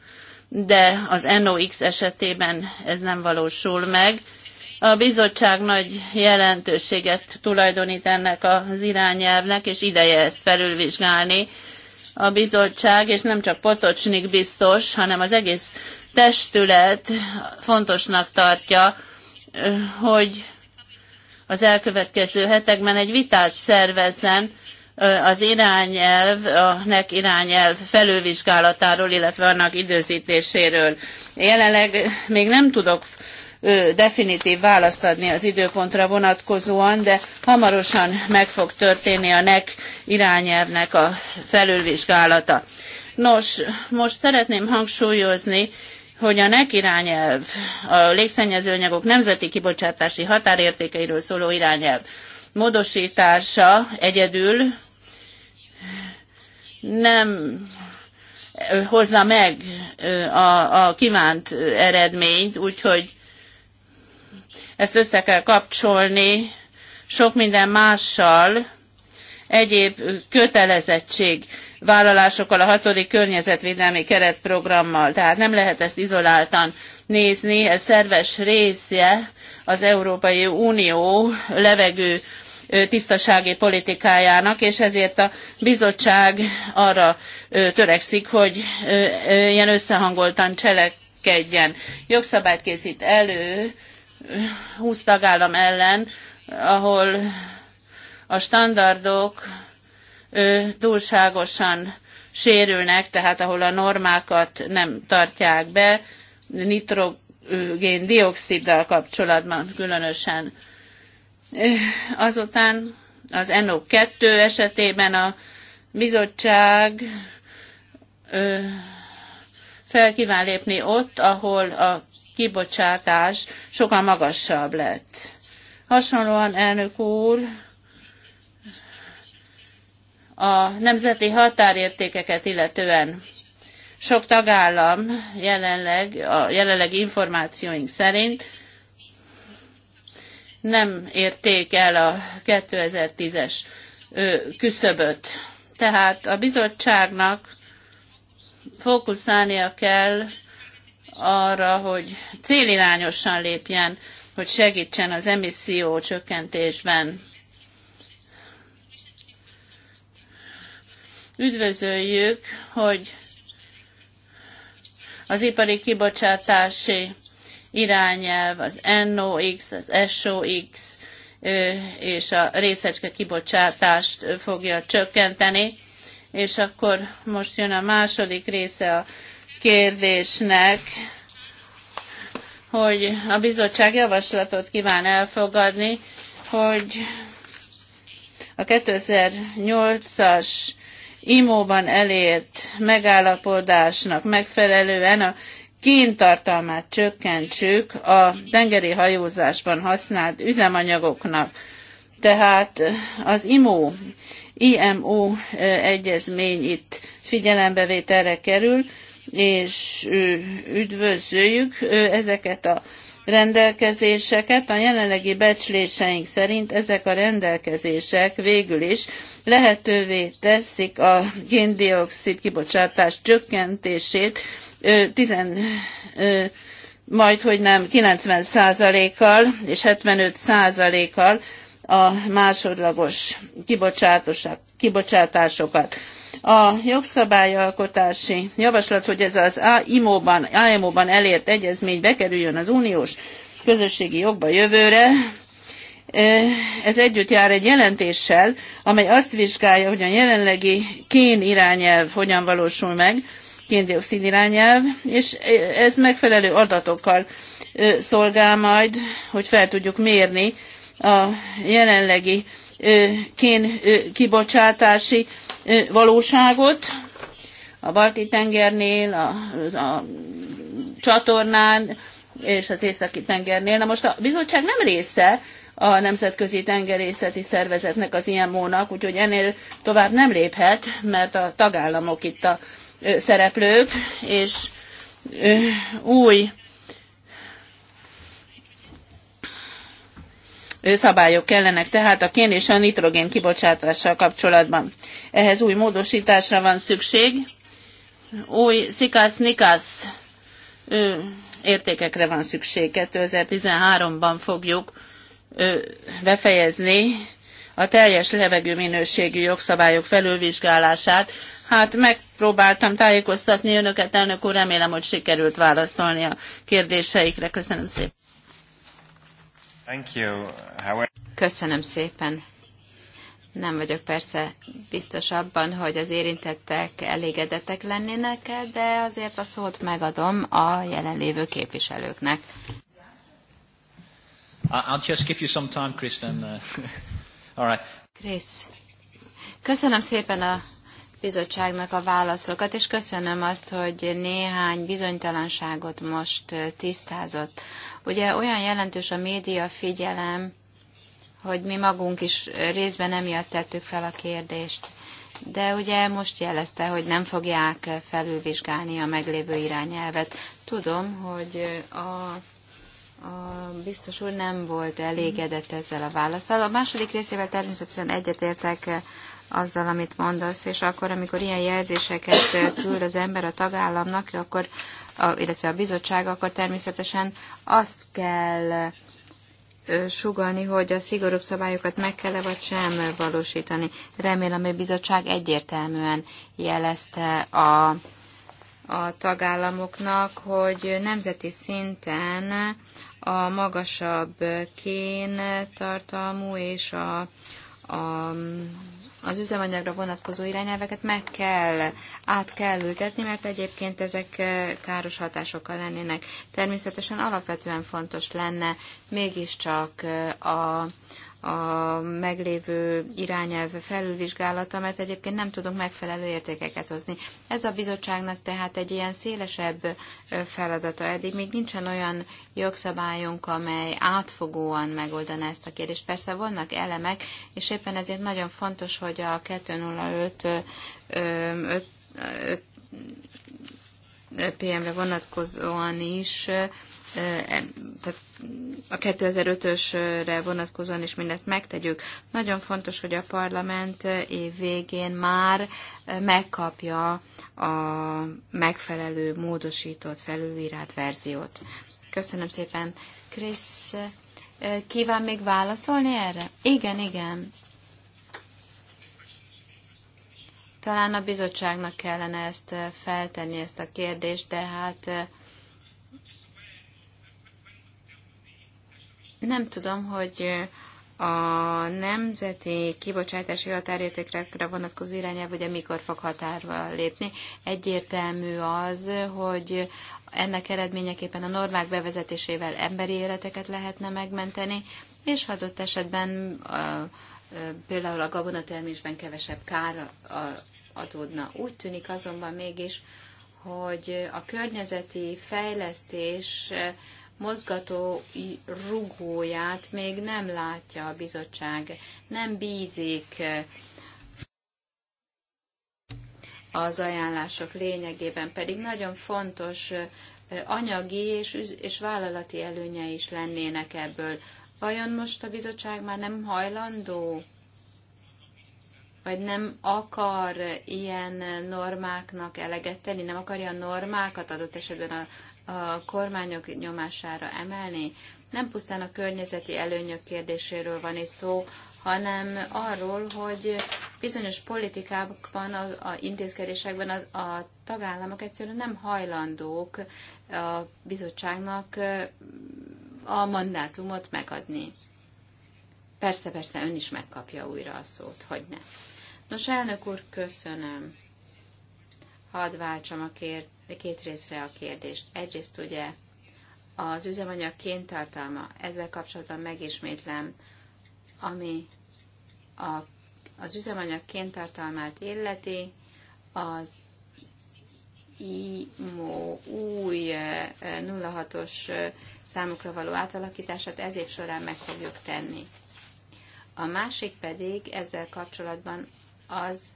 de az NOx esetében ez nem valósul meg. A bizottság nagy jelentőséget tulajdonít ennek az irányelvnek, és ideje ezt felülvizsgálni. A bizottság, és nem csak Potocsnik biztos, hanem az egész testület fontosnak tartja, hogy az elkövetkező hetekben egy vitát szervezzen az irányelv, a NEC irányelv felülvizsgálatáról, illetve annak időzítéséről. Jelenleg még nem tudok definitív választ adni az időpontra vonatkozóan, de hamarosan meg fog történni a NEC irányelvnek a felülvizsgálata. Nos, most szeretném hangsúlyozni, hogy a NEC irányelv, a anyagok nemzeti kibocsátási határértékeiről szóló irányelv módosítása egyedül nem hozza meg a, a kívánt eredményt, úgyhogy ezt össze kell kapcsolni sok minden mással, egyéb kötelezettség vállalásokkal, a hatodik környezetvédelmi keretprogrammal. Tehát nem lehet ezt izoláltan nézni, ez szerves része az Európai Unió levegő tisztasági politikájának, és ezért a bizottság arra törekszik, hogy ilyen összehangoltan cselekedjen. Jogszabályt készít elő 20 tagállam ellen, ahol a standardok túlságosan sérülnek, tehát ahol a normákat nem tartják be, nitrogén dioxiddal kapcsolatban különösen. Azután az NO2 esetében a bizottság fel kíván lépni ott, ahol a kibocsátás sokkal magasabb lett. Hasonlóan, elnök úr, a nemzeti határértékeket illetően sok tagállam jelenleg, a jelenlegi információink szerint nem érték el a 2010-es küszöböt. Tehát a bizottságnak fókuszálnia kell arra, hogy célirányosan lépjen, hogy segítsen az emisszió csökkentésben. Üdvözöljük, hogy az ipari kibocsátási irányelv, az NOx, az SOx és a részecske kibocsátást fogja csökkenteni. És akkor most jön a második része a kérdésnek, hogy a bizottság javaslatot kíván elfogadni, hogy a 2008-as imóban elért megállapodásnak megfelelően a kéntartalmát csökkentsük a tengeri hajózásban használt üzemanyagoknak. Tehát az IMO, IMO egyezmény itt figyelembevételre kerül, és üdvözöljük ezeket a rendelkezéseket. A jelenlegi becsléseink szerint ezek a rendelkezések végül is lehetővé teszik a géndiokszid kibocsátás csökkentését 10 majd, hogy nem 90%-kal és 75%-kal a másodlagos kibocsátásokat. A jogszabályalkotási javaslat, hogy ez az AIMO-ban, AMO-ban elért egyezmény bekerüljön az uniós közösségi jogba jövőre, ez együtt jár egy jelentéssel, amely azt vizsgálja, hogy a jelenlegi kén irányelv hogyan valósul meg, kén-dioxid irányelv, és ez megfelelő adatokkal szolgál majd, hogy fel tudjuk mérni a jelenlegi kén kibocsátási valóságot a balti tengernél, a, a csatornán és az északi tengernél. Na most a bizottság nem része a Nemzetközi Tengerészeti Szervezetnek, az ilyen mónak, úgyhogy ennél tovább nem léphet, mert a tagállamok itt a szereplők, és új szabályok kellenek tehát a kén és a nitrogén kibocsátással kapcsolatban. Ehhez új módosításra van szükség, új szikász-nikász értékekre van szükség. 2013-ban fogjuk befejezni a teljes levegő minőségű jogszabályok felülvizsgálását. Hát megpróbáltam tájékoztatni önöket, elnök úr, remélem, hogy sikerült válaszolni a kérdéseikre. Köszönöm szépen. Thank you. Köszönöm szépen. Nem vagyok persze biztos abban, hogy az érintettek elégedettek lennének, -e, de azért a szót megadom a jelenlévő képviselőknek. I'll just give you some time, Chris, then, uh, all right. Chris, köszönöm szépen a bizottságnak a válaszokat, és köszönöm azt, hogy néhány bizonytalanságot most tisztázott. Ugye olyan jelentős a média figyelem, hogy mi magunk is részben emiatt tettük fel a kérdést. De ugye most jelezte, hogy nem fogják felülvizsgálni a meglévő irányelvet. Tudom, hogy a, a biztos úr nem volt elégedett ezzel a válaszsal. A második részével természetesen egyetértek azzal, amit mondasz, és akkor, amikor ilyen jelzéseket küld az ember a tagállamnak, akkor, illetve a bizottság, akkor természetesen azt kell sugalni, hogy a szigorúbb szabályokat meg kell-e vagy sem valósítani. Remélem, hogy a bizottság egyértelműen jelezte a, a tagállamoknak, hogy nemzeti szinten a magasabb kén tartalmú és a, a az üzemanyagra vonatkozó irányelveket meg kell, át kell ültetni, mert egyébként ezek eh, káros hatásokkal lennének. Természetesen alapvetően fontos lenne mégiscsak eh, a, a meglévő irányelv felülvizsgálata, mert egyébként nem tudunk megfelelő értékeket hozni. Ez a bizottságnak tehát egy ilyen szélesebb feladata. Eddig még nincsen olyan jogszabályunk, amely átfogóan megoldaná ezt a kérdést. Persze vannak elemek, és éppen ezért nagyon fontos, hogy a 205 5, 5, PM-re vonatkozóan is E, tehát a 2005-ösre vonatkozóan is mindezt megtegyük. Nagyon fontos, hogy a parlament év végén már megkapja a megfelelő módosított felülírát verziót. Köszönöm szépen. Krisz, kíván még válaszolni erre? Igen, igen. Talán a bizottságnak kellene ezt feltenni, ezt a kérdést, de hát Nem tudom, hogy a nemzeti kibocsátási határértékre vonatkozó irányelv, hogy mikor fog határba lépni. Egyértelmű az, hogy ennek eredményeképpen a normák bevezetésével emberi életeket lehetne megmenteni, és adott esetben például a gabonatermésben kevesebb kár adódna. Úgy tűnik azonban mégis, hogy a környezeti fejlesztés mozgató rugóját még nem látja a bizottság, nem bízik eh, az ajánlások lényegében, pedig nagyon fontos eh, anyagi és, és vállalati előnye is lennének ebből. Vajon most a bizottság már nem hajlandó, vagy nem akar ilyen normáknak eleget tenni, nem akarja a normákat adott esetben a a kormányok nyomására emelni. Nem pusztán a környezeti előnyök kérdéséről van itt szó, hanem arról, hogy bizonyos politikákban, az a intézkedésekben a, a tagállamok egyszerűen nem hajlandók a bizottságnak a mandátumot megadni. Persze, persze, ön is megkapja újra a szót, hogy ne. Nos, elnök úr, köszönöm. Hadd váltsam a kért két részre a kérdést. Egyrészt ugye az üzemanyag kéntartalma, ezzel kapcsolatban megismétlem, ami a, az üzemanyag kéntartalmát illeti, az IMO új 06-os eh, eh, eh, számukra való átalakítását ez év során meg fogjuk tenni. A másik pedig ezzel kapcsolatban az,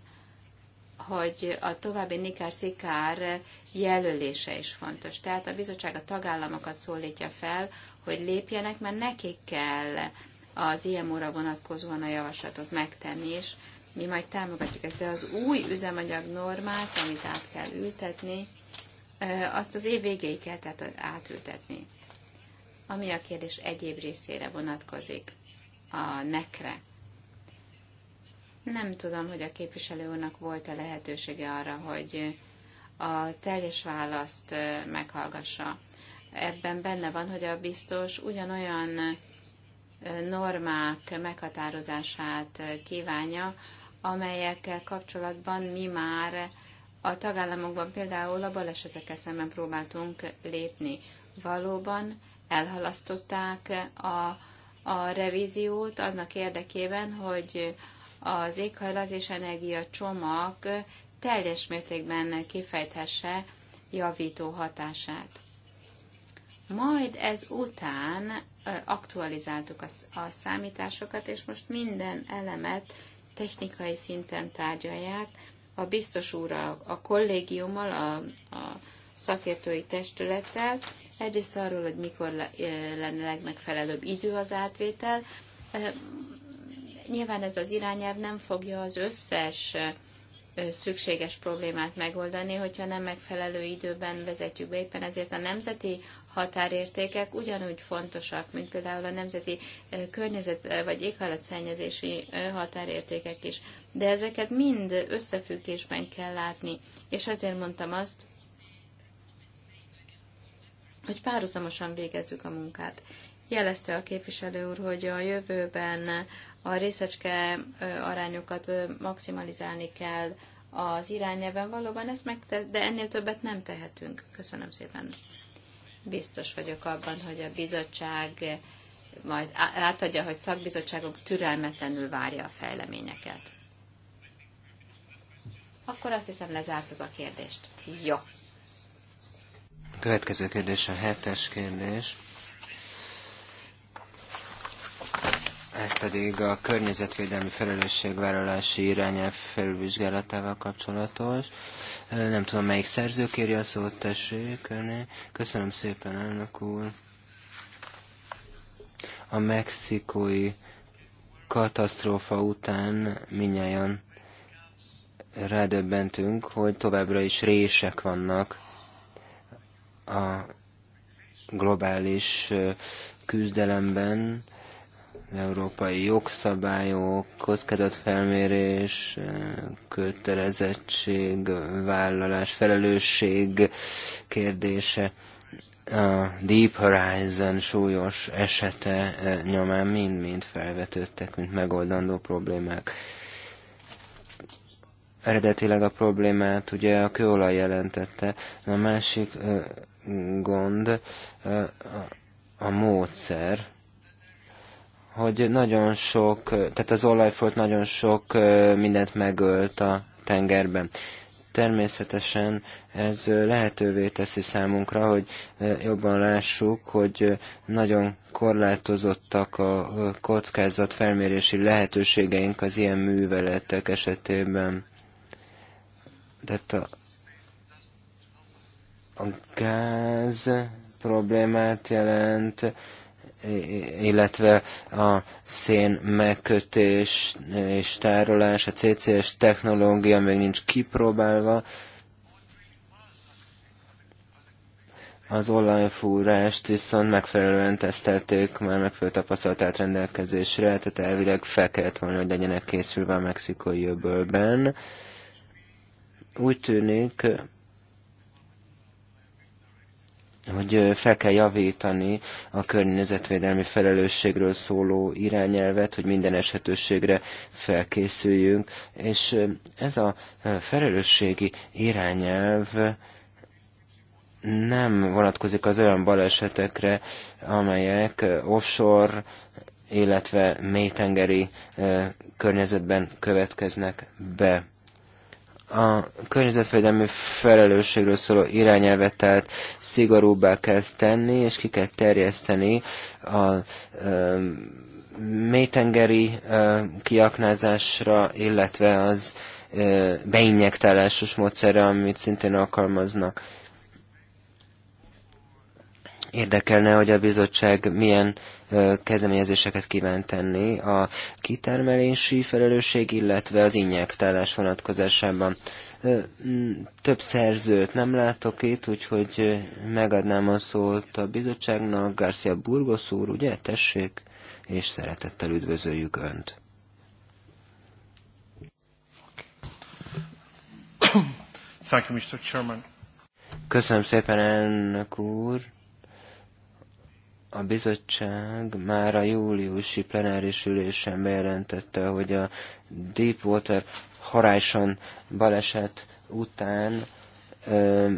hogy a további nikár-szikár jelölése is fontos. Tehát a bizottság a tagállamokat szólítja fel, hogy lépjenek, mert nekik kell az ilyen óra vonatkozóan a javaslatot megtenni, és mi majd támogatjuk ezt. De az új üzemanyag normát, amit át kell ültetni, azt az év végéig kell tehát átültetni. Ami a kérdés egyéb részére vonatkozik, a nekre. Nem tudom, hogy a képviselő úrnak volt-e lehetősége arra, hogy a teljes választ meghallgassa. Ebben benne van, hogy a biztos ugyanolyan normák meghatározását kívánja, amelyekkel kapcsolatban mi már a tagállamokban például a balesetekkel szemben próbáltunk lépni. Valóban elhalasztották a, a revíziót annak érdekében, hogy az éghajlat és energia csomag teljes mértékben kifejthesse javító hatását. Majd ez után aktualizáltuk a, a számításokat, és most minden elemet technikai szinten tárgyalják a biztos a, a kollégiummal, a, a szakértői testülettel, egyrészt arról, hogy mikor lenne legmegfelelőbb idő az átvétel. Nyilván ez az irányelv nem fogja az összes szükséges problémát megoldani, hogyha nem megfelelő időben vezetjük be. Éppen ezért a nemzeti határértékek ugyanúgy fontosak, mint például a nemzeti környezet vagy éghajlatszennyezési határértékek is. De ezeket mind összefüggésben kell látni. És ezért mondtam azt, hogy párhuzamosan végezzük a munkát. Jelezte a képviselő úr, hogy a jövőben a részecske arányokat maximalizálni kell az irányelven. Valóban ezt meg, de ennél többet nem tehetünk. Köszönöm szépen. Biztos vagyok abban, hogy a bizottság majd átadja, hogy szakbizottságok türelmetlenül várja a fejleményeket. Akkor azt hiszem lezártuk a kérdést. Jó. Következő kérdés a hetes kérdés. ez pedig a környezetvédelmi felelősségvállalási irányelv felvizsgálatával kapcsolatos. Nem tudom, melyik szerző kéri a szót, tessék, Köszönöm szépen, elnök úr. A mexikói katasztrófa után minnyáján rádöbbentünk, hogy továbbra is rések vannak a globális küzdelemben, európai jogszabályok, felmérés, kötelezettség, vállalás, felelősség kérdése, a Deep Horizon súlyos esete e, nyomán mind-mind felvetődtek, mint megoldandó problémák. Eredetileg a problémát ugye a kőolaj jelentette, a másik e, gond e, a módszer, hogy nagyon sok, tehát az olajfolt nagyon sok mindent megölt a tengerben. Természetesen ez lehetővé teszi számunkra, hogy jobban lássuk, hogy nagyon korlátozottak a kockázat felmérési lehetőségeink az ilyen műveletek esetében. Tehát a, a gáz problémát jelent, illetve a szén megkötés és tárolás, a CCS technológia még nincs kipróbálva, az olajfúrást viszont megfelelően tesztelték, már megfelelő tapasztalatát rendelkezésre, tehát elvileg fel kellett volna, hogy legyenek készülve a mexikói öbölben. Úgy tűnik, hogy fel kell javítani a környezetvédelmi felelősségről szóló irányelvet, hogy minden eshetőségre felkészüljünk, és ez a felelősségi irányelv nem vonatkozik az olyan balesetekre, amelyek offshore, illetve mélytengeri környezetben következnek be a környezetvédelmi felelősségről szóló irányelvet tehát szigorúbbá kell tenni, és ki kell terjeszteni a e, mélytengeri e, kiaknázásra, illetve az e, beinjektálásos módszerre, amit szintén alkalmaznak. Érdekelne, hogy a bizottság milyen kezdeményezéseket kíván tenni a kitermelési felelősség, illetve az injektálás vonatkozásában. Több szerzőt nem látok itt, úgyhogy megadnám a szót a bizottságnak. Garcia Burgos úr, ugye? Tessék, és szeretettel üdvözöljük Önt. Thank you, Mr. Chairman. Köszönöm szépen, elnök úr a bizottság már a júliusi plenáris ülésen bejelentette, hogy a Deepwater Horizon baleset után ö,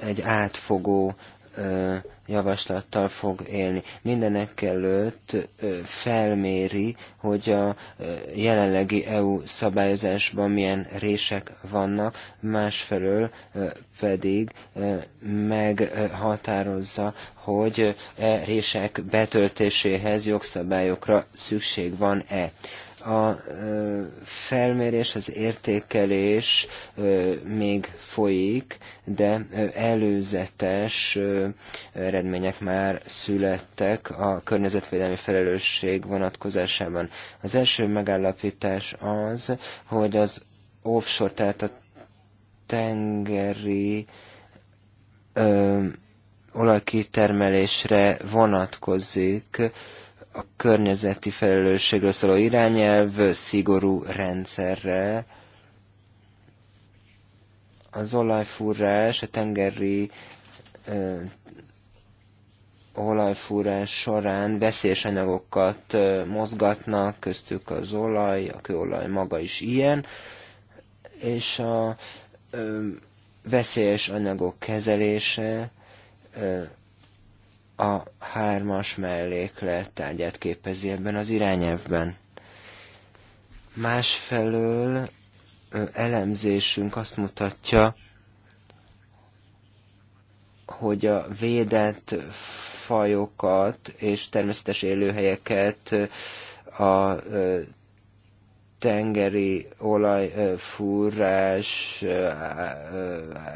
egy átfogó ö, javaslattal fog élni. Mindenek előtt felméri, hogy a jelenlegi EU szabályozásban milyen rések vannak, másfelől pedig meghatározza, hogy e rések betöltéséhez jogszabályokra szükség van-e a felmérés, az értékelés még folyik, de előzetes eredmények már születtek a környezetvédelmi felelősség vonatkozásában. Az első megállapítás az, hogy az offshore, tehát a tengeri olajkitermelésre vonatkozik, a környezeti felelősségről szóló irányelv szigorú rendszerre Az olajfúrás, a tengeri ö, olajfúrás során veszélyes anyagokat ö, mozgatnak, köztük az olaj, a kőolaj maga is ilyen, és a ö, veszélyes anyagok kezelése ö, a hármas melléklet tárgyát képezi ebben az irányelvben. Másfelől elemzésünk azt mutatja, hogy a védett fajokat és természetes élőhelyeket a tengeri olajfúrás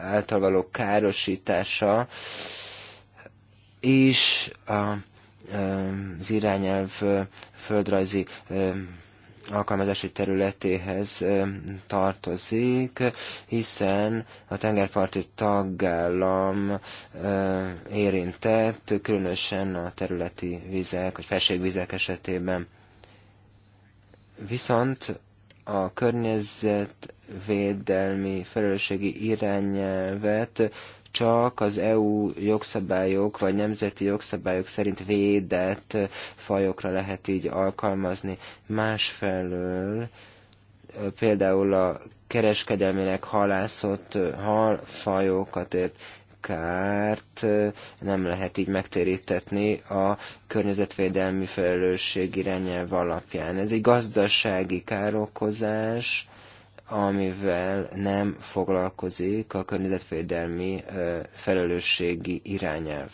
által való károsítása és a, az irányelv földrajzi alkalmazási területéhez tartozik, hiszen a tengerparti tagállam érintett, különösen a területi vizek, vagy felségvizek esetében. Viszont a környezetvédelmi felelősségi irányelvet csak az EU jogszabályok vagy nemzeti jogszabályok szerint védett fajokra lehet így alkalmazni. Másfelől például a kereskedelmének halászott halfajokat ért kárt nem lehet így megtérítetni a környezetvédelmi felelősség irányelv alapján. Ez egy gazdasági károkozás, amivel nem foglalkozik a környezetvédelmi felelősségi irányelv.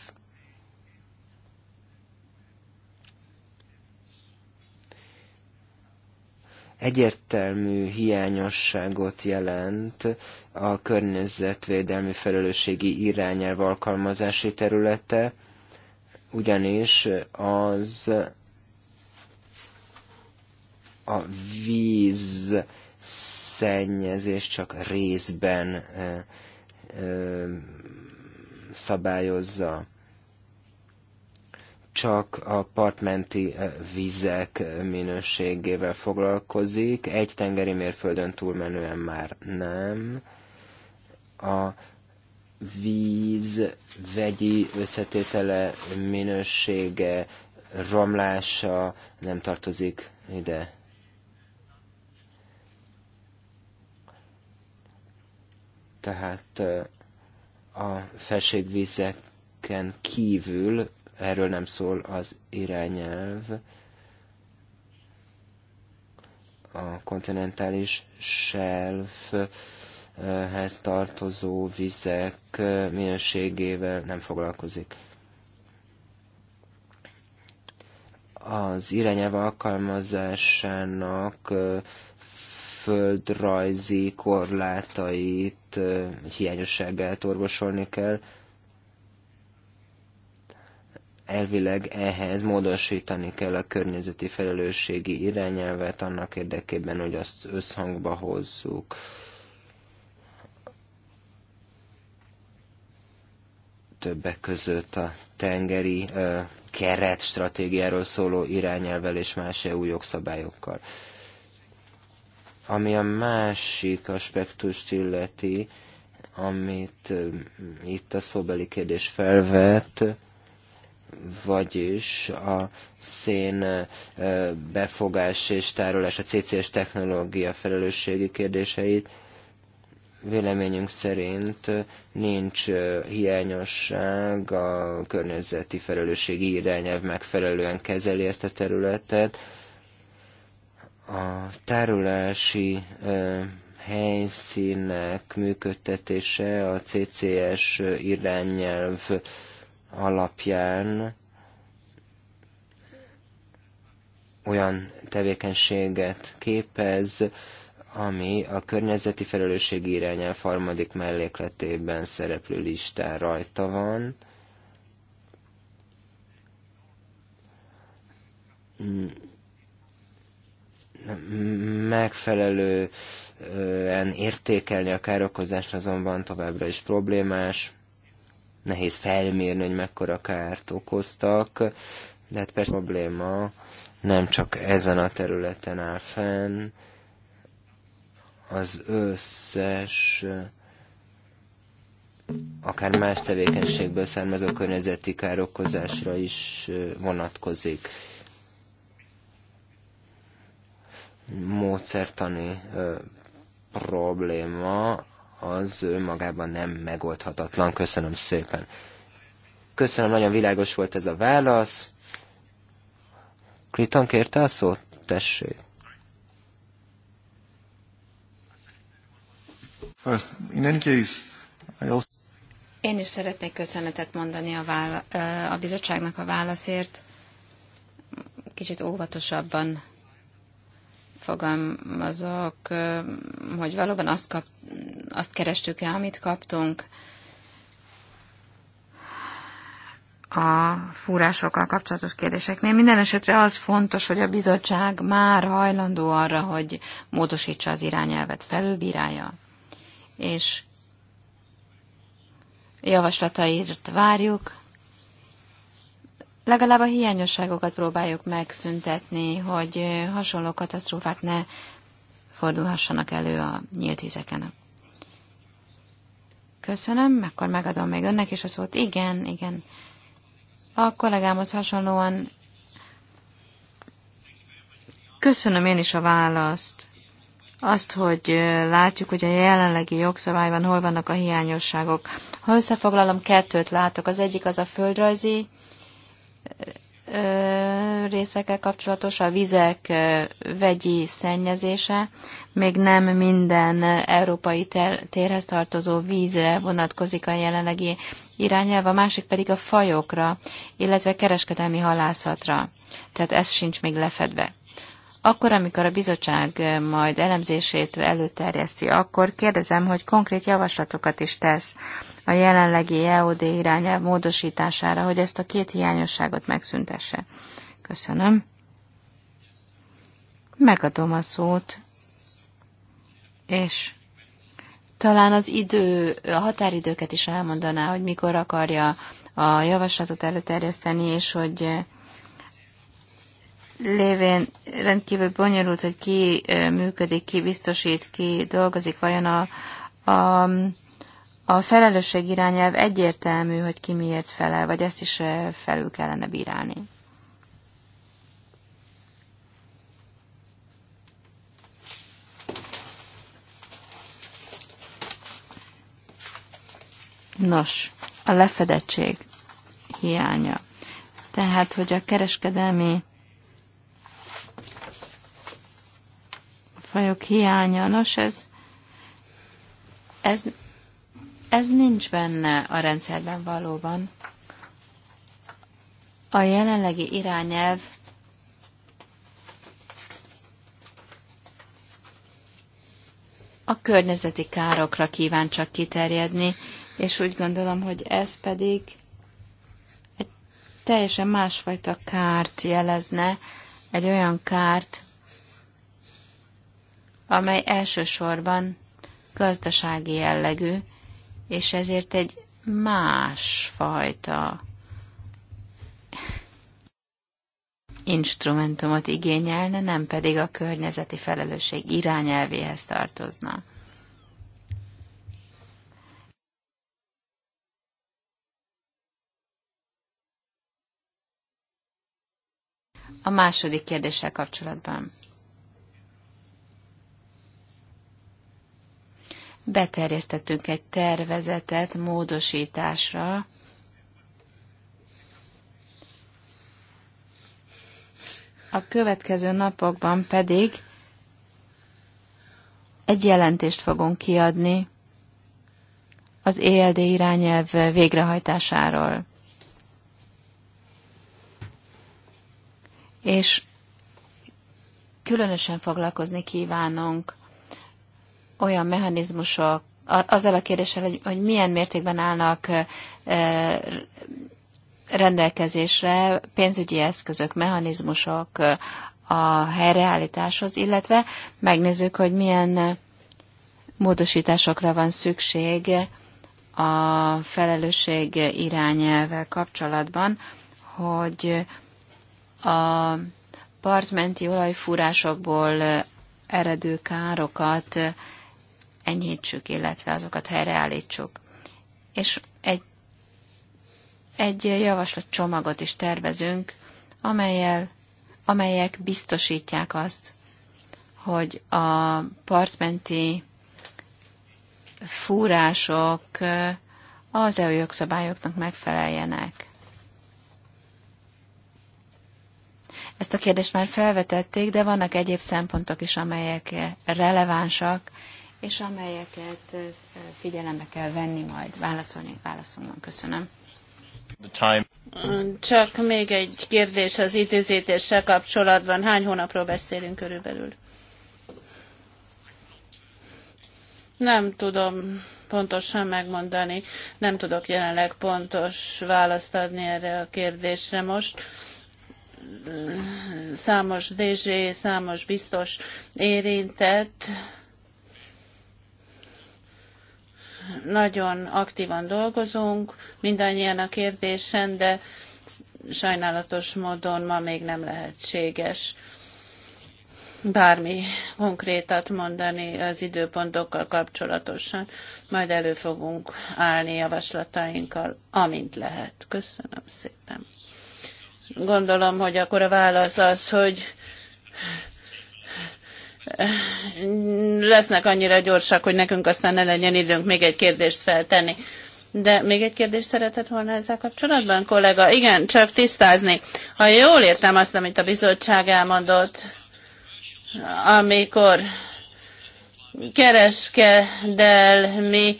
Egyértelmű hiányosságot jelent a környezetvédelmi felelősségi irányelv alkalmazási területe, ugyanis az a víz szennyezés csak részben eh, eh, szabályozza. Csak a partmenti eh, vizek minőségével foglalkozik, egy tengeri mérföldön túlmenően már nem. A víz vegyi összetétele, minősége, romlása nem tartozik ide Tehát a felségvizeken kívül, erről nem szól az irányelv, a kontinentális shelfhez tartozó vizek minőségével nem foglalkozik. Az irányelv alkalmazásának földrajzi korlátait, hiányosságát orvosolni kell. Elvileg ehhez módosítani kell a környezeti felelősségi irányelvet annak érdekében, hogy azt összhangba hozzuk. többek között a tengeri keret stratégiáról szóló irányelvel és más EU jogszabályokkal. Ami a másik aspektust illeti, amit itt a szóbeli kérdés felvet, vagyis a szén befogás és tárolás, a CCS technológia felelősségi kérdéseit, véleményünk szerint nincs hiányosság, a környezeti felelősségi irányelv megfelelően kezeli ezt a területet, a tárolási helyszínek működtetése a CCS irányelv alapján olyan tevékenységet képez, ami a környezeti felelősség irányelv harmadik mellékletében szereplő listán rajta van megfelelően értékelni a károkozást azonban továbbra is problémás, nehéz felmérni, hogy mekkora kárt okoztak, de hát persze a probléma nem csak ezen a területen áll fenn, az összes akár más tevékenységből származó környezeti károkozásra is vonatkozik. módszertani probléma az önmagában nem megoldhatatlan. Köszönöm szépen. Köszönöm, nagyon világos volt ez a válasz. Kriton kérte a szót? Tessék. First, in any case, I also... Én is szeretnék köszönetet mondani a, vála- a bizottságnak a válaszért. Kicsit óvatosabban fogalmazok, hogy valóban azt, kap, azt kerestük-e, amit kaptunk. A fúrásokkal kapcsolatos kérdéseknél minden esetre az fontos, hogy a bizottság már hajlandó arra, hogy módosítsa az irányelvet, felülbírálja, és javaslatait várjuk legalább a hiányosságokat próbáljuk megszüntetni, hogy hasonló katasztrófák ne fordulhassanak elő a nyílt vizeken. Köszönöm, akkor megadom még önnek is a szót. Igen, igen. A kollégámhoz hasonlóan köszönöm én is a választ. Azt, hogy látjuk, hogy a jelenlegi jogszabályban hol vannak a hiányosságok. Ha összefoglalom, kettőt látok. Az egyik az a földrajzi részekkel kapcsolatos, a vizek vegyi szennyezése. Még nem minden európai térhez tartozó vízre vonatkozik a jelenlegi irányelv, a másik pedig a fajokra, illetve kereskedelmi halászatra. Tehát ez sincs még lefedve. Akkor, amikor a bizottság majd elemzését előterjeszti, akkor kérdezem, hogy konkrét javaslatokat is tesz a jelenlegi EOD irányelv módosítására, hogy ezt a két hiányosságot megszüntesse. Köszönöm. Megadom a szót, és talán az idő, a határidőket is elmondaná, hogy mikor akarja a javaslatot előterjeszteni, és hogy eh, lévén rendkívül bonyolult, hogy ki eh, működik, ki biztosít, ki dolgozik, vajon a, a a felelősség irányelv egyértelmű, hogy ki miért felel, vagy ezt is felül kellene bírálni. Nos, a lefedettség hiánya. Tehát, hogy a kereskedelmi fajok hiánya, nos, ez, ez ez nincs benne a rendszerben valóban. A jelenlegi irányelv a környezeti károkra kíván csak kiterjedni, és úgy gondolom, hogy ez pedig egy teljesen másfajta kárt jelezne, egy olyan kárt, amely elsősorban gazdasági jellegű, és ezért egy másfajta instrumentumot igényelne, nem pedig a környezeti felelősség irányelvéhez tartozna. A második kérdéssel kapcsolatban. beterjesztettünk egy tervezetet módosításra, a következő napokban pedig egy jelentést fogunk kiadni az ELD irányelv végrehajtásáról. És különösen foglalkozni kívánunk olyan mechanizmusok, azzal a kérdéssel, hogy, hogy milyen mértékben állnak rendelkezésre pénzügyi eszközök, mechanizmusok a helyreállításhoz, illetve megnézzük, hogy milyen módosításokra van szükség a felelősség irányelvel kapcsolatban, hogy a partmenti olajfúrásokból eredő károkat enyhítsük, illetve azokat helyreállítsuk. És egy, egy javaslat csomagot is tervezünk, amelyel, amelyek biztosítják azt, hogy a partmenti fúrások az EU jogszabályoknak megfeleljenek. Ezt a kérdést már felvetették, de vannak egyéb szempontok is, amelyek relevánsak és amelyeket figyelembe kell venni, majd válaszolni, válaszolnom. Köszönöm. Csak még egy kérdés az időzítéssel kapcsolatban. Hány hónapról beszélünk körülbelül? Nem tudom pontosan megmondani. Nem tudok jelenleg pontos választ adni erre a kérdésre most. Számos DG, számos biztos érintett, nagyon aktívan dolgozunk mindannyian a kérdésen, de sajnálatos módon ma még nem lehetséges bármi konkrétat mondani az időpontokkal kapcsolatosan. Majd elő fogunk állni javaslatainkkal, amint lehet. Köszönöm szépen. Gondolom, hogy akkor a válasz az, hogy lesznek annyira gyorsak, hogy nekünk aztán ne legyen időnk még egy kérdést feltenni. De még egy kérdést szeretett volna ezzel kapcsolatban, kollega? Igen, csak tisztázni. Ha jól értem azt, amit a bizottság elmondott, amikor kereskedelmi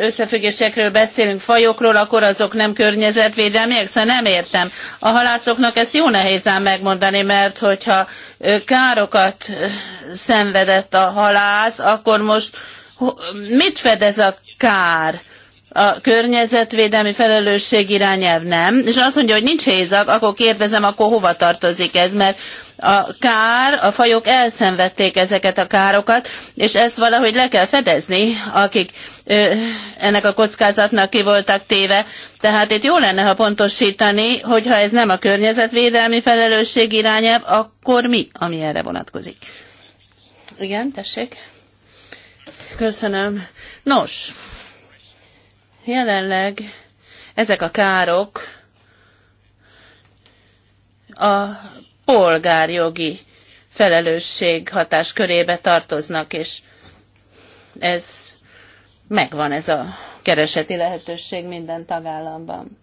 összefüggésekről beszélünk, fajokról, akkor azok nem környezetvédelmiek, szóval nem értem. A halászoknak ezt jó nehéz ám megmondani, mert hogyha károkat szenvedett a halász, akkor most mit fedez a kár? a környezetvédelmi felelősség irányelv nem, és azt mondja, hogy nincs hézag, akkor kérdezem, akkor hova tartozik ez, mert a kár, a fajok elszenvedték ezeket a károkat, és ezt valahogy le kell fedezni, akik ö, ennek a kockázatnak ki voltak téve. Tehát itt jó lenne, ha pontosítani, hogyha ez nem a környezetvédelmi felelősség irányelv, akkor mi, ami erre vonatkozik? Igen, tessék. Köszönöm. Nos, Jelenleg ezek a károk a polgárjogi felelősség hatás körébe tartoznak, és ez megvan ez a kereseti lehetőség minden tagállamban.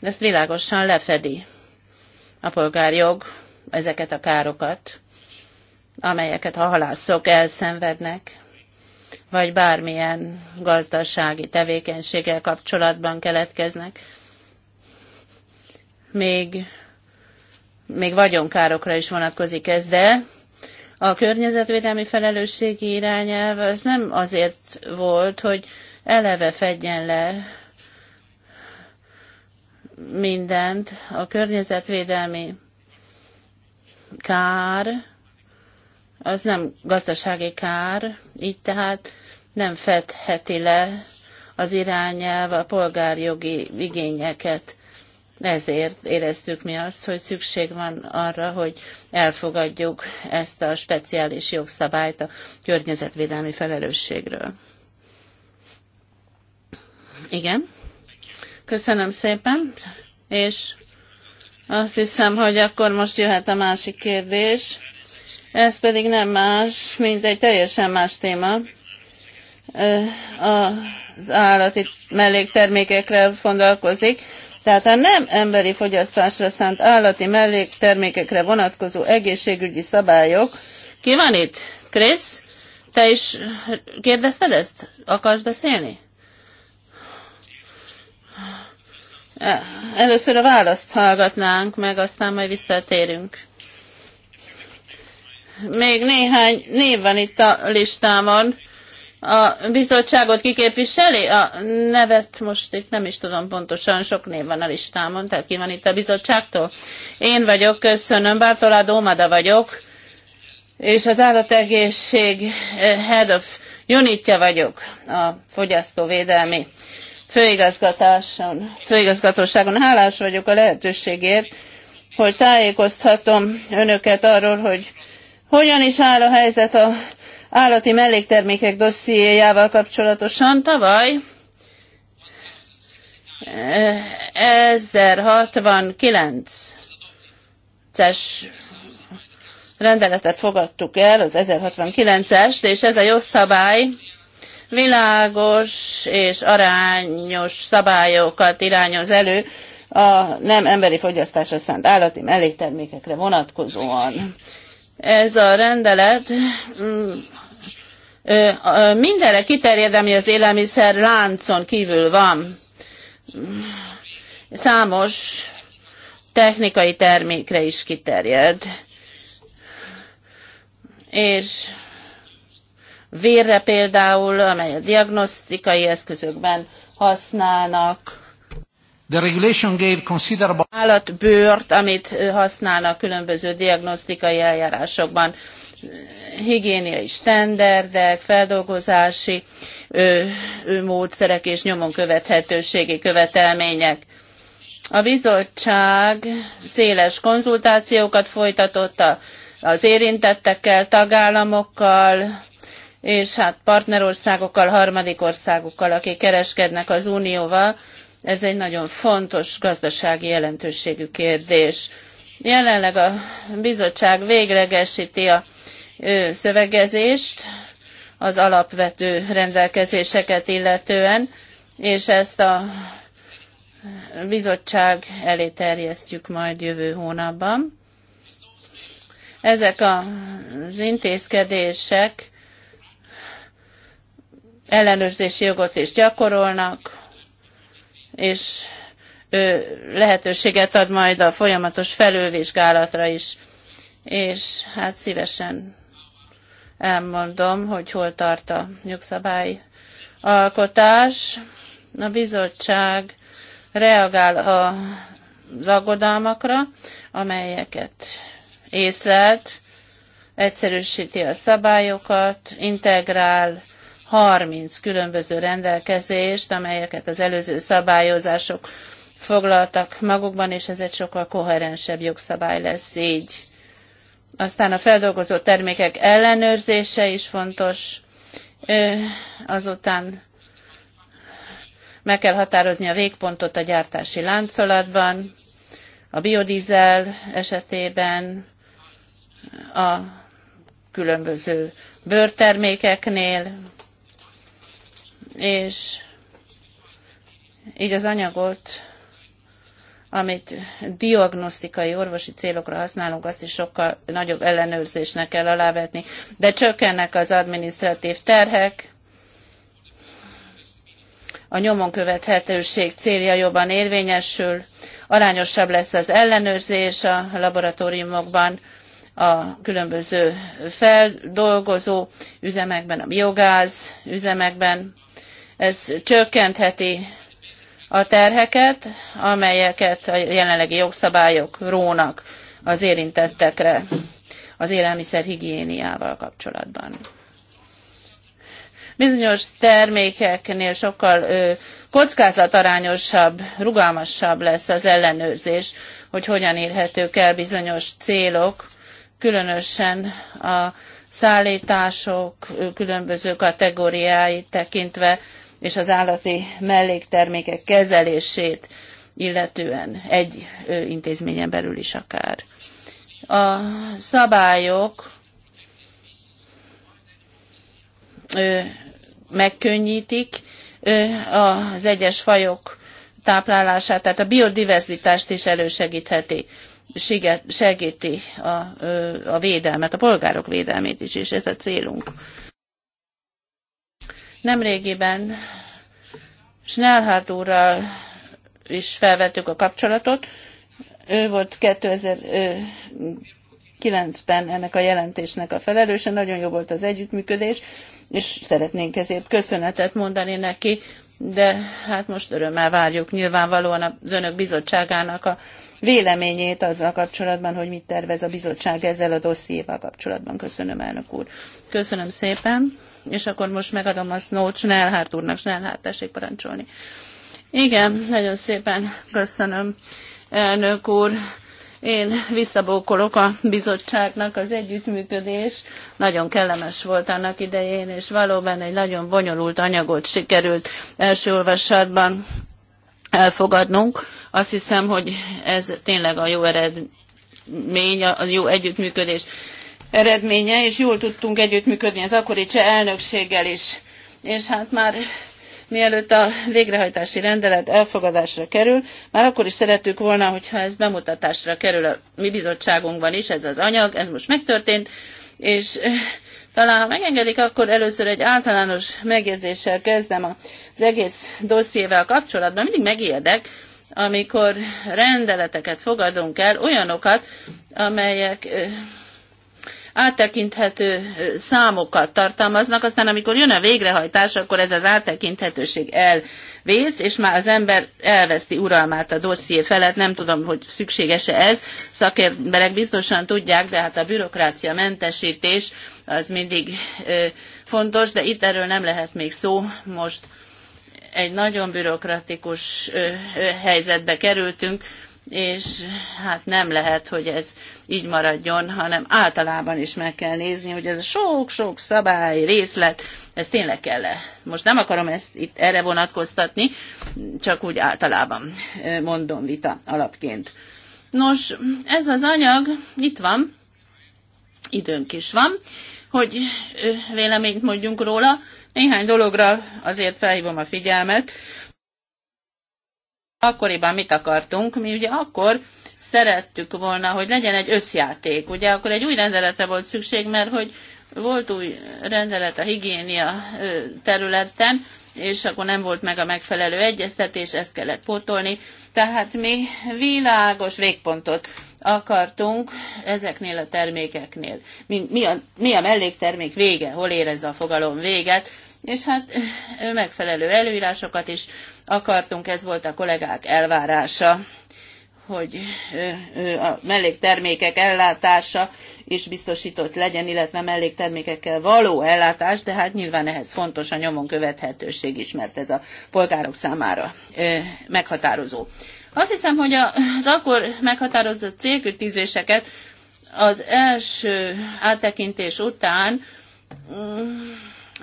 Ezt világosan lefedi a polgárjog ezeket a károkat, amelyeket a halászok elszenvednek vagy bármilyen gazdasági tevékenységgel kapcsolatban keletkeznek. Még, még vagyonkárokra is vonatkozik ez, de a környezetvédelmi felelősségi irányelv az nem azért volt, hogy eleve fedjen le mindent. A környezetvédelmi kár az nem gazdasági kár, így tehát nem fedheti le az irányelv a polgárjogi igényeket. Ezért éreztük mi azt, hogy szükség van arra, hogy elfogadjuk ezt a speciális jogszabályt a környezetvédelmi felelősségről. Igen. Köszönöm szépen, és azt hiszem, hogy akkor most jöhet a másik kérdés. Ez pedig nem más, mint egy teljesen más téma. Az állati melléktermékekre foglalkozik, tehát a nem emberi fogyasztásra szánt állati melléktermékekre vonatkozó egészségügyi szabályok. Ki van itt? Krisz? Te is kérdezted ezt? Akarsz beszélni? Először a választ hallgatnánk, meg aztán majd visszatérünk. Még néhány név van itt a listámon. A bizottságot kiképviseli? A nevet most itt nem is tudom pontosan, sok név van a listámon, tehát ki van itt a bizottságtól? Én vagyok, köszönöm, Bártolá Dómada vagyok, és az állategészség eh, head of unitja vagyok a fogyasztóvédelmi főigazgatáson, főigazgatóságon. Hálás vagyok a lehetőségért, hogy tájékoztatom önöket arról, hogy hogyan is áll a helyzet a állati melléktermékek dossziéjával kapcsolatosan? Tavaly 1069-es eh, rendeletet fogadtuk el, az 1069-est, és ez a jogszabály világos és arányos szabályokat irányoz elő a nem emberi fogyasztásra szánt állati melléktermékekre vonatkozóan ez a rendelet mm, mindenre kiterjed, ami az élelmiszer láncon kívül van. Számos technikai termékre is kiterjed. És vérre például, amely a diagnosztikai eszközökben használnak, The regulation gave considerable... Állatbőrt, amit használnak különböző diagnosztikai eljárásokban higiéniai standardek, feldolgozási ö, ö, módszerek és nyomon követhetőségi követelmények. A bizottság széles konzultációkat folytatott az érintettekkel, tagállamokkal, és hát partnerországokkal, harmadik országokkal, akik kereskednek az unióval, ez egy nagyon fontos gazdasági jelentőségű kérdés. Jelenleg a bizottság véglegesíti a szövegezést az alapvető rendelkezéseket illetően, és ezt a bizottság elé terjesztjük majd jövő hónapban. Ezek az intézkedések ellenőrzési jogot is gyakorolnak, és lehetőséget ad majd a folyamatos felülvizsgálatra is. És hát szívesen elmondom, hogy hol tart a nyugszabály alkotás. A bizottság reagál az aggodalmakra, amelyeket észlelt, egyszerűsíti a szabályokat, integrál 30 különböző rendelkezést, amelyeket az előző szabályozások foglaltak magukban, és ez egy sokkal koherensebb jogszabály lesz így. Aztán a feldolgozott termékek ellenőrzése is fontos. Azután meg kell határozni a végpontot a gyártási láncolatban, a biodízel esetében, a különböző bőrtermékeknél, és így az anyagot, amit diagnosztikai orvosi célokra használunk, azt is sokkal nagyobb ellenőrzésnek kell alávetni. De csökkennek az administratív terhek, a nyomon követhetőség célja jobban érvényesül, arányosabb lesz az ellenőrzés a laboratóriumokban, a különböző feldolgozó üzemekben, a biogáz üzemekben, ez csökkentheti a terheket, amelyeket a jelenlegi jogszabályok rónak az érintettekre az élelmiszer higiéniával kapcsolatban. Bizonyos termékeknél sokkal ö, kockázatarányosabb, rugalmasabb lesz az ellenőrzés, hogy hogyan érhetők el bizonyos célok, különösen a szállítások különböző kategóriáit tekintve, és az állati melléktermékek kezelését illetően egy intézményen belül is akár. A szabályok megkönnyítik az egyes fajok táplálását, tehát a biodiverzitást is elősegítheti, segíti a, a védelmet, a polgárok védelmét is, és ez a célunk. Nemrégiben Snellhardt úrral is felvettük a kapcsolatot. Ő volt 2009-ben ennek a jelentésnek a felelőse, nagyon jó volt az együttműködés, és szeretnénk ezért köszönetet mondani neki, de hát most örömmel várjuk nyilvánvalóan az önök bizottságának a véleményét azzal kapcsolatban, hogy mit tervez a bizottság ezzel a dossziéval kapcsolatban. Köszönöm, elnök úr. Köszönöm szépen. És akkor most megadom a szót Snellhárt úrnak. Snellhárt, tessék parancsolni. Igen, nagyon szépen köszönöm, elnök úr. Én visszabókolok a bizottságnak az együttműködés. Nagyon kellemes volt annak idején, és valóban egy nagyon bonyolult anyagot sikerült első olvasatban elfogadnunk. Azt hiszem, hogy ez tényleg a jó eredmény, a jó együttműködés eredménye, és jól tudtunk együttműködni az akkori cseh elnökséggel is. És hát már mielőtt a végrehajtási rendelet elfogadásra kerül, már akkor is szerettük volna, hogyha ez bemutatásra kerül a mi bizottságunkban is, ez az anyag, ez most megtörtént, és eh, talán, ha megengedik, akkor először egy általános megjegyzéssel kezdem az egész dossziével kapcsolatban. Mindig megijedek, amikor rendeleteket fogadunk el, olyanokat, amelyek eh, áttekinthető számokat tartalmaznak, aztán amikor jön a végrehajtás, akkor ez az áttekinthetőség elvész, és már az ember elveszti uralmát a dosszié felett, nem tudom, hogy szükséges-e ez, szakemberek biztosan tudják, de hát a bürokrácia mentesítés az mindig fontos, de itt erről nem lehet még szó most egy nagyon bürokratikus helyzetbe kerültünk, és hát nem lehet, hogy ez így maradjon, hanem általában is meg kell nézni, hogy ez a sok-sok szabály, részlet, ez tényleg kell -e. Most nem akarom ezt itt erre vonatkoztatni, csak úgy általában mondom vita alapként. Nos, ez az anyag itt van, időnk is van, hogy véleményt mondjunk róla. Néhány dologra azért felhívom a figyelmet, akkoriban mit akartunk? Mi ugye akkor szerettük volna, hogy legyen egy összjáték. Ugye akkor egy új rendeletre volt szükség, mert hogy volt új rendelet a higiénia területen, és akkor nem volt meg a megfelelő egyeztetés, ezt kellett pótolni. Tehát mi világos végpontot akartunk ezeknél a termékeknél. Mi, mi, a, mi a melléktermék vége, hol érezze a fogalom véget, és hát megfelelő előírásokat is akartunk, ez volt a kollégák elvárása hogy a melléktermékek ellátása is biztosított legyen, illetve melléktermékekkel való ellátás, de hát nyilván ehhez fontos a nyomon követhetőség is, mert ez a polgárok számára meghatározó. Azt hiszem, hogy az akkor meghatározott célkütőzéseket az első áttekintés után mm,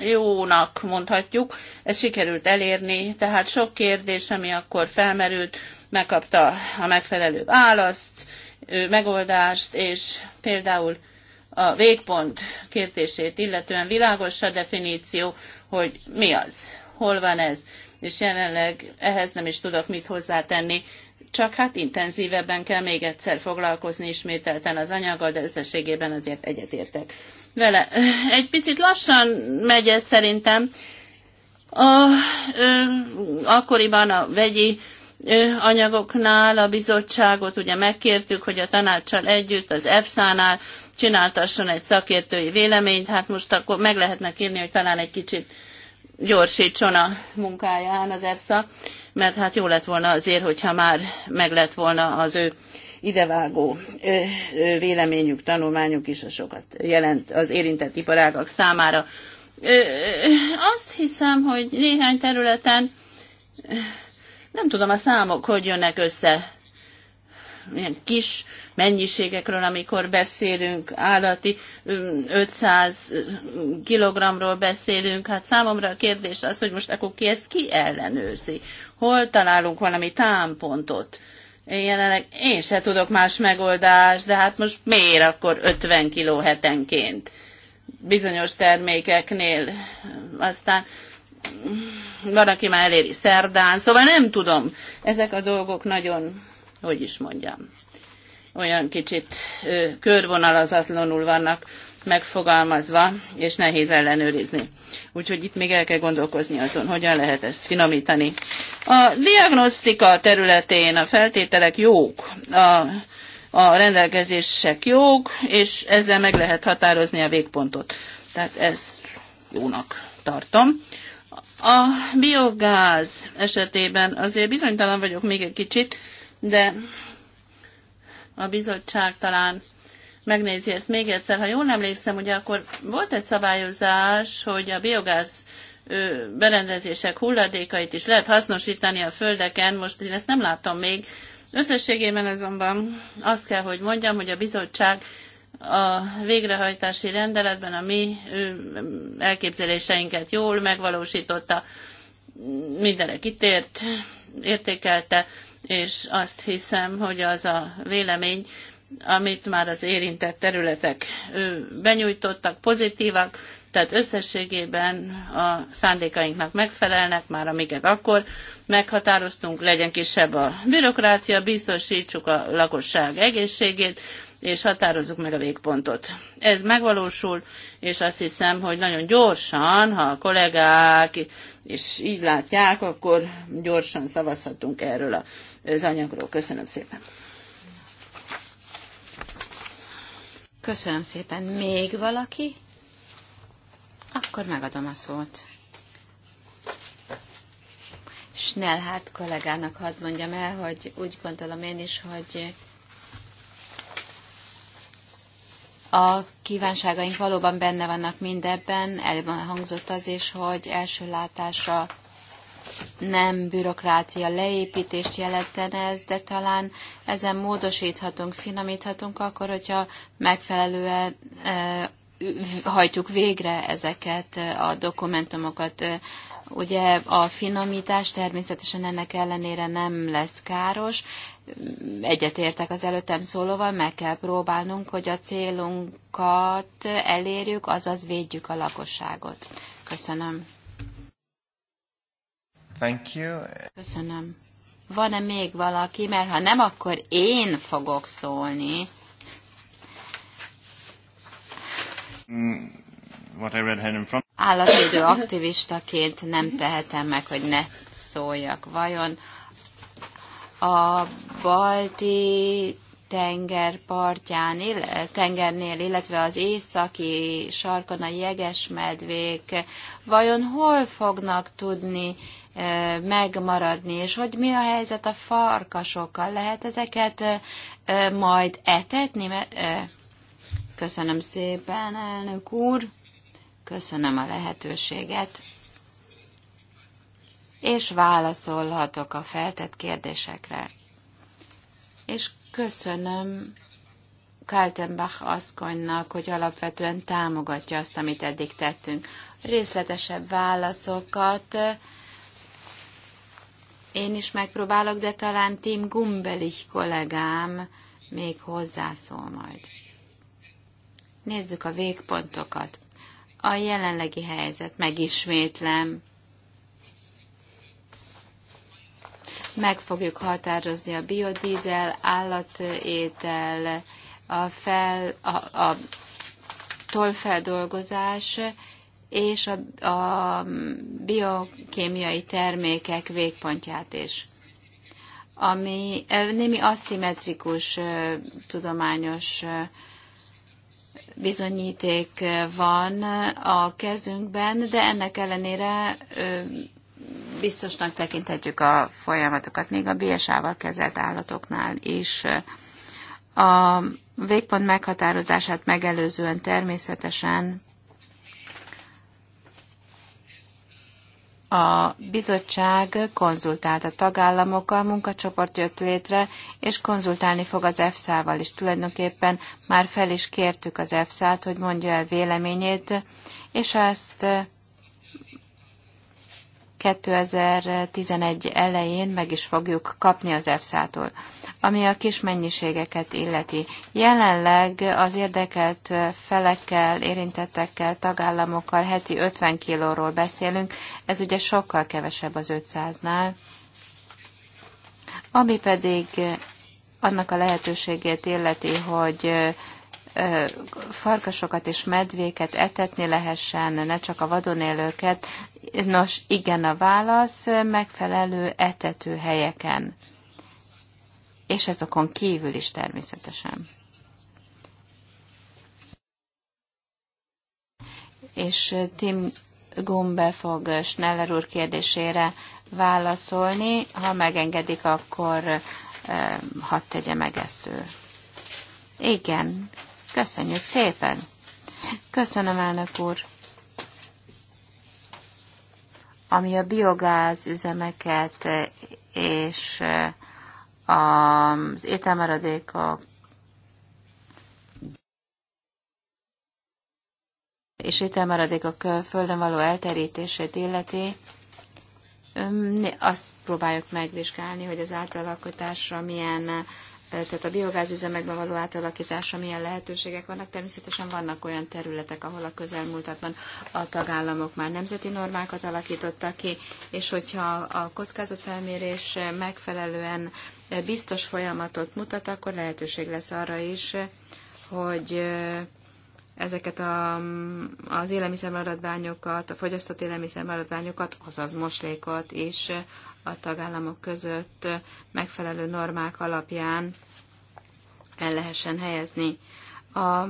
jónak mondhatjuk, ezt sikerült elérni, tehát sok kérdés, ami akkor felmerült, megkapta a megfelelő választ, megoldást, és például a végpont kérdését illetően világos a definíció, hogy mi az, hol van ez, és jelenleg ehhez nem is tudok mit hozzátenni, csak hát intenzívebben kell még egyszer foglalkozni ismételten az anyaggal, de összességében azért egyetértek vele. Egy picit lassan megy ez szerintem. A, ö, akkoriban a vegyi anyagoknál a bizottságot ugye megkértük, hogy a tanácssal együtt az EFSA-nál csináltasson egy szakértői véleményt, hát most akkor meg lehetne írni, hogy talán egy kicsit gyorsítson a munkáján az EFSA mert hát jó lett volna azért, hogyha már meg lett volna az ő idevágó véleményük, tanulmányuk is a sokat jelent az érintett iparágak számára. Azt hiszem, hogy néhány területen nem tudom a számok, hogy jönnek össze ilyen kis mennyiségekről, amikor beszélünk, állati 500 kilogramról beszélünk, hát számomra a kérdés az, hogy most akkor ki ezt ki ellenőrzi? Hol találunk valami támpontot? Én jelenleg én se tudok más megoldást, de hát most miért akkor 50 kiló hetenként bizonyos termékeknél? Aztán van, aki már eléri szerdán, szóval nem tudom. Ezek a dolgok nagyon hogy is mondjam, olyan kicsit körvonalazatlanul vannak megfogalmazva, és nehéz ellenőrizni. Úgyhogy itt még el kell gondolkozni azon, hogyan lehet ezt finomítani. A diagnosztika területén a feltételek jók, a, a rendelkezések jók, és ezzel meg lehet határozni a végpontot. Tehát ez jónak tartom. A biogáz esetében azért bizonytalan vagyok még egy kicsit, de a bizottság talán megnézi ezt még egyszer. Ha jól emlékszem, ugye akkor volt egy szabályozás, hogy a biogáz berendezések hulladékait is lehet hasznosítani a földeken, most én ezt nem látom még. Összességében azonban azt kell, hogy mondjam, hogy a bizottság a végrehajtási rendeletben a mi elképzeléseinket jól megvalósította, mindenre kitért, értékelte, és azt hiszem, hogy az a vélemény, amit már az érintett területek benyújtottak, pozitívak, tehát összességében a szándékainknak megfelelnek, már amiket akkor meghatároztunk, legyen kisebb a bürokrácia, biztosítsuk a lakosság egészségét, és határozzuk meg a végpontot. Ez megvalósul, és azt hiszem, hogy nagyon gyorsan, ha a kollégák és így látják, akkor gyorsan szavazhatunk erről az anyagról. Köszönöm szépen. Köszönöm szépen. Még valaki? Akkor megadom a szót. Snellhárt kollégának hadd mondjam el, hogy úgy gondolom én is, hogy A kívánságaink valóban benne vannak mindebben, hangzott az is, hogy első látásra nem bürokrácia leépítést jelentene ez, de talán ezen módosíthatunk, finomíthatunk akkor, hogyha megfelelően e, hajtjuk végre ezeket a dokumentumokat. Ugye a finomítás természetesen ennek ellenére nem lesz káros, egyetértek az előttem szólóval, meg kell próbálnunk, hogy a célunkat elérjük, azaz védjük a lakosságot. Köszönöm. Thank you. Köszönöm. Van-e még valaki? Mert ha nem, akkor én fogok szólni. Mm, what I read in front. Állatvédő aktivistaként nem tehetem meg, hogy ne szóljak. Vajon a balti tenger partján, tengernél, illetve az északi sarkon a medvék, vajon hol fognak tudni megmaradni, és hogy mi a helyzet a farkasokkal? Lehet ezeket majd etetni? Köszönöm szépen, elnök úr! Köszönöm a lehetőséget! és válaszolhatok a feltett kérdésekre. És köszönöm Kaltenbach asszonynak, hogy alapvetően támogatja azt, amit eddig tettünk. Részletesebb válaszokat én is megpróbálok, de talán Tim Gumbelich kollégám még hozzászól majd. Nézzük a végpontokat. A jelenlegi helyzet, megismétlem, meg fogjuk határozni a biodízel, állatétel, a, fel, a, a tolfeldolgozás és a, a biokémiai termékek végpontját is ami némi aszimmetrikus tudományos bizonyíték van a kezünkben, de ennek ellenére biztosnak tekinthetjük a folyamatokat, még a BSA-val kezelt állatoknál is. A végpont meghatározását megelőzően természetesen A bizottság konzultált a tagállamokkal, munkacsoport jött létre, és konzultálni fog az EFSA-val is. Tulajdonképpen már fel is kértük az EFSA-t, hogy mondja el véleményét, és ezt 2011 elején meg is fogjuk kapni az EFSA-tól, ami a kis mennyiségeket illeti. Jelenleg az érdekelt felekkel, érintettekkel, tagállamokkal heti 50 kilóról beszélünk, ez ugye sokkal kevesebb az 500-nál, ami pedig annak a lehetőségét illeti, hogy farkasokat és medvéket etetni lehessen, ne csak a vadon élőket. Nos, igen a válasz, megfelelő helyeken, És azokon kívül is természetesen. És Tim Gumbe fog Schneller úr kérdésére válaszolni. Ha megengedik, akkor hadd tegye meg ezt ő. Igen, köszönjük szépen. Köszönöm, elnök úr. Ami a biogáz üzemeket és eh, az ételmaradékok és ételmaradékok eh, földön való elterítését illeti, azt próbáljuk megvizsgálni, hogy az átalakításra milyen tehát a üzemekben való átalakítása, milyen lehetőségek vannak. Természetesen vannak olyan területek, ahol a közelmúltatban a tagállamok már nemzeti normákat alakítottak ki, és hogyha a kockázatfelmérés megfelelően biztos folyamatot mutat, akkor lehetőség lesz arra is, hogy ezeket a, az élelmiszermaradványokat, a fogyasztott élelmiszermaradványokat, azaz moslékot is a tagállamok között megfelelő normák alapján el lehessen helyezni. A,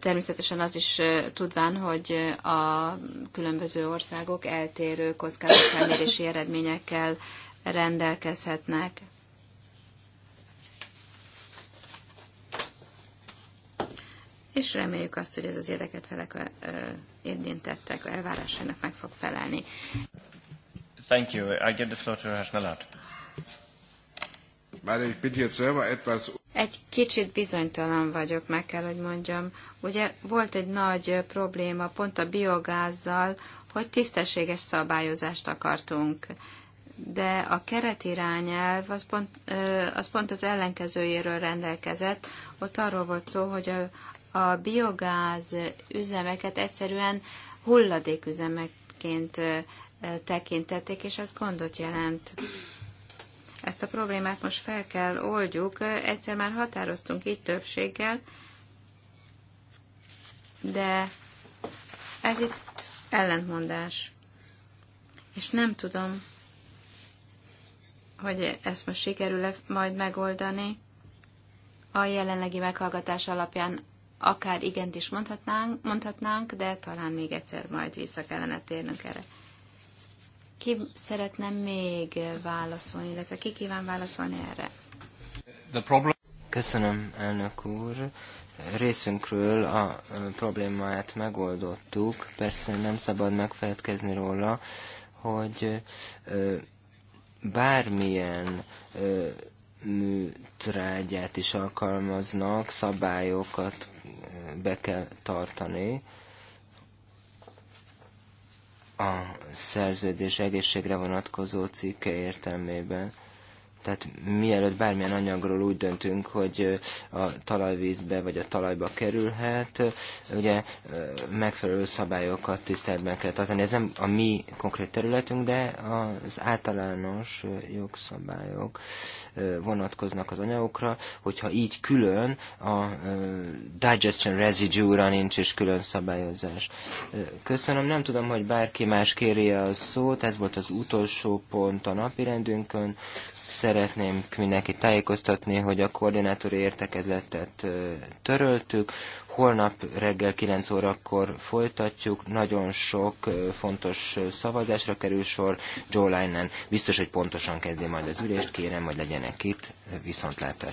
természetesen az is tudván, hogy a különböző országok eltérő kockázatfelmérési eredményekkel rendelkezhetnek. és reméljük azt, hogy ez az érdeket felek érintettek elvárásának meg fog felelni. Thank you. I give the floor to Rajnalat. Egy kicsit bizonytalan vagyok, meg kell, hogy mondjam. Ugye volt egy nagy probléma pont a biogázzal, hogy tisztességes szabályozást akartunk. De a keretirányelv az pont az, pont az ellenkezőjéről rendelkezett. Ott arról volt szó, hogy a, a biogáz üzemeket egyszerűen hulladéküzemekként tekintették, és ez gondot jelent. Ezt a problémát most fel kell oldjuk. Egyszer már határoztunk így többséggel, de ez itt ellentmondás. És nem tudom, hogy ezt most sikerül-e majd megoldani. A jelenlegi meghallgatás alapján akár igent is mondhatnánk, mondhatnánk, de talán még egyszer majd vissza kellene térnünk erre. Ki szeretne még válaszolni, illetve ki kíván válaszolni erre? The problem... Köszönöm, elnök úr. Részünkről a problémáját megoldottuk. Persze nem szabad megfeledkezni róla, hogy bármilyen műtrágyát is alkalmaznak, szabályokat be kell tartani a szerződés egészségre vonatkozó cikke értelmében. Tehát mielőtt bármilyen anyagról úgy döntünk, hogy a talajvízbe vagy a talajba kerülhet, ugye megfelelő szabályokat tiszteletben kell tartani. Ez nem a mi konkrét területünk, de az általános jogszabályok vonatkoznak az anyagokra, hogyha így külön a digestion residue-ra nincs is külön szabályozás. Köszönöm, nem tudom, hogy bárki más kéri a szót, ez volt az utolsó pont a napirendünkön. Szer- Szeretném mindenki tájékoztatni, hogy a koordinátori értekezetet töröltük. Holnap reggel 9 órakor folytatjuk. Nagyon sok fontos szavazásra kerül sor. Joe Linen biztos, hogy pontosan kezdi majd az ülést. Kérem, hogy legyenek itt. Viszontlátás.